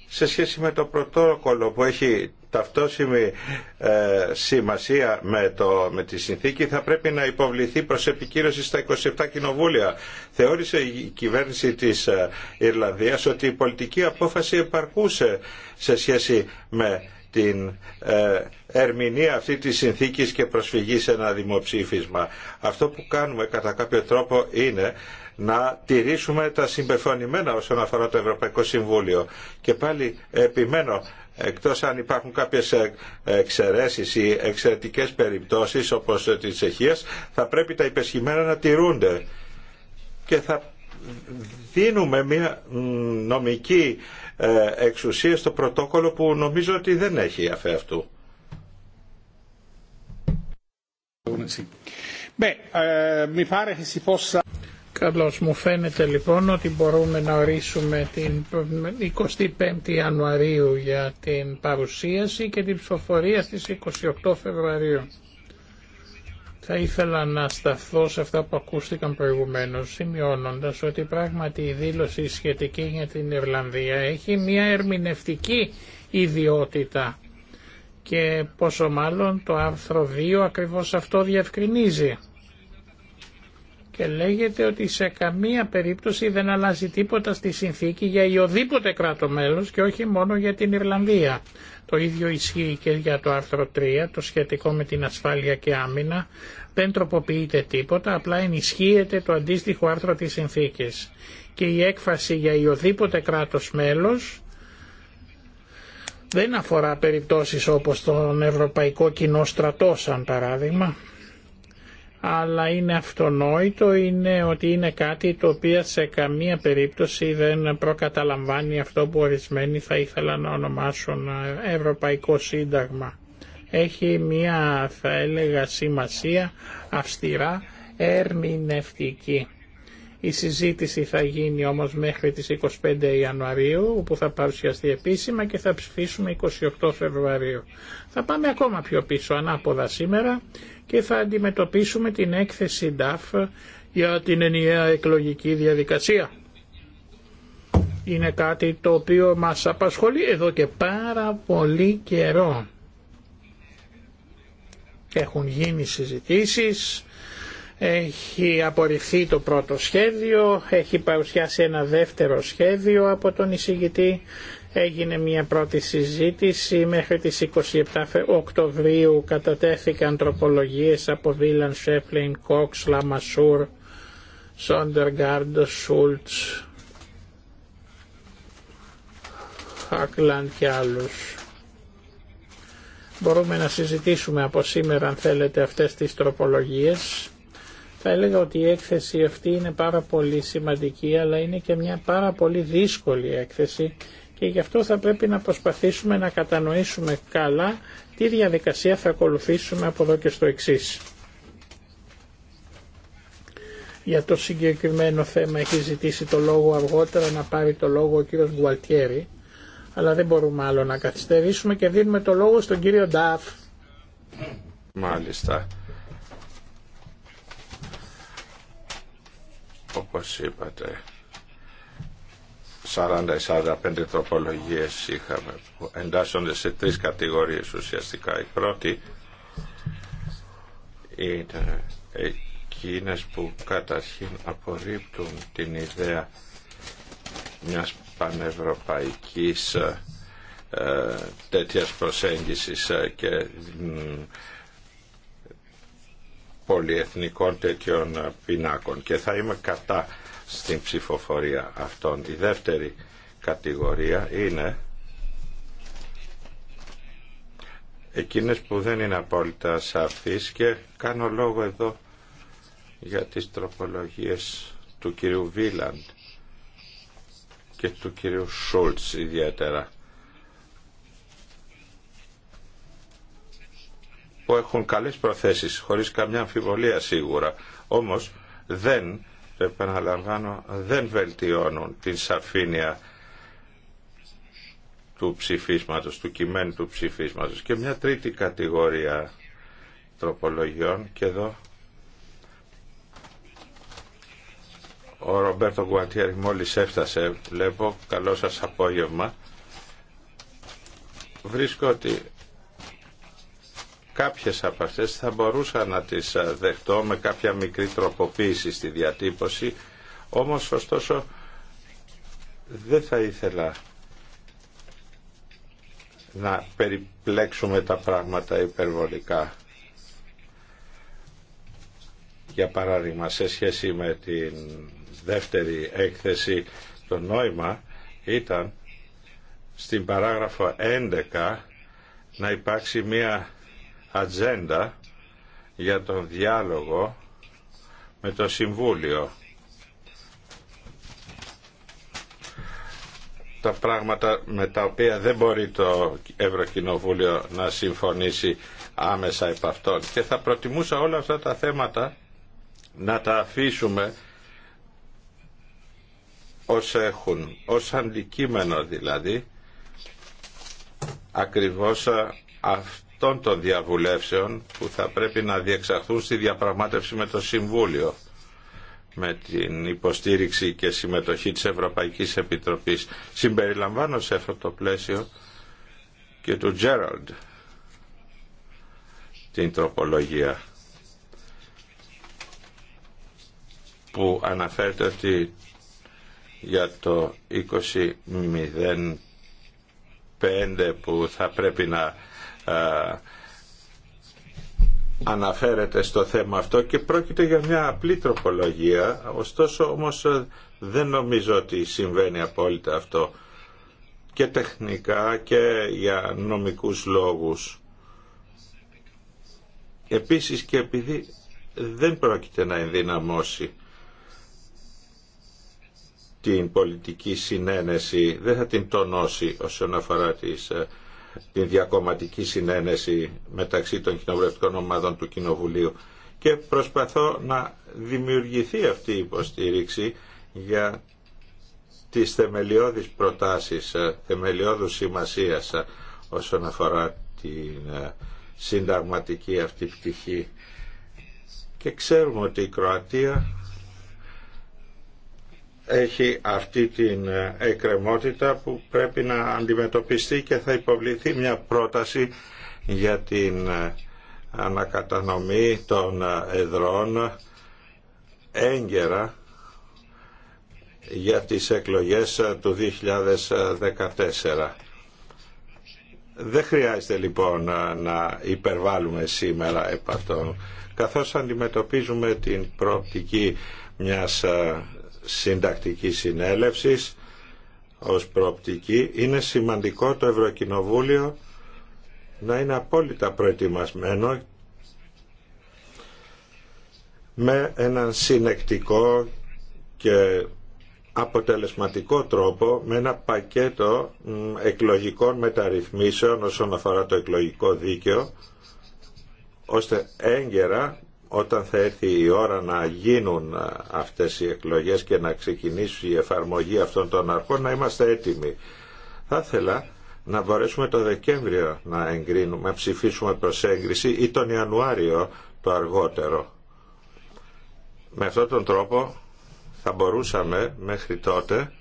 σε σχέση με το πρωτόκολλο που έχει ταυτόσιμη ε, σημασία με, το, με τη συνθήκη θα πρέπει να υποβληθεί προς επικύρωση στα 27 κοινοβούλια. Θεώρησε η κυβέρνηση της ε, Ιρλανδίας ότι η πολιτική απόφαση επαρκούσε σε σχέση με την ε, ερμηνεία αυτή της συνθήκης και προσφυγή σε ένα δημοψήφισμα. Αυτό που κάνουμε κατά κάποιο τρόπο είναι να τηρήσουμε τα συμπεφωνημένα όσον αφορά το Ευρωπαϊκό Συμβούλιο. Και πάλι επιμένω εκτός αν υπάρχουν κάποιες ε, εξαιρέσεις ή εξαιρετικές περιπτώσεις όπως της Τσεχίας, θα πρέπει τα υπεσχημένα να τηρούνται. Και θα δίνουμε μια νομική ε, εξουσία στο πρωτόκολλο που νομίζω ότι δεν έχει αφέ αυτού. Ε, Καλώς μου φαίνεται λοιπόν ότι μπορούμε να ορίσουμε την 25η Ιανουαρίου για την παρουσίαση και την ψηφοφορία στις 28 Φεβρουαρίου. Θα ήθελα να σταθώ σε αυτά που ακούστηκαν προηγουμένως, σημειώνοντας ότι πράγματι η δήλωση σχετική για την Ιρλανδία έχει μια ερμηνευτική ιδιότητα και πόσο μάλλον το άρθρο 2 ακριβώς αυτό διευκρινίζει. Και λέγεται ότι σε καμία περίπτωση δεν αλλάζει τίποτα στη συνθήκη για οποιοδήποτε κράτο μέλος και όχι μόνο για την Ιρλανδία. Το ίδιο ισχύει και για το άρθρο 3, το σχετικό με την ασφάλεια και άμυνα. Δεν τροποποιείται τίποτα, απλά ενισχύεται το αντίστοιχο άρθρο της συνθήκης. Και η έκφαση για οδήποτε κράτος μέλος δεν αφορά περιπτώσεις όπως τον Ευρωπαϊκό Κοινό Στρατό, σαν παράδειγμα, αλλά είναι αυτονόητο είναι ότι είναι κάτι το οποίο σε καμία περίπτωση δεν προκαταλαμβάνει αυτό που ορισμένοι θα ήθελαν να ονομάσουν ε, Ευρωπαϊκό Σύνταγμα. Έχει μία θα έλεγα σημασία αυστηρά ερμηνευτική. Η συζήτηση θα γίνει όμως μέχρι τις 25 Ιανουαρίου, όπου θα παρουσιαστεί επίσημα και θα ψηφίσουμε 28 Φεβρουαρίου. Θα πάμε ακόμα πιο πίσω ανάποδα σήμερα και θα αντιμετωπίσουμε την έκθεση DAF για την ενιαία εκλογική διαδικασία. Είναι κάτι το οποίο μας απασχολεί εδώ και πάρα πολύ καιρό. Έχουν γίνει συζητήσεις, έχει απορριφθεί το πρώτο σχέδιο, έχει παρουσιάσει ένα δεύτερο σχέδιο από τον εισηγητή Έγινε μια πρώτη συζήτηση μέχρι τις 27 Οκτωβρίου κατατέθηκαν τροπολογίες από Βίλαν Σέφλιν, Κόξ, Λαμασούρ, Σόντεργαρντο, Σούλτς, Χάκλαντ και άλλους. Μπορούμε να συζητήσουμε από σήμερα αν θέλετε αυτές τις τροπολογίες. Θα έλεγα ότι η έκθεση αυτή είναι πάρα πολύ σημαντική αλλά είναι και μια πάρα πολύ δύσκολη έκθεση και γι' αυτό θα πρέπει να προσπαθήσουμε να κατανοήσουμε καλά τι διαδικασία θα ακολουθήσουμε από εδώ και στο εξή. Για το συγκεκριμένο θέμα έχει ζητήσει το λόγο αργότερα να πάρει το λόγο ο κύριος Γουαλτιέρη αλλά δεν μπορούμε άλλο να καθυστερήσουμε και δίνουμε το λόγο στον κύριο Νταφ. Μάλιστα. Όπως είπατε, 40-45 τροπολογίες είχαμε που εντάσσονται σε τρεις κατηγορίες ουσιαστικά. Η πρώτη ήταν εκείνες που καταρχήν απορρίπτουν την ιδέα μιας πανευρωπαϊκής ε, τέτοιας προσέγγισης ε, και πολυεθνικών τέτοιων πινάκων και θα είμαι κατά στην ψηφοφορία αυτών. Η δεύτερη κατηγορία είναι εκείνες που δεν είναι απόλυτα σαφείς και κάνω λόγο εδώ για τις τροπολογίες του κυρίου Βίλαντ και του κυρίου Σούλτς ιδιαίτερα που έχουν καλές προθέσεις χωρίς καμιά αμφιβολία σίγουρα όμως δεν επαναλαμβάνω, δεν βελτιώνουν την σαφήνεια του ψηφίσματος, του κειμένου του ψηφίσματος. Και μια τρίτη κατηγορία τροπολογιών και εδώ ο Ρομπέρτο Γκουαντιέρη μόλις έφτασε, βλέπω, καλό σας απόγευμα. Βρίσκω ότι Κάποιες από αυτές θα μπορούσα να τις ε, δεχτώ με κάποια μικρή τροποποίηση στη διατύπωση, όμως ωστόσο δεν θα ήθελα να περιπλέξουμε τα πράγματα υπερβολικά. Για παράδειγμα, σε σχέση με την δεύτερη έκθεση, το νόημα ήταν στην παράγραφο 11 να υπάρξει μία ατζέντα για τον διάλογο με το Συμβούλιο. τα πράγματα με τα οποία δεν μπορεί το Ευρωκοινοβούλιο να συμφωνήσει άμεσα επ' αυτών. Και θα προτιμούσα όλα αυτά τα θέματα να τα αφήσουμε ως έχουν, ως αντικείμενο δηλαδή, ακριβώς αυτό αυτών των διαβουλεύσεων που θα πρέπει να διεξαχθούν στη διαπραγμάτευση με το Συμβούλιο με την υποστήριξη και συμμετοχή της Ευρωπαϊκής Επιτροπής. Συμπεριλαμβάνω σε αυτό το πλαίσιο και του Τζέραλντ την τροπολογία που αναφέρεται ότι για το 2005 που θα πρέπει να ε, αναφέρεται στο θέμα αυτό και πρόκειται για μια απλή τροπολογία, ωστόσο όμως ε, δεν νομίζω ότι συμβαίνει απόλυτα αυτό και τεχνικά και για νομικούς λόγους. Επίσης και επειδή δεν πρόκειται να ενδυναμώσει την πολιτική συνένεση, δεν θα την τονώσει όσον αφορά τις ε, την διακομματική συνένεση μεταξύ των κοινοβουλευτικών ομάδων του Κοινοβουλίου και προσπαθώ να δημιουργηθεί αυτή η υποστήριξη για τις θεμελιώδεις προτάσεις, ε, θεμελιώδους σημασίας ε, όσον αφορά την ε, συνταγματική αυτή πτυχή. Και ξέρουμε ότι η Κροατία έχει αυτή την ε, εκκρεμότητα που πρέπει να αντιμετωπιστεί και θα υποβληθεί μια πρόταση για την ε, ανακατανομή των ε, εδρών έγκαιρα για τις εκλογές του 2014. Δεν χρειάζεται λοιπόν να υπερβάλλουμε σήμερα επ' Καθώς αντιμετωπίζουμε την προοπτική μιας συντακτικής συνέλευσης ως προοπτική είναι σημαντικό το Ευρωκοινοβούλιο να είναι απόλυτα προετοιμασμένο με έναν συνεκτικό και αποτελεσματικό τρόπο με ένα πακέτο εκλογικών μεταρρυθμίσεων όσον αφορά το εκλογικό δίκαιο ώστε έγκαιρα όταν θα έρθει η ώρα να γίνουν αυτές οι εκλογές και να ξεκινήσει η εφαρμογή αυτών των αρχών να είμαστε έτοιμοι. Θα ήθελα να μπορέσουμε το Δεκέμβριο να εγκρίνουμε, να ψηφίσουμε προς έγκριση ή τον Ιανουάριο το αργότερο. Με αυτόν τον τρόπο θα μπορούσαμε μέχρι τότε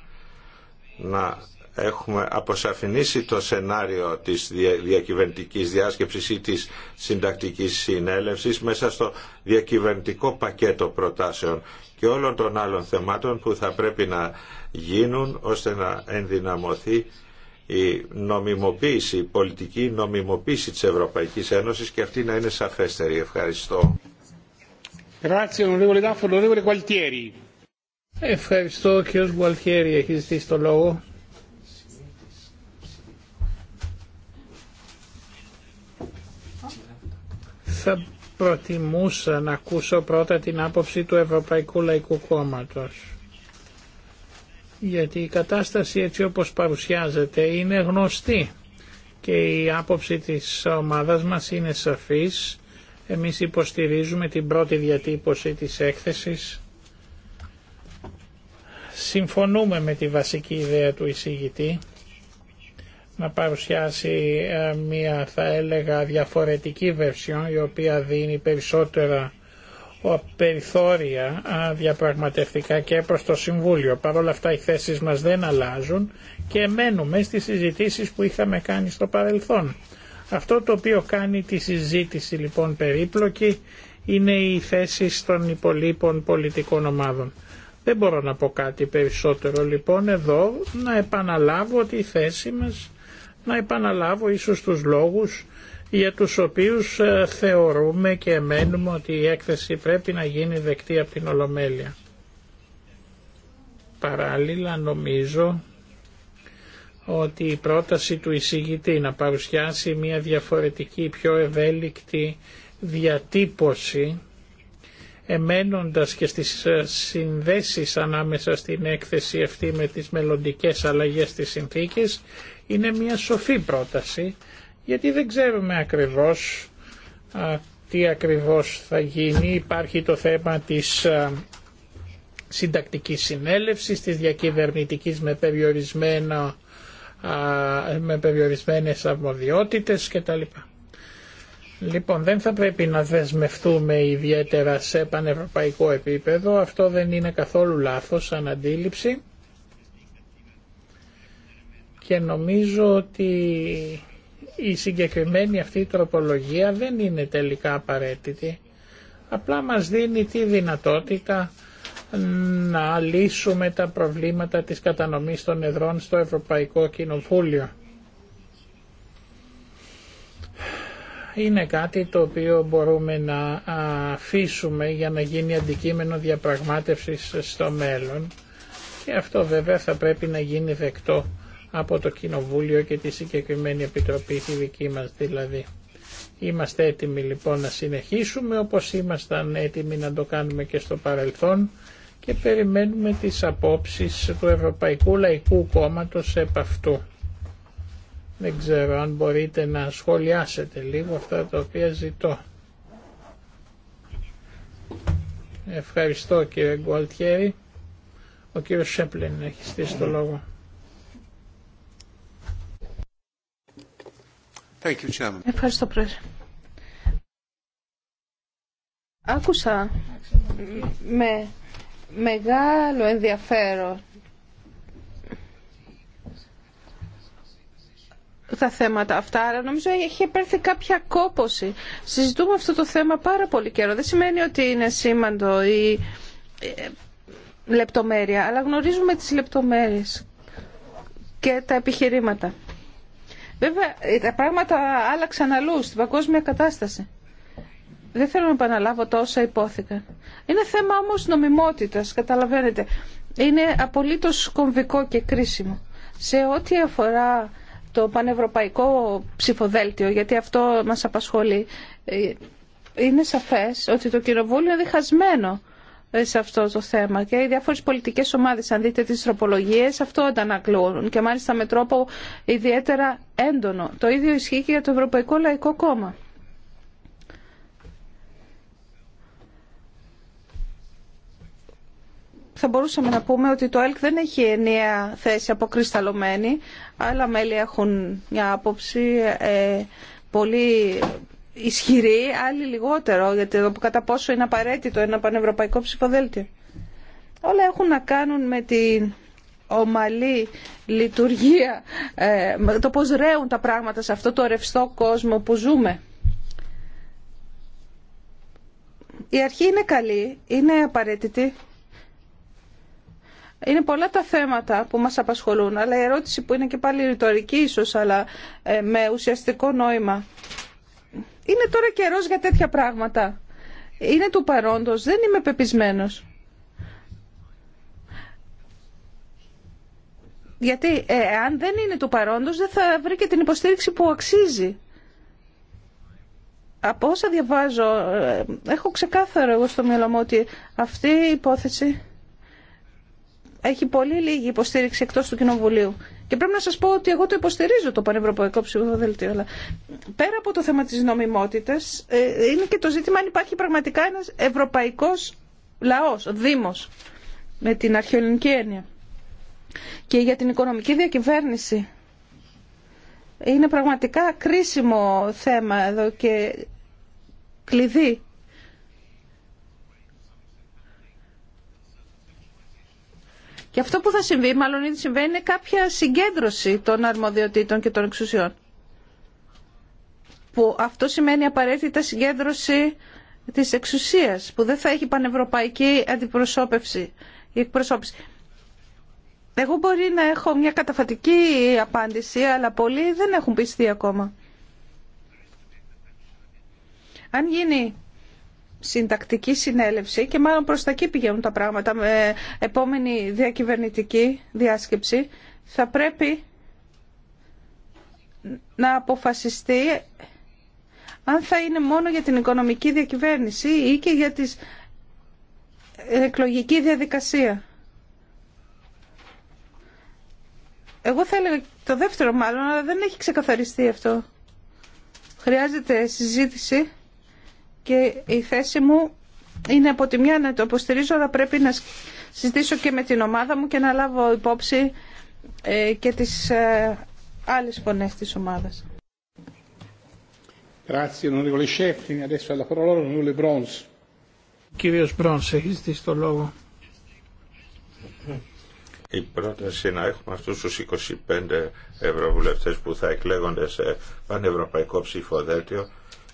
να έχουμε αποσαφηνίσει το σενάριο της διακυβερνητικής διάσκεψης ή της συντακτικής συνέλευσης μέσα στο διακυβερνητικό πακέτο προτάσεων και όλων των άλλων θεμάτων που θα πρέπει να γίνουν ώστε να ενδυναμωθεί η νομιμοποίηση, η πολιτική νομιμοποίηση της Ευρωπαϊκής Ένωσης και αυτή να είναι σαφέστερη. Ευχαριστώ. Ευχαριστώ Γουαλτιέρη. Έχει ζητήσει το λόγο. θα προτιμούσα να ακούσω πρώτα την άποψη του Ευρωπαϊκού Λαϊκού Κόμματος. Γιατί η κατάσταση έτσι όπως παρουσιάζεται είναι γνωστή και η άποψη της ομάδας μας είναι σαφής. Εμείς υποστηρίζουμε την πρώτη διατύπωση της έκθεσης. Συμφωνούμε με τη βασική ιδέα του εισηγητή να παρουσιάσει ε, μια θα έλεγα διαφορετική βερσιόν η οποία δίνει περισσότερα περιθώρια διαπραγματευτικά και προς το Συμβούλιο. Παρ' όλα αυτά οι θέσεις μας δεν αλλάζουν και μένουμε στις συζητήσεις που είχαμε κάνει στο παρελθόν. Αυτό το οποίο κάνει τη συζήτηση λοιπόν περίπλοκη είναι οι θέσει των υπολείπων πολιτικών ομάδων. Δεν μπορώ να πω κάτι περισσότερο λοιπόν εδώ, να επαναλάβω ότι η θέση μας να επαναλάβω ίσως τους λόγους για τους οποίους ε, θεωρούμε και μένουμε ότι η έκθεση πρέπει να γίνει δεκτή από την Ολομέλεια. Παράλληλα νομίζω ότι η πρόταση του εισηγητή να παρουσιάσει μια διαφορετική, πιο ευέλικτη διατύπωση εμένοντας και στις ε, συνδέσεις ανάμεσα στην έκθεση αυτή με τις μελλοντικές αλλαγές της συνθήκης είναι μια σοφή πρόταση γιατί δεν ξέρουμε ακριβώς τι ακριβώς θα γίνει. Υπάρχει το θέμα της α, συντακτικής συνέλευσης, της διακυβερνητικής με, περιορισμένα, α, με περιορισμένες αρμοδιότητες κτλ. Λοιπόν, δεν θα πρέπει να δεσμευτούμε ιδιαίτερα σε πανευρωπαϊκό επίπεδο. Αυτό δεν είναι καθόλου λάθος σαν αντίληψη και νομίζω ότι η συγκεκριμένη αυτή τροπολογία δεν είναι τελικά απαραίτητη. Απλά μας δίνει τη δυνατότητα να λύσουμε τα προβλήματα της κατανομής των εδρών στο Ευρωπαϊκό Κοινοβούλιο. Είναι κάτι το οποίο μπορούμε να αφήσουμε για να γίνει αντικείμενο διαπραγμάτευσης στο μέλλον και αυτό βέβαια θα πρέπει να γίνει δεκτό από το Κοινοβούλιο και τη συγκεκριμένη Επιτροπή, τη δική μας δηλαδή. Είμαστε έτοιμοι λοιπόν να συνεχίσουμε όπως ήμασταν έτοιμοι να το κάνουμε και στο παρελθόν και περιμένουμε τις απόψεις του Ευρωπαϊκού Λαϊκού Κόμματος επ' αυτού. Δεν ξέρω αν μπορείτε να σχολιάσετε λίγο αυτά τα οποία ζητώ. Ευχαριστώ κύριε Γκουαλτιέρη. Ο κύριος Σέπλεν έχει στήσει το λόγο. Ευχαριστώ, Άκουσα με μεγάλο ενδιαφέρον τα θέματα αυτά, αλλά νομίζω έχει επέρθει κάποια κόπωση. Συζητούμε αυτό το θέμα πάρα πολύ καιρό. Δεν σημαίνει ότι είναι σήμαντο ή ε, λεπτομέρεια, αλλά γνωρίζουμε τις λεπτομέρειες και τα επιχειρήματα. Βέβαια, ε, τα πράγματα άλλαξαν αλλού στην παγκόσμια κατάσταση. Δεν θέλω να επαναλάβω τα όσα υπόθηκαν. Είναι θέμα όμως νομιμότητας, καταλαβαίνετε. Είναι απολύτως κομβικό και κρίσιμο. Σε ό,τι αφορά το πανευρωπαϊκό ψηφοδέλτιο, γιατί αυτό μας απασχολεί, ε, είναι σαφές ότι το κοινοβούλιο είναι διχασμένο σε αυτό το θέμα και οι διάφορες πολιτικές ομάδες αν δείτε τι τροπολογίε. αυτό αντανακλούν και μάλιστα με τρόπο ιδιαίτερα έντονο. Το ίδιο ισχύει και για το Ευρωπαϊκό Λαϊκό Κόμμα. θα μπορούσαμε να πούμε ότι το ΕΛΚ δεν έχει ενιαία θέση αποκρισταλωμένη. Άλλα μέλη έχουν μια άποψη ε, πολύ ισχυρή άλλοι λιγότερο, γιατί εδώ που κατά πόσο είναι απαραίτητο ένα πανευρωπαϊκό ψηφοδέλτιο. Όλα έχουν να κάνουν με την ομαλή λειτουργία, ε, το πώς ρέουν τα πράγματα σε αυτό το ρευστό κόσμο που ζούμε. Η αρχή είναι καλή, είναι απαραίτητη. Είναι πολλά τα θέματα που μας απασχολούν, αλλά η ερώτηση που είναι και πάλι ρητορική ίσως, αλλά ε, με ουσιαστικό νόημα. Είναι τώρα καιρός για τέτοια πράγματα. Είναι του παρόντος, δεν είμαι πεπισμένος. Γιατί αν ε, δεν είναι του παρόντος δεν θα βρει και την υποστήριξη που αξίζει. Από όσα διαβάζω, ε, έχω ξεκάθαρο εγώ στο μυαλό μου ότι αυτή η υπόθεση έχει πολύ λίγη υποστήριξη εκτός του Κοινοβουλίου. Και πρέπει να σας πω ότι εγώ το υποστηρίζω το πανευρωπαϊκό ψηφοδέλτιο. Αλλά πέρα από το θέμα της νομιμότητας, ε, είναι και το ζήτημα αν υπάρχει πραγματικά ένας ευρωπαϊκός λαός, Δήμος, με την αρχαιολινική έννοια. Και για την οικονομική διακυβέρνηση. Είναι πραγματικά κρίσιμο θέμα εδώ και κλειδί Και αυτό που θα συμβεί, μάλλον ήδη συμβαίνει, είναι κάποια συγκέντρωση των αρμοδιοτήτων και των εξουσιών. Που αυτό σημαίνει απαραίτητα συγκέντρωση της εξουσίας, που δεν θα έχει πανευρωπαϊκή αντιπροσώπευση ή εκπροσώπηση. Εγώ μπορεί να έχω μια καταφατική απάντηση, αλλά πολλοί δεν έχουν πιστεί ακόμα. Αν γίνει συντακτική συνέλευση και μάλλον προς τα εκεί πηγαίνουν τα πράγματα με επόμενη διακυβερνητική διάσκεψη θα πρέπει να αποφασιστεί αν θα είναι μόνο για την οικονομική διακυβέρνηση ή και για την εκλογική διαδικασία. Εγώ θα έλεγα το δεύτερο μάλλον, αλλά δεν έχει ξεκαθαριστεί αυτό. Χρειάζεται συζήτηση και η θέση μου είναι από τη μια να το υποστηρίζω, αλλά πρέπει να συζητήσω και με την ομάδα μου και να λάβω υπόψη ε, και τις ε, άλλες φωνές της ομάδας. Κύριο έχει δει το λόγο. Η πρόταση να έχουμε αυτού του 25 ευρωβουλευτέ που θα εκλέγονται σε πανευρωπαϊκό ψηφοδέλτιο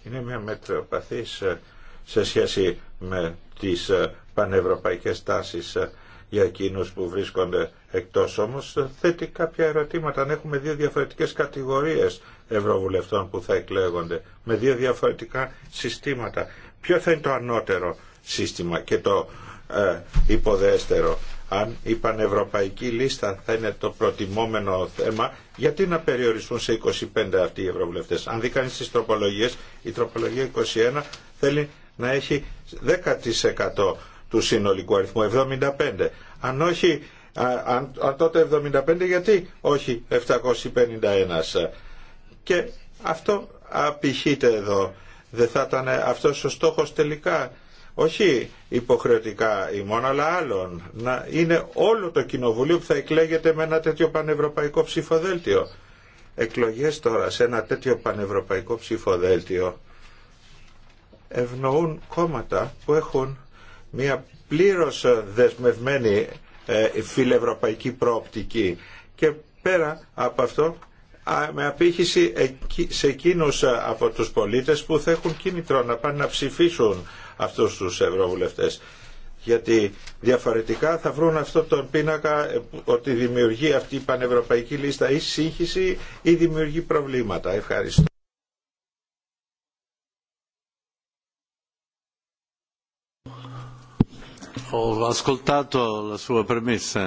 είναι μια μετροπαθής ε, σε σχέση με τις ε, πανευρωπαϊκές τάσεις ε, για εκείνους που βρίσκονται εκτός όμως θέτει κάποια ερωτήματα αν έχουμε δύο διαφορετικές κατηγορίες ευρωβουλευτών που θα εκλέγονται με δύο διαφορετικά συστήματα ποιο θα είναι το ανώτερο σύστημα και το ε, υποδέστερο αν η πανευρωπαϊκή λίστα θα είναι το προτιμόμενο θέμα, γιατί να περιοριστούν σε 25 αυτοί οι ευρωβουλευτέ. Αν δει κανεί τις τροπολογίες, η τροπολογία 21 θέλει να έχει 10% του συνολικού αριθμού, 75. Αν όχι, αν, τότε 75 γιατί όχι 751. Και αυτό απηχείται εδώ. Δεν θα ήταν αυτός ο στόχος τελικά όχι υποχρεωτικά ημών αλλά άλλων να είναι όλο το κοινοβουλίο που θα εκλέγεται με ένα τέτοιο πανευρωπαϊκό ψηφοδέλτιο εκλογές τώρα σε ένα τέτοιο πανευρωπαϊκό ψηφοδέλτιο ευνοούν κόμματα που έχουν μια πλήρως δεσμευμένη ε, φιλευρωπαϊκή προοπτική και πέρα από αυτό με απήχηση σε εκείνους ε, από τους πολίτες που θα έχουν κίνητρο να πάνε να ψηφίσουν αυτούς τους ευρωβουλευτές γιατί διαφορετικά θα βρουν αυτό τον πίνακα ε, ότι δημιουργεί αυτή η πανευρωπαϊκή λίστα ή σύγχυση ή δημιουργεί προβλήματα. Ευχαριστώ. Ho ascoltato la sua premessa.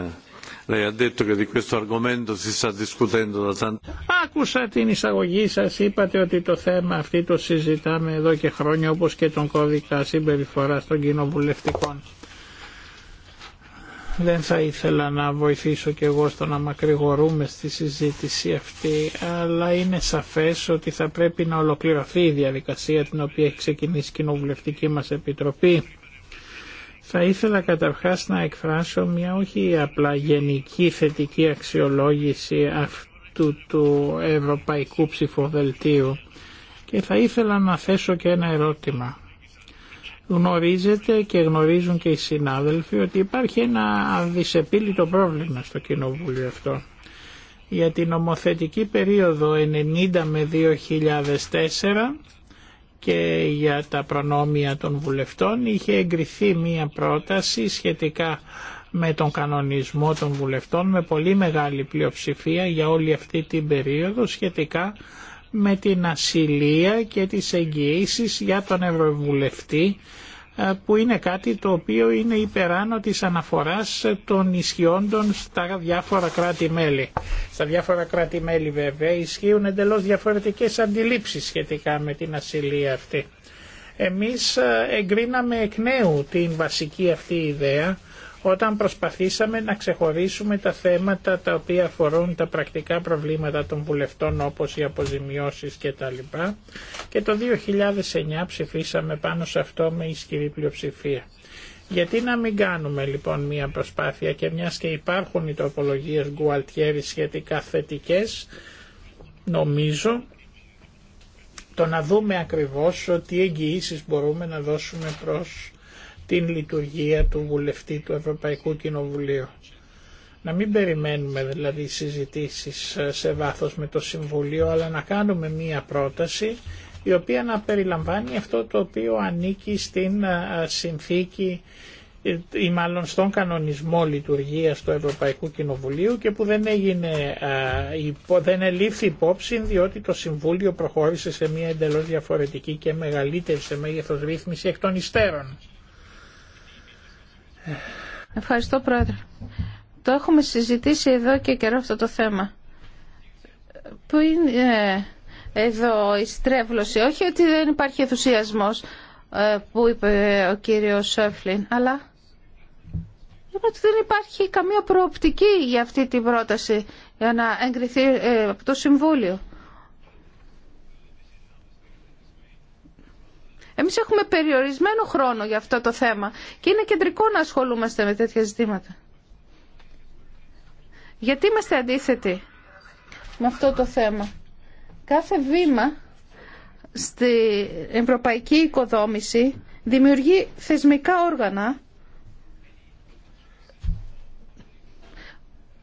Άκουσα την εισαγωγή σα είπατε ότι το θέμα αυτή το συζητάμε εδώ και χρόνια όπω και τον κώδικα συμπεριφορά των κοινοβουλευτικών. Δεν θα ήθελα να βοηθήσω και εγώ στο να μακρηγορούμε στη συζήτηση αυτή, αλλά είναι σαφές ότι θα πρέπει να ολοκληρωθεί η διαδικασία την οποία έχει ξεκινήσει η Κοινοβουλευτική μας Επιτροπή θα ήθελα καταρχάς να εκφράσω μια όχι απλά γενική θετική αξιολόγηση αυτού του ευρωπαϊκού ψηφοδελτίου και θα ήθελα να θέσω και ένα ερώτημα. Γνωρίζετε και γνωρίζουν και οι συνάδελφοι ότι υπάρχει ένα αδυσεπίλητο πρόβλημα στο κοινοβούλιο αυτό. Για την νομοθετική περίοδο 90 με 2004 και για τα προνόμια των βουλευτών είχε εγκριθεί μία πρόταση σχετικά με τον κανονισμό των βουλευτών με πολύ μεγάλη πλειοψηφία για όλη αυτή την περίοδο σχετικά με την ασυλία και τις εγγυήσει για τον Ευρωβουλευτή ε, που είναι κάτι το οποίο είναι υπεράνω της αναφοράς των ισχυόντων στα διάφορα κράτη-μέλη. Στα διάφορα κράτη-μέλη βέβαια ισχύουν εντελώς διαφορετικές αντιλήψεις σχετικά με την ασυλία αυτή. Εμείς ε, εγκρίναμε εκ νέου την βασική αυτή ιδέα όταν προσπαθήσαμε να ξεχωρίσουμε τα θέματα τα οποία αφορούν τα πρακτικά προβλήματα των βουλευτών όπως οι αποζημιώσεις κτλ. Και το 2009 ψηφίσαμε πάνω σε αυτό με ισχυρή πλειοψηφία. Γιατί να μην κάνουμε λοιπόν μια προσπάθεια και μιας και υπάρχουν οι τροπολογίες Γκουαλτιέρη σχετικά θετικές, νομίζω το να δούμε ακριβώς τι εγγυήσει μπορούμε να δώσουμε προς την λειτουργία του βουλευτή του Ευρωπαϊκού Κοινοβουλίου. Να μην περιμένουμε δηλαδή συζητήσεις ε, σε βάθος με το Συμβουλίο, αλλά να κάνουμε μία πρόταση η οποία να περιλαμβάνει αυτό το οποίο ανήκει στην ε, συνθήκη ε, ή μάλλον στον κανονισμό λειτουργίας του Ευρωπαϊκού Κοινοβουλίου και που δεν, έγινε, δεν ελήφθη υπόψη διότι το Συμβούλιο προχώρησε σε μια εντελώς διαφορετική και μεγαλύτερη σε μέγεθος ρύθμιση εκ των υστέρων. Ευχαριστώ Πρόεδρε. Το έχουμε συζητήσει εδώ και καιρό αυτό το θέμα. Πού είναι ε, εδώ η στρέβλωση. Όχι ότι δεν υπάρχει ενθουσιασμός ε, που είπε ο κύριος Σέφλιν, αλλά είναι ότι δεν υπάρχει κυριος σεφλιν αλλα οτι προοπτική για αυτή την πρόταση για να εγκριθεί ε, από το Συμβούλιο. Εμείς έχουμε περιορισμένο χρόνο για αυτό το θέμα και είναι κεντρικό να ασχολούμαστε με τέτοια ζητήματα. Γιατί είμαστε αντίθετοι με αυτό το θέμα. Κάθε βήμα στην ευρωπαϊκή οικοδόμηση δημιουργεί θεσμικά όργανα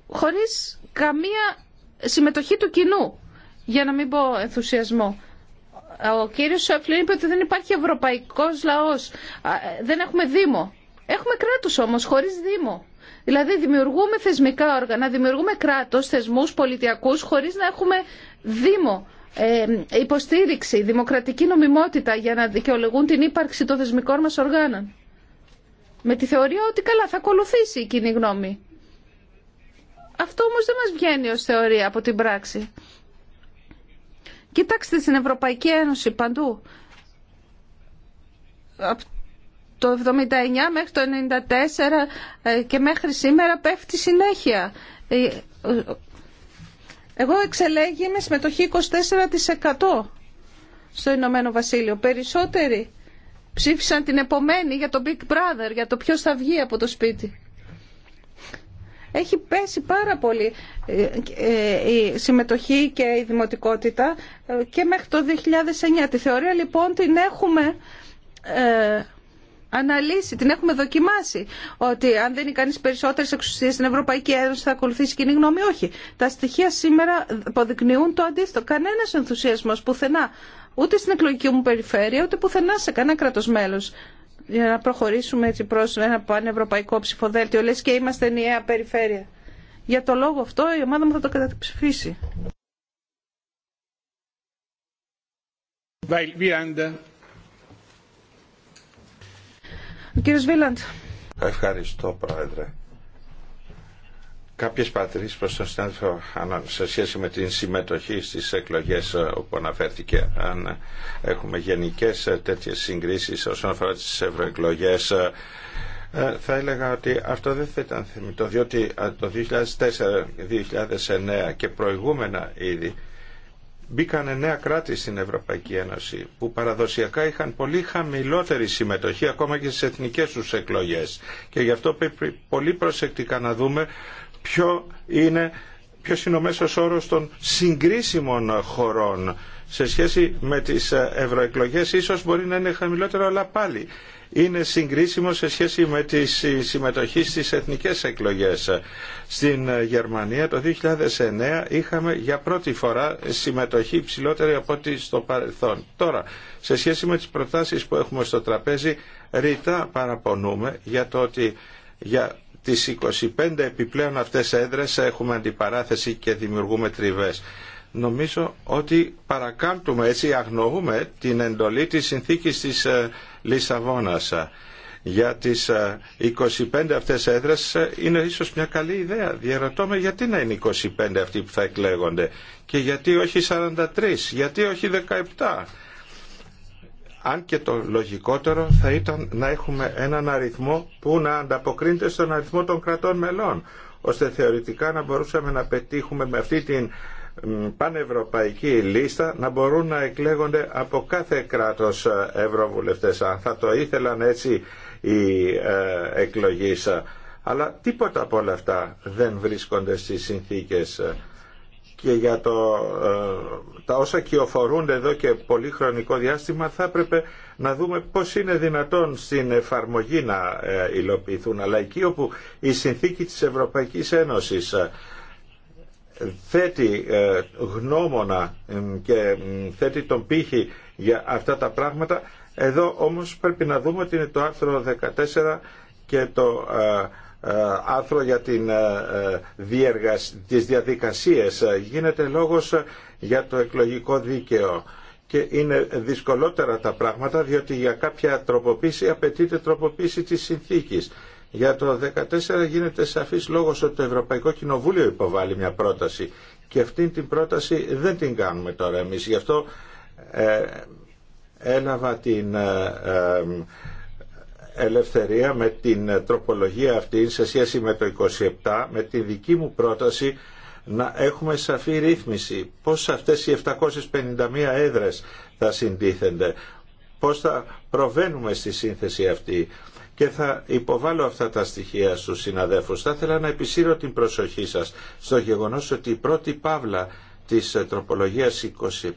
χωρίς καμία συμμετοχή του κοινού, για να μην πω ενθουσιασμό. Ο κύριος Σόφλη είπε ότι δεν υπάρχει ευρωπαϊκός λαός, ε, δεν έχουμε Δήμο. Έχουμε κράτος όμως, χωρίς Δήμο. Δηλαδή δημιουργούμε θεσμικά όργανα, δημιουργούμε κράτος, θεσμούς πολιτιακούς, χωρίς να έχουμε Δήμο. Ε, υποστήριξη, δημοκρατική νομιμότητα για να δικαιολογούν την ύπαρξη των θεσμικών μας οργάνων. Με τη θεωρία ότι καλά θα ακολουθήσει η κοινή γνώμη. Αυτό όμως δεν μας βγαίνει ως θεωρία από την πράξη. Κοιτάξτε στην Ευρωπαϊκή Ένωση παντού. Από το 79 μέχρι το 94 ε, και μέχρι σήμερα πέφτει συνέχεια. Ε, ε, εγώ εξελέγη με συμμετοχή 24% στο Ηνωμένο Βασίλειο. Περισσότεροι ψήφισαν την επομένη για το Big Brother, για το ποιος θα βγει από το σπίτι έχει πέσει πάρα πολύ ε, ε, η συμμετοχή και η δημοτικότητα ε, και μέχρι το 2009. Τη θεωρία λοιπόν την έχουμε αναλύσει, την έχουμε δοκιμάσει ότι αν δεν είναι κανείς περισσότερες εξουσίες στην Ευρωπαϊκή Ένωση θα ακολουθήσει κοινή γνώμη. Όχι. Τα στοιχεία σήμερα αποδεικνύουν το αντίθετο. Κανένας ενθουσιασμός πουθενά. Ούτε στην εκλογική μου περιφέρεια, ούτε πουθενά σε κανένα κράτος μέλος για να προχωρήσουμε έτσι προς ένα πανευρωπαϊκό ψηφοδέλτιο. Λες και είμαστε ενιαία περιφέρεια. Για το λόγο αυτό η ομάδα μου θα το καταψηφίσει. Ο κύριος Βίλαντ. Ευχαριστώ, Πρόεδρε κάποιες πατρίες προς τον συνάδελφο σε σχέση με την συμμετοχή στις εκλογές ε, όπου αναφέρθηκε αν έχουμε γενικές ε, τέτοιες συγκρίσεις όσον αφορά τις ευρωεκλογές ε, θα έλεγα ότι αυτό δεν θα ήταν θεμητό διότι το 2004-2009 και προηγούμενα ήδη μπήκαν νέα κράτη στην Ευρωπαϊκή Ένωση που παραδοσιακά είχαν πολύ χαμηλότερη συμμετοχή ακόμα και στις εθνικές τους εκλογές και γι' αυτό πρέπει πολύ προσεκτικά να δούμε ποιο είναι, ποιος είναι ο μέσος όρος των συγκρίσιμων χωρών σε σχέση με τις ευρωεκλογές ίσως μπορεί να είναι χαμηλότερο αλλά πάλι είναι συγκρίσιμο σε σχέση με τη συμμετοχή στις εθνικές εκλογές. Στην Γερμανία το 2009 είχαμε για πρώτη φορά συμμετοχή ψηλότερη από ό,τι στο παρελθόν. Τώρα, σε σχέση με τις προτάσεις που έχουμε στο τραπέζι, ρητά παραπονούμε για το ότι για τις 25 επιπλέον αυτές έδρες έχουμε αντιπαράθεση και δημιουργούμε τριβές. Νομίζω ότι παρακάμπτουμε έτσι, αγνοούμε την εντολή της συνθήκης της ε, Λισαβόνας. Για τις 25 ε, αυτές έδρες ε, είναι ίσως μια καλή ιδέα. Διαρωτώ με γιατί να είναι 25 αυτοί που θα εκλέγονται και γιατί όχι 43, γιατί όχι 17 αν και το λογικότερο θα ήταν να έχουμε έναν αριθμό που να ανταποκρίνεται στον αριθμό των κρατών μελών, ώστε θεωρητικά να μπορούσαμε να πετύχουμε με αυτή την πανευρωπαϊκή λίστα να μπορούν να εκλέγονται από κάθε κράτος ε, ευρωβουλευτές αν θα το ήθελαν έτσι οι ε, εκλογείς αλλά τίποτα από όλα αυτά δεν βρίσκονται στις συνθήκες ε, και για το, ε, τα όσα κυοφορούν εδώ και πολύ χρονικό διάστημα θα έπρεπε να δούμε πώς είναι δυνατόν στην εφαρμογή να ε, υλοποιηθούν. Αλλά εκεί όπου η συνθήκη της Ευρωπαϊκής Ένωσης ε, θέτει γνώμονα και θέτει τον πύχη για αυτά τα πράγματα, εδώ όμως πρέπει να δούμε ότι είναι το άρθρο 14 και το ε, άρθρο για την, ε, ε, τις διαδικασίες γίνεται λόγος για το εκλογικό δίκαιο και είναι δυσκολότερα τα πράγματα διότι για κάποια τροποποίηση απαιτείται τροποποίηση της συνθήκης. Για το 2014 γίνεται σαφής λόγος ότι το Ευρωπαϊκό Κοινοβούλιο υποβάλλει μια πρόταση και αυτή την πρόταση δεν την κάνουμε τώρα εμείς. Γι' αυτό έλαβα την ελευθερία με την τροπολογία αυτή σε σχέση με το 27 με τη δική μου πρόταση να έχουμε σαφή ρύθμιση πώς αυτές οι 751 έδρες θα συντίθενται πώς θα προβαίνουμε στη σύνθεση αυτή και θα υποβάλω αυτά τα στοιχεία στους συναδέφους. Θα ήθελα να επισύρω την προσοχή σας στο γεγονός ότι η πρώτη παύλα της τροπολογίας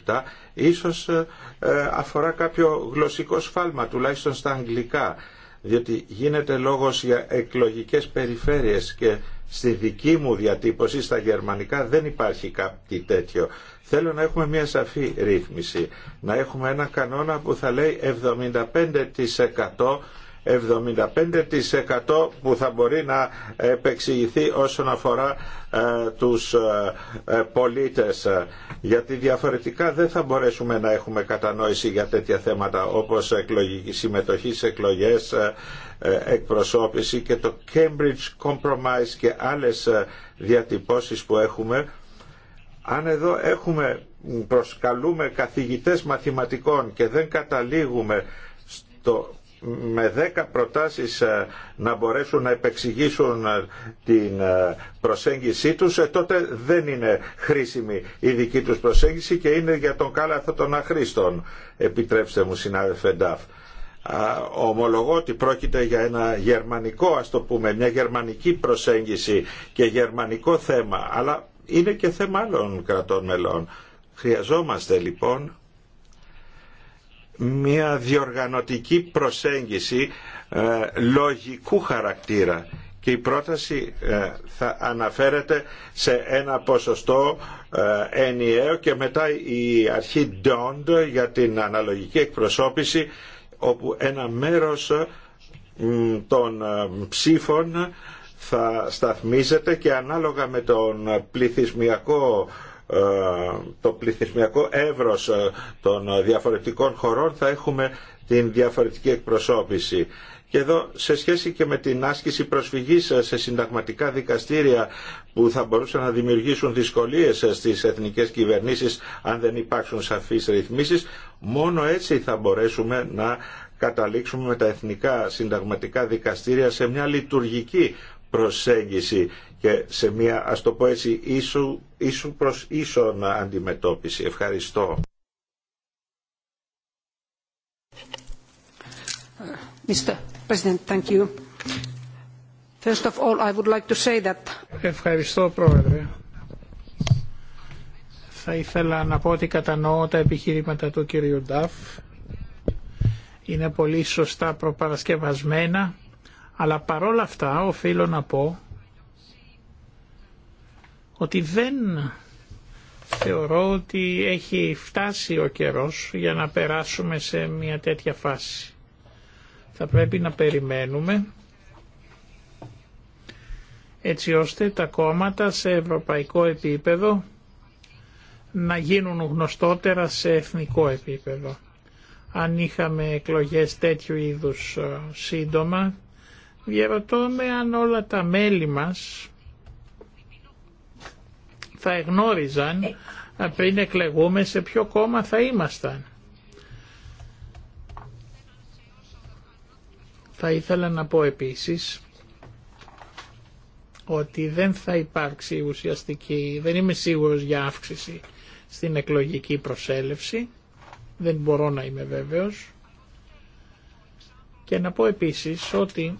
27 ίσως ε, ε, αφορά κάποιο γλωσσικό σφάλμα τουλάχιστον στα αγγλικά διότι γίνεται λόγος για εκλογικές περιφέρειες και στη δική μου διατύπωση στα γερμανικά δεν υπάρχει κάτι τέτοιο. Θέλω να έχουμε μια σαφή ρύθμιση, να έχουμε ένα κανόνα που θα λέει 75% 75% που θα μπορεί να επεξηγηθεί όσον αφορά ε, τους ε, ε, πολίτες γιατί διαφορετικά δεν θα μπορέσουμε να έχουμε κατανόηση για τέτοια θέματα όπως εκλογική συμμετοχή σε εκλογές εκπροσώπηση και το Cambridge Compromise και άλλες διατυπώσεις που έχουμε αν εδώ έχουμε προσκαλούμε καθηγητές μαθηματικών και δεν καταλήγουμε στο με δέκα προτάσεις ε, να μπορέσουν να επεξηγήσουν ε, την ε, προσέγγιση τους, τότε δεν είναι χρήσιμη η δική τους προσέγγιση και είναι για τον κάλαθο των αχρήστων. Επιτρέψτε μου συνάδελφε Ντάφ. Ομολογώ ότι πρόκειται για ένα γερμανικό, ας το πούμε, μια γερμανική προσέγγιση και γερμανικό θέμα, αλλά είναι και θέμα άλλων κρατών μελών. Χρειαζόμαστε λοιπόν μια διοργανωτική προσέγγιση ε, λογικού χαρακτήρα και η πρόταση ε, θα αναφέρεται σε ένα ποσοστό ε, ενιαίο και μετά η αρχή DONT για την αναλογική εκπροσώπηση όπου ένα μέρος των ψήφων θα σταθμίζεται και ανάλογα με τον πληθυσμιακό ε, το πληθυσμιακό εύρος ε, των διαφορετικών χωρών θα έχουμε την διαφορετική εκπροσώπηση. Και εδώ σε σχέση και με την άσκηση προσφυγής ε, σε συνταγματικά δικαστήρια που θα μπορούσαν να δημιουργήσουν δυσκολίες στις εθνικές κυβερνήσεις αν δεν υπάρξουν σαφείς ρυθμίσεις, μόνο έτσι θα μπορέσουμε να καταλήξουμε με τα εθνικά συνταγματικά δικαστήρια σε μια λειτουργική προσέγγιση και σε μια ας το πω έτσι ίσου, ίσου προς να αντιμετώπιση. Ευχαριστώ. Ευχαριστώ Πρόεδρε. Θα ήθελα να πω ότι κατανοώ τα επιχειρήματα του κυρίου Νταφ. Είναι πολύ σωστά προπαρασκευασμένα, αλλά παρόλα αυτά οφείλω να πω ότι δεν θεωρώ ότι έχει φτάσει ο καιρός για να περάσουμε σε μια τέτοια φάση. Θα πρέπει να περιμένουμε έτσι ώστε τα κόμματα σε ευρωπαϊκό επίπεδο να γίνουν γνωστότερα σε εθνικό επίπεδο. Αν είχαμε εκλογές τέτοιου είδους ε, σύντομα, διαρωτώ με αν όλα τα μέλη μας θα εγνώριζαν ε. Ε, πριν εκλεγούμε σε ποιο κόμμα θα ήμασταν. Θα ήθελα να πω επίσης ότι δεν θα υπάρξει ουσιαστική, δεν είμαι σίγουρος για αύξηση στην εκλογική προσέλευση, δεν μπορώ να είμαι βέβαιος. Και να πω επίσης ότι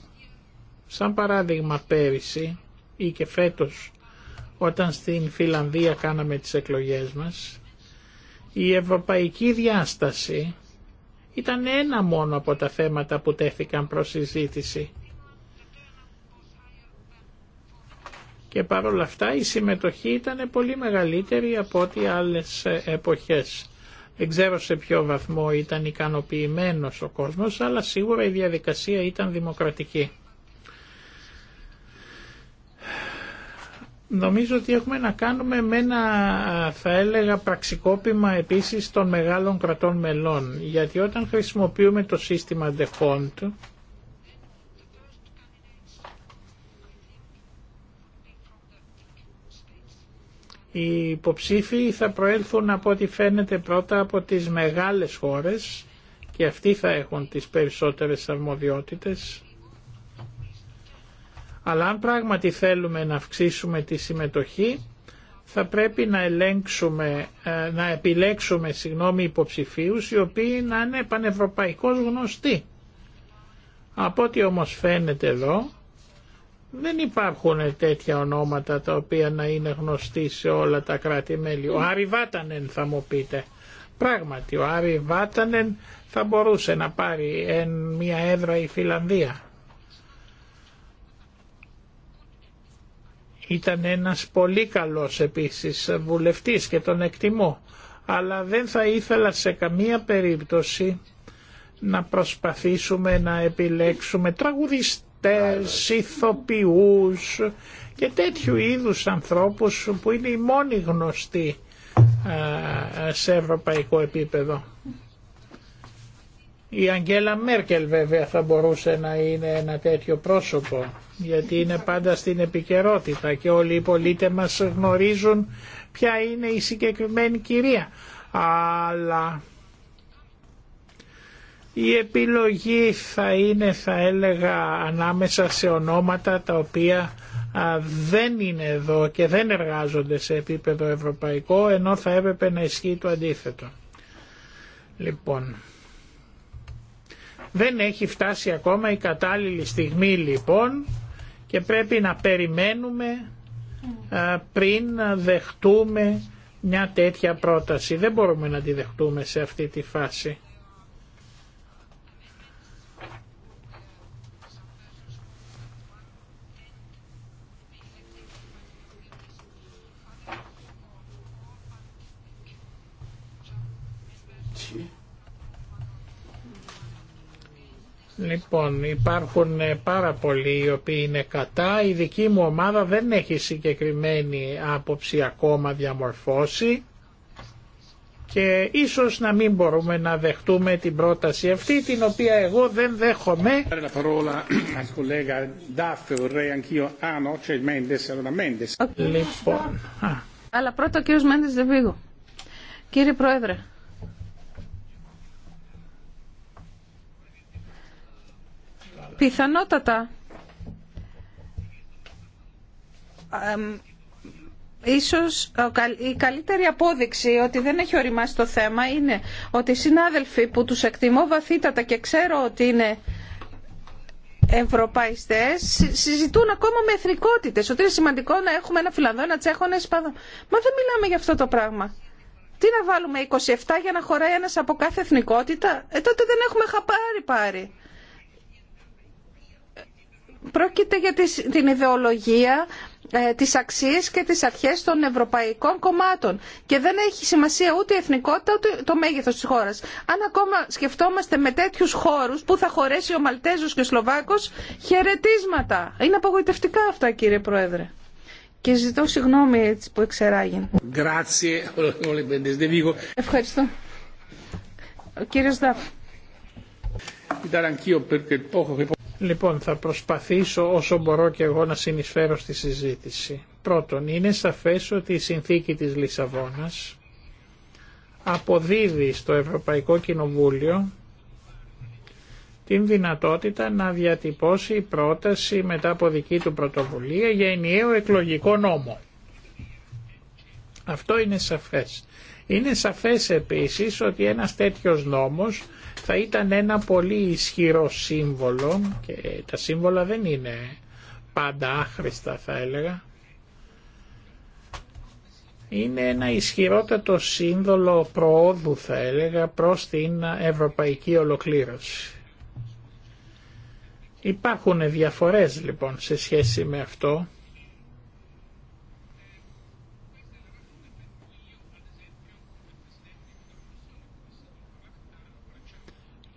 σαν παράδειγμα πέρυσι ή και φέτος όταν στην Φιλανδία κάναμε τις εκλογές μας, η ευρωπαϊκή διάσταση ήταν ένα μόνο από τα θέματα που τέθηκαν προς συζήτηση. Και παρόλα αυτά η συμμετοχή ήταν πολύ μεγαλύτερη από ό,τι άλλες εποχές. Δεν ξέρω σε ποιο βαθμό ήταν ικανοποιημένος ο κόσμος, αλλά σίγουρα η διαδικασία ήταν δημοκρατική. Νομίζω ότι έχουμε να κάνουμε με ένα, θα έλεγα, πραξικόπημα επίσης των μεγάλων κρατών μελών, γιατί όταν χρησιμοποιούμε το σύστημα default οι υποψήφοι θα προέλθουν από ό,τι φαίνεται πρώτα από τις μεγάλες χώρες και αυτοί θα έχουν τις περισσότερες αρμοδιότητες αλλά αν πράγματι θέλουμε να αυξήσουμε τη συμμετοχή θα πρέπει να, ελέγξουμε, ε, να επιλέξουμε συγγνώμη, υποψηφίους οι οποίοι να είναι πανευρωπαϊκώς γνωστοί. Από ό,τι όμως φαίνεται εδώ δεν υπάρχουν τέτοια ονόματα τα οποία να είναι γνωστοί σε όλα τα κράτη-μέλη. Ο Άρη Βάτανεν θα μου πείτε. Πράγματι ο Άρη Βάτανεν θα μπορούσε να πάρει μια έδρα η Φιλανδία. Ήταν ένας πολύ καλός επίσης βουλευτής και τον εκτιμώ, αλλά δεν θα ήθελα σε καμία περίπτωση να προσπαθήσουμε να επιλέξουμε τραγουδιστές, ηθοποιούς και τέτοιου είδους ανθρώπους που είναι οι μόνοι γνωστοί ε, σε ευρωπαϊκό επίπεδο. Η Αγγέλα Μέρκελ βέβαια θα μπορούσε να είναι ένα τέτοιο πρόσωπο γιατί είναι πάντα στην επικαιρότητα και όλοι οι πολίτες μας γνωρίζουν ποια είναι η συγκεκριμένη κυρία. Αλλά η επιλογή θα είναι θα έλεγα ανάμεσα σε ονόματα τα οποία δεν είναι εδώ και δεν εργάζονται σε επίπεδο ευρωπαϊκό ενώ θα έπρεπε να ισχύει το αντίθετο. Λοιπόν, δεν έχει φτάσει ακόμα η κατάλληλη στιγμή λοιπόν και πρέπει να περιμένουμε mm. πριν δεχτούμε μια τέτοια πρόταση. Δεν μπορούμε να τη δεχτούμε σε αυτή τη φάση. Λοιπόν, υπάρχουν ε, πάρα πολλοί οι οποίοι είναι κατά. Η δική μου ομάδα δεν έχει συγκεκριμένη άποψη ακόμα διαμορφώσει και ίσως να μην μπορούμε να δεχτούμε την πρόταση αυτή την οποία εγώ δεν δέχομαι ah, Λοιπόν Αλλά πρώτα ο κύριος Μέντες δεν Κύριε Πρόεδρε πιθανότατα ίσως η καλύτερη απόδειξη ότι δεν έχει οριμάσει το θέμα είναι ότι οι συνάδελφοι που τους εκτιμώ βαθύτατα και ξέρω ότι είναι ευρωπαϊστές συζητούν ακόμα με εθνικότητες ότι είναι σημαντικό να έχουμε ένα Φιλανδό, ένα Τσέχο, ένα Ισπανό. Μα δεν μιλάμε για αυτό το πράγμα. Τι να βάλουμε 27 για να χωράει ένας από κάθε εθνικότητα. Ε, τότε δεν έχουμε χαπάρι πάρει. Πρόκειται για την ιδεολογία ε, τις αξίες και τις αρχές των ευρωπαϊκών κομμάτων και δεν έχει σημασία ούτε η εθνικότητα ούτε το μέγεθος της χώρας. Αν ακόμα σκεφτόμαστε με τέτοιους χώρους που θα χωρέσει ο Μαλτέζος και ο Σλοβάκος, χαιρετίσματα. Είναι απογοητευτικά αυτά κύριε Πρόεδρε. Και ζητώ συγγνώμη έτσι που εξεράγει. Ευχαριστώ. Ο κύριος Λοιπόν, θα προσπαθήσω όσο μπορώ και εγώ να συνεισφέρω στη συζήτηση. Πρώτον, είναι σαφές ότι η συνθήκη της Λισαβόνας αποδίδει στο Ευρωπαϊκό Κοινοβούλιο την δυνατότητα να διατυπώσει πρόταση μετά από δική του πρωτοβουλία για ενιαίο εκλογικό νόμο. Αυτό είναι σαφές. Είναι σαφές επίσης ότι ένας τέτοιος νόμος θα ήταν ένα πολύ ισχυρό σύμβολο και τα σύμβολα δεν είναι πάντα άχρηστα θα έλεγα. Είναι ένα ισχυρότατο σύμβολο προόδου θα έλεγα προς την ευρωπαϊκή ολοκλήρωση. Υπάρχουν διαφορές λοιπόν σε σχέση με αυτό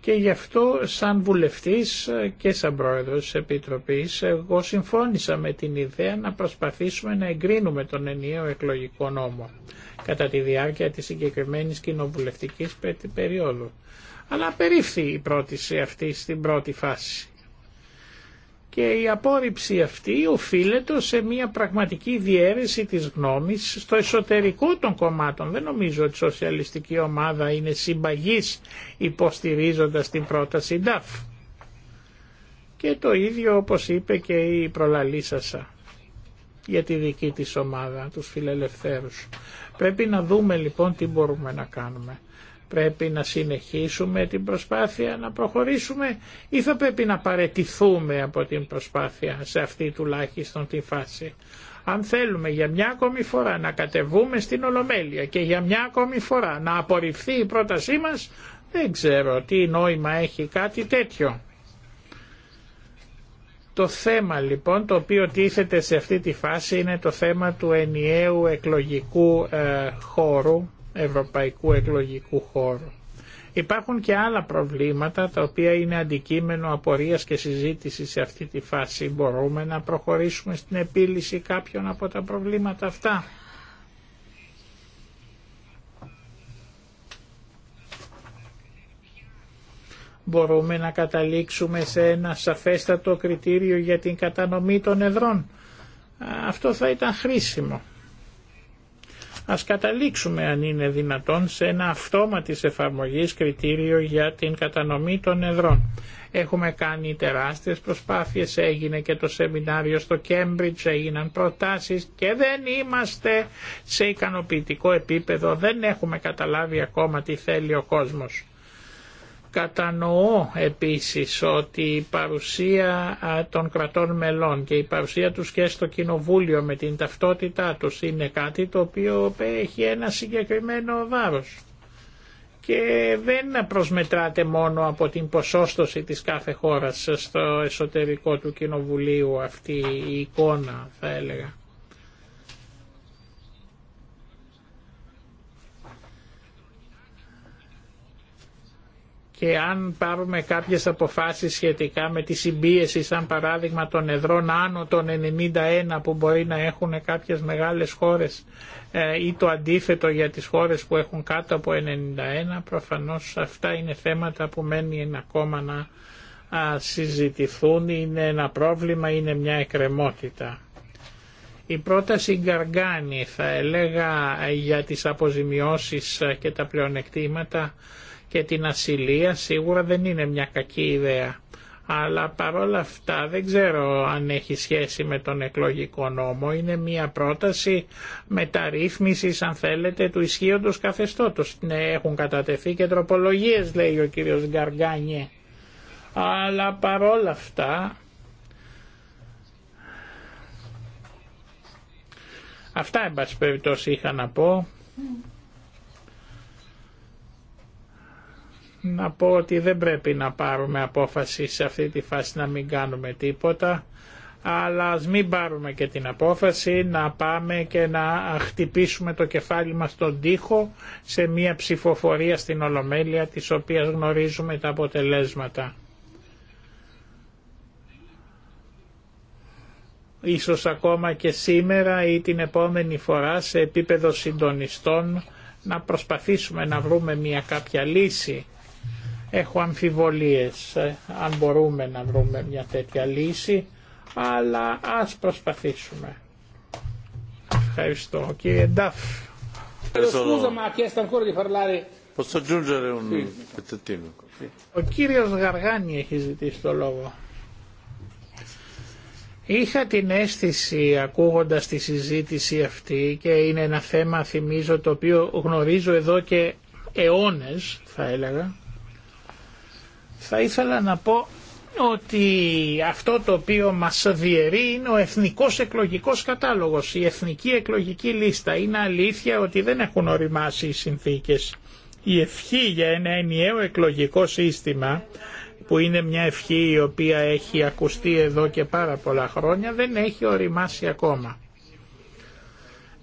και γι' αυτό σαν βουλευτής και σαν πρόεδρος της Επιτροπής εγώ συμφώνησα με την ιδέα να προσπαθήσουμε να εγκρίνουμε τον ενιαίο εκλογικό νόμο κατά τη διάρκεια της συγκεκριμένης κοινοβουλευτικής περίοδου. Αλλά απερίφθη η πρόταση αυτή στην πρώτη φάση και η απόρριψη αυτή οφείλεται σε μια πραγματική διαίρεση της γνώμης στο εσωτερικό των κομμάτων. Δεν νομίζω ότι η σοσιαλιστική ομάδα είναι συμπαγής υποστηρίζοντας την πρόταση Νταφ. Και το ίδιο όπως είπε και η προλαλήσασα για τη δική της ομάδα, τους φιλελευθέρους. Πρέπει να δούμε λοιπόν τι μπορούμε να κάνουμε. Πρέπει να συνεχίσουμε την προσπάθεια να προχωρήσουμε ή θα πρέπει να παρετηθούμε από την προσπάθεια σε αυτή τουλάχιστον τη φάση. Αν θέλουμε για μια ακόμη φορά να κατεβούμε στην Ολομέλεια και για μια ακόμη φορά να απορριφθεί η πρότασή μας, δεν ξέρω τι νόημα έχει κάτι τέτοιο. Το θέμα λοιπόν το οποίο τίθεται σε αυτή τη φάση είναι το θέμα του ενιαίου εκλογικού ε, χώρου Ευρωπαϊκού Εκλογικού Χώρου. Υπάρχουν και άλλα προβλήματα τα οποία είναι αντικείμενο απορίας και συζήτηση σε αυτή τη φάση. Μπορούμε να προχωρήσουμε στην επίλυση κάποιων από τα προβλήματα αυτά. Μπορούμε να καταλήξουμε σε ένα σαφέστατο κριτήριο για την κατανομή των εδρών. Αυτό θα ήταν χρήσιμο. Ας καταλήξουμε αν είναι δυνατόν σε ένα αυτόματης εφαρμογής κριτήριο για την κατανομή των εδρών. Έχουμε κάνει τεράστιες προσπάθειες, έγινε και το σεμινάριο στο Κέμπριτζ, έγιναν προτάσεις και δεν είμαστε σε ικανοποιητικό επίπεδο, δεν έχουμε καταλάβει ακόμα τι θέλει ο κόσμος. Κατανοώ επίσης ότι η παρουσία των κρατών μελών και η παρουσία τους και στο Κοινοβούλιο με την ταυτότητά τους είναι κάτι το οποίο έχει ένα συγκεκριμένο βάρος και δεν προσμετράται μόνο από την ποσόστοση της κάθε χώρας στο εσωτερικό του Κοινοβουλίου αυτή η εικόνα θα έλεγα. και αν πάρουμε κάποιες αποφάσεις σχετικά με τη συμπίεση σαν παράδειγμα των εδρών άνω των 91 που μπορεί να έχουν κάποιες μεγάλες χώρες ε, ή το αντίθετο για τις χώρες που έχουν κάτω από 91 προφανώς αυτά είναι θέματα που μένει ακόμα να συζητηθούν είναι ένα πρόβλημα, είναι μια εκκρεμότητα. Η πρόταση Γκαργκάνη θα έλεγα για τις αποζημιώσεις και τα πλεονεκτήματα και την ασυλία σίγουρα δεν είναι μια κακή ιδέα. Αλλά παρόλα αυτά δεν ξέρω αν έχει σχέση με τον εκλογικό νόμο. Είναι μια πρόταση μεταρρύθμισης αν θέλετε του ισχύοντος καθεστώτος. Ναι, έχουν κατατεθεί και τροπολογίες λέει ο κύριος Γκαργκάνιε. Αλλά παρόλα αυτά Αυτά, εν πάση περιπτώσει, είχα να πω. να πω ότι δεν πρέπει να πάρουμε απόφαση σε αυτή τη φάση να μην κάνουμε τίποτα αλλά ας μην πάρουμε και την απόφαση να πάμε και να χτυπήσουμε το κεφάλι μας στον τοίχο σε μια ψηφοφορία στην Ολομέλεια της οποίας γνωρίζουμε τα αποτελέσματα. Ίσως ακόμα και σήμερα ή την επόμενη φορά σε επίπεδο συντονιστών να προσπαθήσουμε να βρούμε μια κάποια λύση Έχω αμφιβολίες ε, αν μπορούμε να βρούμε μια τέτοια λύση, αλλά ας προσπαθήσουμε. Ευχαριστώ. Κύριε Νταφ. Ο κύριος Γαργάνη έχει ζητήσει το λόγο. Είχα την αίσθηση ακούγοντας τη συζήτηση αυτή και είναι ένα θέμα θυμίζω το οποίο γνωρίζω εδώ και αιώνες θα έλεγα θα ήθελα να πω ότι αυτό το οποίο μας διαιρεί είναι ο εθνικός εκλογικός κατάλογος, η εθνική εκλογική λίστα. Είναι αλήθεια ότι δεν έχουν οριμάσει οι συνθήκες. Η ευχή για ένα ενιαίο εκλογικό σύστημα, που είναι μια ευχή η οποία έχει ακουστεί εδώ και πάρα πολλά χρόνια, δεν έχει οριμάσει ακόμα.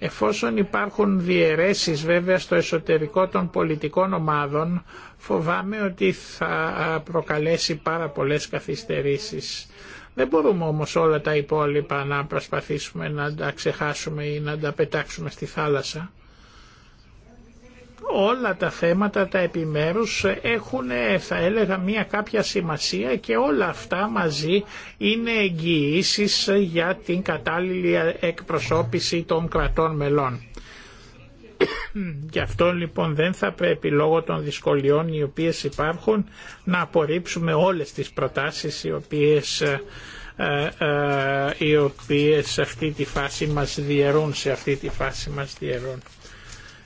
Εφόσον υπάρχουν διαιρέσεις βέβαια στο εσωτερικό των πολιτικών ομάδων, φοβάμαι ότι θα προκαλέσει πάρα πολλές καθυστερήσεις. Δεν μπορούμε όμως όλα τα υπόλοιπα να προσπαθήσουμε να τα ξεχάσουμε ή να τα πετάξουμε στη θάλασσα όλα τα θέματα τα επιμέρους έχουν θα έλεγα μια κάποια σημασία και όλα αυτά μαζί είναι εγγυήσει για την κατάλληλη εκπροσώπηση των κρατών μελών. Γι' αυτό λοιπόν δεν θα πρέπει λόγω των δυσκολιών οι οποίες υπάρχουν να απορρίψουμε όλες τις προτάσεις οι οποίες ε, ε, ε, οι οποίες σε αυτή τη φάση μας διαιρούν, σε αυτή τη φάση μας διαιρούν.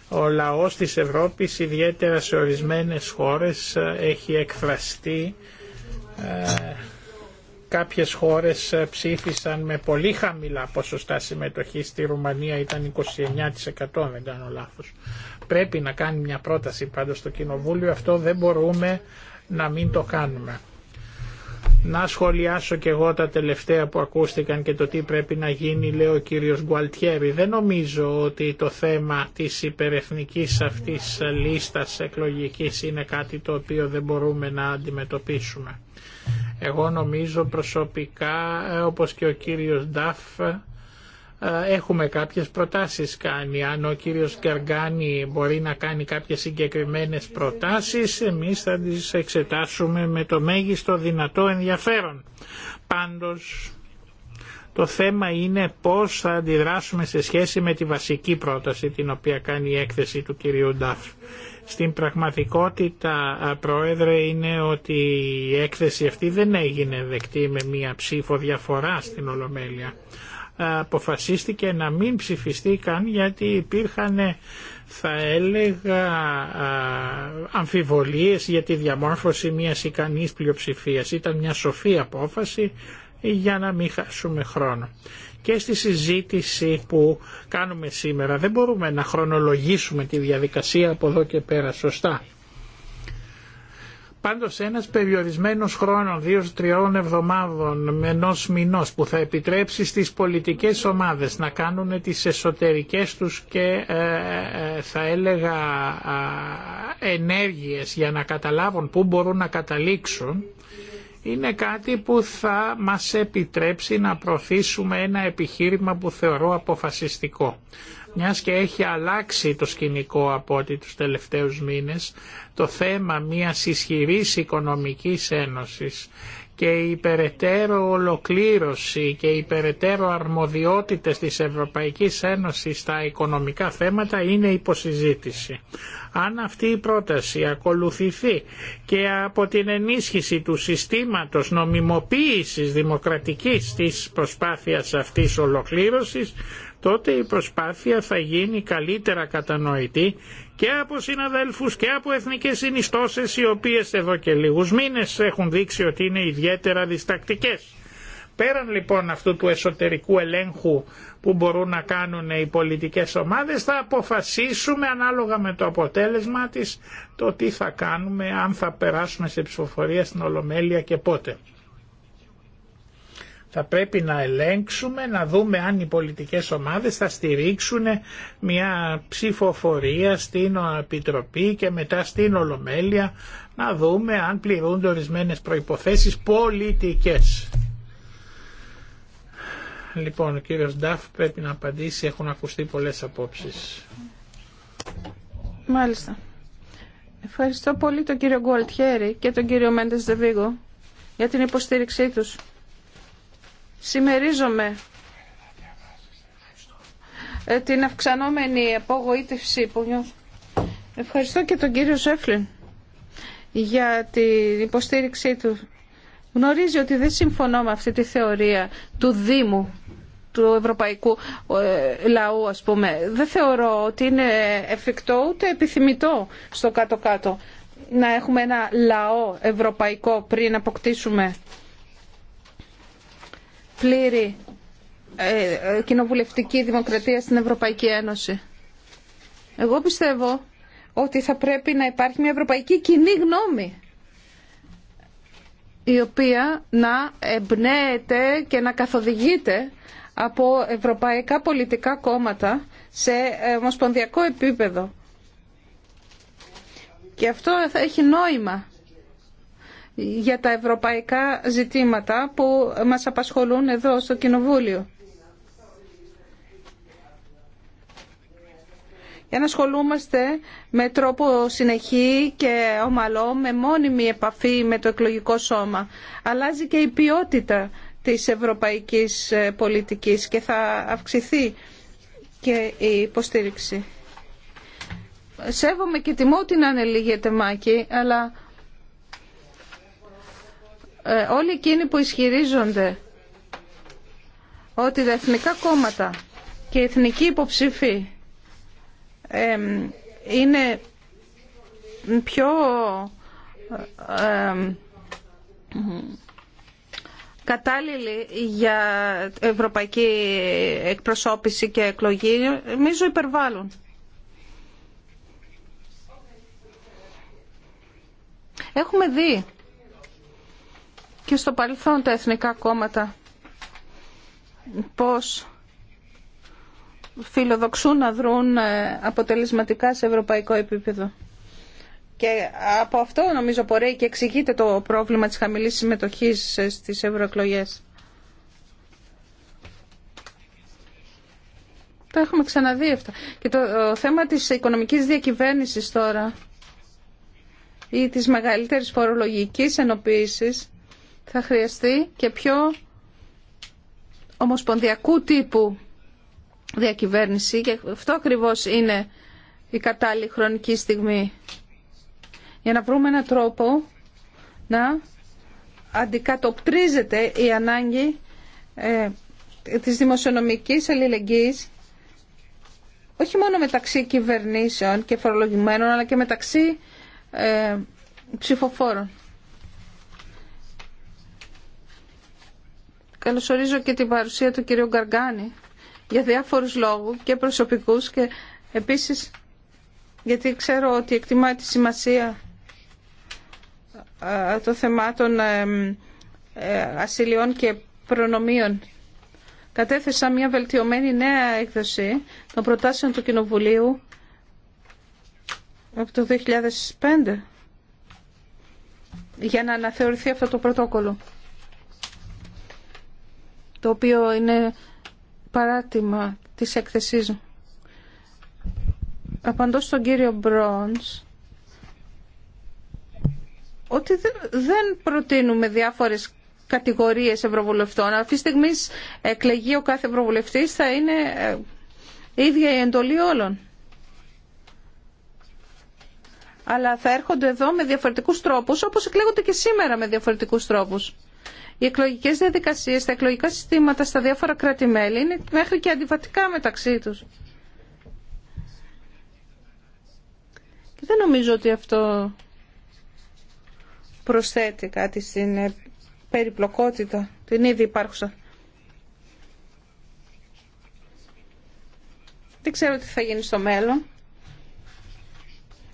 Ο λαός της Ευρώπης, ιδιαίτερα σε ορισμένες χώρες, έχει εκφραστεί. Ε, κάποιες χώρες ψήφισαν με πολύ χαμηλά ποσοστά συμμετοχή. Στη Ρουμανία ήταν 29% αν δεν κάνω λάθος. Πρέπει να κάνει μια πρόταση πάντως στο Κοινοβούλιο. Αυτό δεν μπορούμε να μην το κάνουμε. Να σχολιάσω και εγώ τα τελευταία που ακούστηκαν και το τι πρέπει να γίνει, λέει ο κύριος Γκουαλτιέρη. Δεν νομίζω ότι το θέμα της υπερεθνικής αυτής λίστας εκλογικής είναι κάτι το οποίο δεν μπορούμε να αντιμετωπίσουμε. Εγώ νομίζω προσωπικά, όπως και ο κύριος Νταφ, ε, έχουμε κάποιες προτάσεις κάνει. Αν ο κύριος Γκαργκάνη μπορεί να κάνει κάποιες συγκεκριμένες προτάσεις, εμείς θα τις εξετάσουμε με το μέγιστο δυνατό ενδιαφέρον. Πάντως, το θέμα είναι πώς θα αντιδράσουμε σε σχέση με τη βασική πρόταση την οποία κάνει η έκθεση του κυρίου Νταφ. Στην πραγματικότητα, Πρόεδρε, είναι ότι η έκθεση αυτή δεν έγινε δεκτή με μία ψήφο διαφορά στην Ολομέλεια αποφασίστηκε να μην ψηφιστεί καν γιατί υπήρχαν θα έλεγα αμφιβολίες για τη διαμόρφωση μιας ικανής πλειοψηφίας. Ήταν μια σοφή απόφαση για να μην χάσουμε χρόνο. Και στη συζήτηση που κάνουμε σήμερα δεν μπορούμε να χρονολογήσουμε τη διαδικασία από εδώ και πέρα σωστά. Πάντω, ένα περιορισμένο χρόνο χρόνος, δύο-τριών εβδομάδων, ενό μηνός που θα επιτρέψει στι πολιτικές ομάδες να κάνουν τι εσωτερικές τους και ε, ε, θα έλεγα ενέργειε για να καταλάβουν πού μπορούν να καταλήξουν, είναι κάτι που θα μας επιτρέψει να προωθήσουμε ένα επιχείρημα που θεωρώ αποφασιστικό. Μιας και έχει αλλάξει το σκηνικό από ότι τους τελευταίους μήνες το θέμα μιας ισχυρής οικονομικής ένωσης και η υπεραιτέρω ολοκλήρωση και η υπεραιτέρω αρμοδιότητες της Ευρωπαϊκής Ένωσης στα οικονομικά θέματα είναι υποσυζήτηση. Αν αυτή η πρόταση ακολουθηθεί και από την ενίσχυση του συστήματος νομιμοποίησης δημοκρατικής της προσπάθειας αυτής ολοκλήρωσης, τότε η προσπάθεια θα γίνει καλύτερα κατανοητή και από συναδέλφους και από εθνικές συνιστώσεις οι οποίες εδώ και λίγους μήνες έχουν δείξει ότι είναι ιδιαίτερα διστακτικές. Πέραν λοιπόν αυτού του εσωτερικού ελέγχου που μπορούν να κάνουν οι πολιτικές ομάδες θα αποφασίσουμε ανάλογα με το αποτέλεσμα της το τι θα κάνουμε αν θα περάσουμε σε ψηφοφορία στην Ολομέλεια και πότε. Θα πρέπει να ελέγξουμε, να δούμε αν οι πολιτικές ομάδες θα στηρίξουν μια ψηφοφορία στην Επιτροπή και μετά στην Ολομέλεια να δούμε αν πληρούνται ορισμένες προϋποθέσεις πολιτικές. Λοιπόν, ο κύριος Νταφ πρέπει να απαντήσει, έχουν ακουστεί πολλές απόψεις. Μάλιστα. Ευχαριστώ πολύ τον κύριο Γκουαλτιέρη και τον κύριο Μέντες Δεβίγκο για την υποστήριξή τους. Σημερίζομαι ε, την αυξανόμενη απογοήτευση που νιώθω. Ευχαριστώ και τον κύριο Σέφλιν για την υποστήριξή του. Γνωρίζει ότι δεν συμφωνώ με αυτή τη θεωρία του Δήμου του ευρωπαϊκού ε, λαού, ας πούμε. Δεν θεωρώ ότι είναι εφικτό ούτε επιθυμητό στο κάτω-κάτω να έχουμε ένα λαό ευρωπαϊκό πριν αποκτήσουμε πλήρη ε, ε, κοινοβουλευτική δημοκρατία στην Ευρωπαϊκή Ένωση. Εγώ πιστεύω ότι θα πρέπει να υπάρχει μια ευρωπαϊκή κοινή γνώμη η οποία να εμπνέεται και να καθοδηγείται από ευρωπαϊκά πολιτικά κόμματα σε ε, ομοσπονδιακό επίπεδο. Και αυτό θα έχει νόημα για τα ευρωπαϊκά ζητήματα που μας απασχολούν εδώ στο Κοινοβούλιο. για να ασχολούμαστε με τρόπο συνεχή και ομαλό, με μόνιμη επαφή με το εκλογικό σώμα. Αλλάζει και η ποιότητα της ευρωπαϊκής ε, πολιτικής και θα αυξηθεί και η υποστήριξη. Σέβομαι και τιμώ την Ανελή Τεμάκη, αλλά ε, όλοι εκείνοι που ισχυρίζονται ότι τα εθνικά κόμματα και οι εθνικοί υποψήφοι είναι πιο κατάλληλοι για ευρωπαϊκή εκπροσώπηση και εκλογή, νομίζω υπερβάλλουν. Έχουμε δει και στο παρελθόν τα εθνικά κόμματα πώς φιλοδοξούν να δρουν ε, αποτελεσματικά σε ευρωπαϊκό επίπεδο. Και από αυτό νομίζω πορεύει και εξηγείται το πρόβλημα της χαμηλής συμμετοχής ε, στις ευρωεκλογέ. Τα έχουμε ξαναδεί αυτά. Και το θέμα της οικονομικής διακυβέρνησης τώρα ή της μεγαλύτερης φορολογικής ενοποίησης θα χρειαστεί και πιο ομοσπονδιακού τύπου διακυβέρνηση και αυτό ακριβώς είναι η κατάλληλη χρονική στιγμή για να βρούμε έναν τρόπο να αντικατοπτρίζεται η ανάγκη ε, της δημοσιονομικής αλληλεγγύης όχι μόνο μεταξύ κυβερνήσεων και φορολογημένων αλλά και μεταξύ ε, ψηφοφόρων. Καλωσορίζω και την παρουσία του κυρίου Γκαργκάνη για διάφορους λόγους και προσωπικούς και επίσης γιατί ξέρω ότι εκτιμάει τη σημασία των θεμάτων ε, ασυλιών και προνομίων. Κατέθεσα μια βελτιωμένη νέα έκδοση των προτάσεων του Κοινοβουλίου από το 2005 για να αναθεωρηθεί αυτό το πρωτόκολλο το οποίο είναι παράτημα της έκθεσής μου. Απαντώ στον κύριο Μπρόνς ότι δεν προτείνουμε διάφορες κατηγορίες ευρωβουλευτών. Αυτή τη στιγμή εκλεγεί ο κάθε ευρωβουλευτής θα είναι ε, ίδια η εντολή όλων. Αλλά θα έρχονται εδώ με διαφορετικούς τρόπους, όπως εκλέγονται και σήμερα με διαφορετικούς τρόπους. Οι εκλογικέ διαδικασίε, τα εκλογικά συστήματα στα διάφορα κράτη-μέλη είναι μέχρι και αντιβατικά μεταξύ του. Και δεν νομίζω ότι αυτό προσθέτει κάτι στην ε, περιπλοκότητα, την ήδη υπάρχουσα. Δεν ξέρω τι θα γίνει στο μέλλον.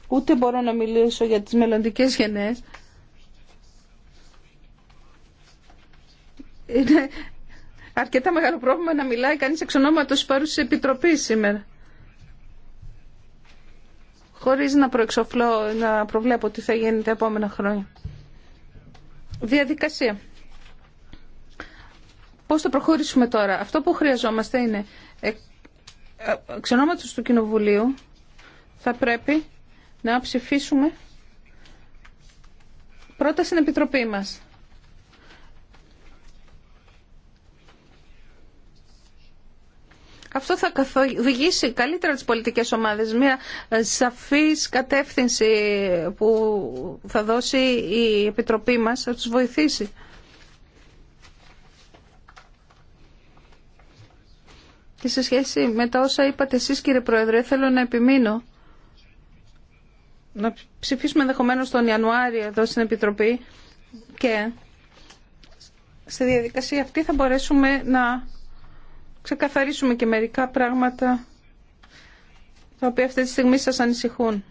Ούτε μπορώ να μιλήσω για τις μελλοντικές γενναίες. είναι αρκετά μεγάλο πρόβλημα να μιλάει κανείς εξ ονόματος παρούσης επιτροπής σήμερα. Χωρίς να προεξοφλώ, να προβλέπω τι θα γίνει τα επόμενα χρόνια. Διαδικασία. Πώς θα προχωρήσουμε τώρα. Αυτό που χρειαζόμαστε είναι ε, ε, εξ ονόματος του Κοινοβουλίου θα πρέπει να ψηφίσουμε πρώτα στην Επιτροπή μας Αυτό θα καθοδηγήσει καλύτερα τις πολιτικές ομάδες, μια ε, σαφής κατεύθυνση που θα δώσει η Επιτροπή μας, θα τους βοηθήσει. Και σε σχέση με τα όσα είπατε εσείς κύριε Πρόεδρε, θέλω να επιμείνω να ψηφίσουμε ενδεχομένω τον Ιανουάριο εδώ στην Επιτροπή και στη διαδικασία αυτή θα μπορέσουμε να ξεκαθαρίσουμε και μερικά πράγματα τα οποία αυτή τη στιγμή σας ανησυχούν.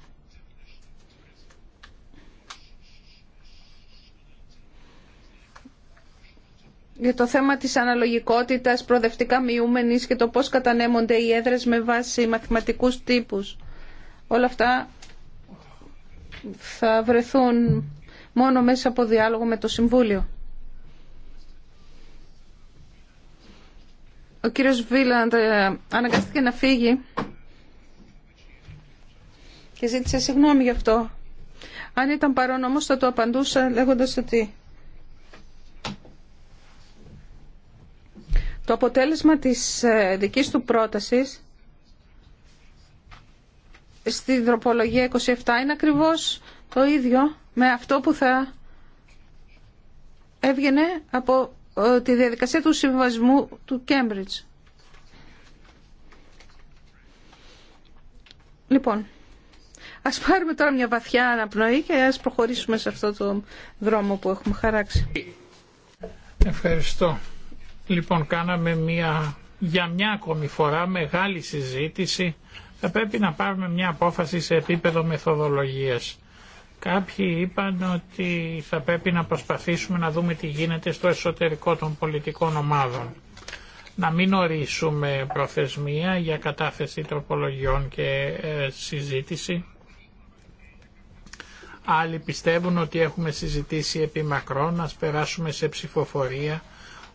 για το θέμα της αναλογικότητας προοδευτικά μειούμενης και το πώς κατανέμονται οι έδρες με βάση μαθηματικούς τύπους. Όλα αυτά θα βρεθούν μόνο μέσα από διάλογο με το Συμβούλιο. Ο κύριος Βίλαντ ε, αναγκάστηκε να φύγει και ζήτησε συγγνώμη γι' αυτό. Αν ήταν παρόν όμως θα το απαντούσα λέγοντας ότι το αποτέλεσμα της ε, δικής του πρότασης στη δροπολογία 27 είναι ακριβώς το ίδιο με αυτό που θα έβγαινε από τη διαδικασία του συμβασμού του Κέμπριτζ. Λοιπόν, ας πάρουμε τώρα μια βαθιά αναπνοή και ας προχωρήσουμε σε αυτό το δρόμο που έχουμε χαράξει. Ευχαριστώ. Λοιπόν, κάναμε μια, για μια ακόμη φορά μεγάλη συζήτηση. Θα πρέπει να πάρουμε μια απόφαση σε επίπεδο μεθοδολογίας. Κάποιοι είπαν ότι θα πρέπει να προσπαθήσουμε να δούμε τι γίνεται στο εσωτερικό των πολιτικών ομάδων. Να μην ορίσουμε προθεσμία για κατάθεση τροπολογιών και ε, συζήτηση. Άλλοι πιστεύουν ότι έχουμε συζητήσει επί μακρό, να περάσουμε σε ψηφοφορία,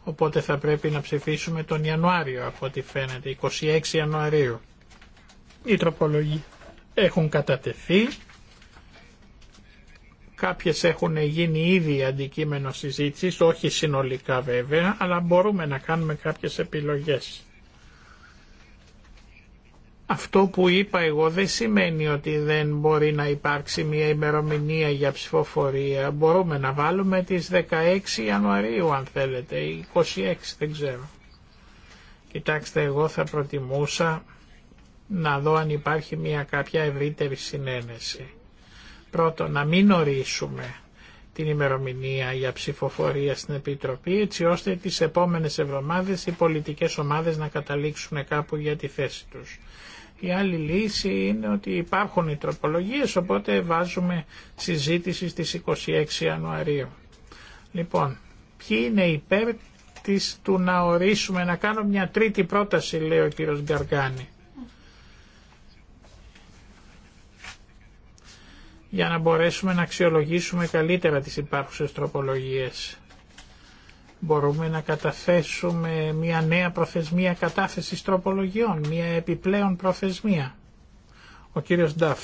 οπότε θα πρέπει να ψηφίσουμε τον Ιανουάριο, από ό,τι φαίνεται, 26 Ιανουαρίου. Οι τροπολογίες έχουν κατατεθεί Κάποιες έχουν γίνει ήδη αντικείμενο συζήτησης, όχι συνολικά βέβαια, αλλά μπορούμε να κάνουμε κάποιες επιλογές. Αυτό που είπα εγώ δεν σημαίνει ότι δεν μπορεί να υπάρξει μια ημερομηνία για ψηφοφορία. Μπορούμε να βάλουμε τις 16 Ιανουαρίου αν θέλετε, 26 δεν ξέρω. Κοιτάξτε εγώ θα προτιμούσα να δω αν υπάρχει μια κάποια ευρύτερη συνένεση πρώτο να μην ορίσουμε την ημερομηνία για ψηφοφορία στην Επιτροπή, έτσι ώστε τις επόμενες εβδομάδες οι πολιτικές ομάδες να καταλήξουν κάπου για τη θέση τους. Η άλλη λύση είναι ότι υπάρχουν οι τροπολογίες, οπότε βάζουμε συζήτηση στις 26 Ιανουαρίου. Λοιπόν, ποιοι είναι υπέρ της του να ορίσουμε, να κάνω μια τρίτη πρόταση, λέει ο κύριος Γκαργάνη. για να μπορέσουμε να αξιολογήσουμε καλύτερα τις υπάρχουσες τροπολογίες. Μπορούμε να καταθέσουμε μια νέα προθεσμία κατάθεσης τροπολογιών, μια επιπλέον προθεσμία. Ο κύριος Νταφ.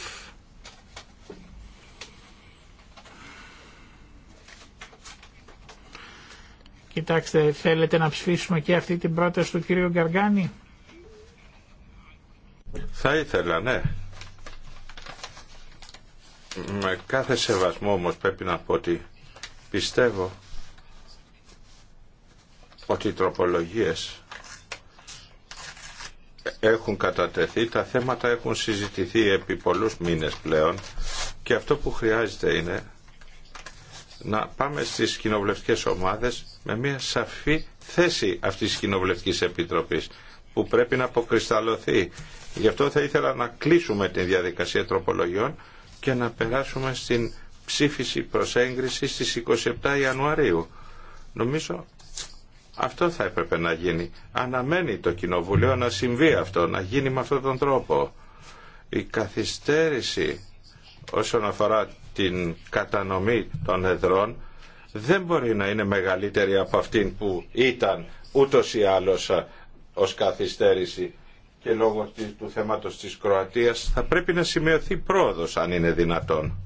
Κοιτάξτε, θέλετε να ψηφίσουμε και αυτή την πρόταση του κύριου Γκαργάνη. Θα ήθελα, ναι. Με κάθε σεβασμό όμως πρέπει να πω ότι πιστεύω ότι οι τροπολογίες έχουν κατατεθεί, τα θέματα έχουν συζητηθεί επί πολλούς μήνες πλέον και αυτό που χρειάζεται είναι να πάμε στις κοινοβουλευτικές ομάδες με μια σαφή θέση αυτής της κοινοβουλευτικής επιτροπής που πρέπει να αποκρισταλωθεί. Γι' αυτό θα ήθελα να κλείσουμε την διαδικασία τροπολογιών και να περάσουμε στην ψήφιση προς έγκριση στις 27 Ιανουαρίου. Νομίζω αυτό θα έπρεπε να γίνει. Αναμένει το Κοινοβουλίο να συμβεί αυτό, να γίνει με αυτόν τον τρόπο. Η καθυστέρηση όσον αφορά την κατανομή των εδρών δεν μπορεί να είναι μεγαλύτερη από αυτήν που ήταν ούτως ή άλλως ε, ως καθυστέρηση και λόγω του θέματος της Κροατίας θα πρέπει να σημειωθεί πρόοδος αν είναι δυνατόν.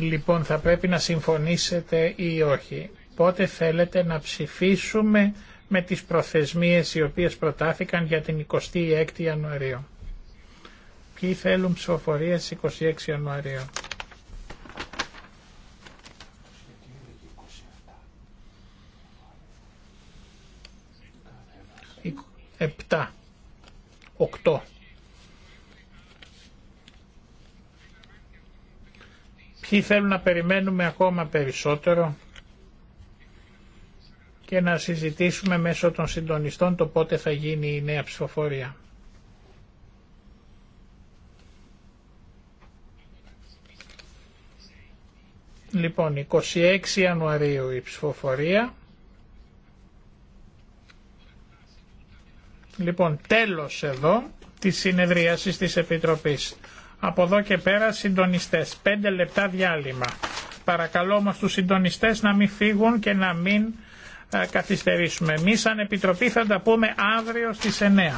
Λοιπόν, θα πρέπει να συμφωνήσετε ή όχι. Πότε θέλετε να ψηφίσουμε με τις προθεσμίες οι οποίες προτάθηκαν για την 26η Ιανουαρίου. Ποιοι θέλουν ψηφοφορίες 26 Ιανουαρίου. 7, 8. Ποιοι θέλουν να περιμένουμε ακόμα περισσότερο και να συζητήσουμε μέσω των συντονιστών το πότε θα γίνει η νέα ψηφοφορία. Λοιπόν, 26 Ιανουαρίου η ψηφοφορία Λοιπόν, τέλος εδώ της συνεδρίασης της Επιτροπής. Από εδώ και πέρα συντονιστές. Πέντε λεπτά διάλειμμα. Παρακαλώ όμως τους συντονιστές να μην φύγουν και να μην καθυστερήσουμε. Εμείς σαν Επιτροπή θα τα πούμε αύριο στις 9.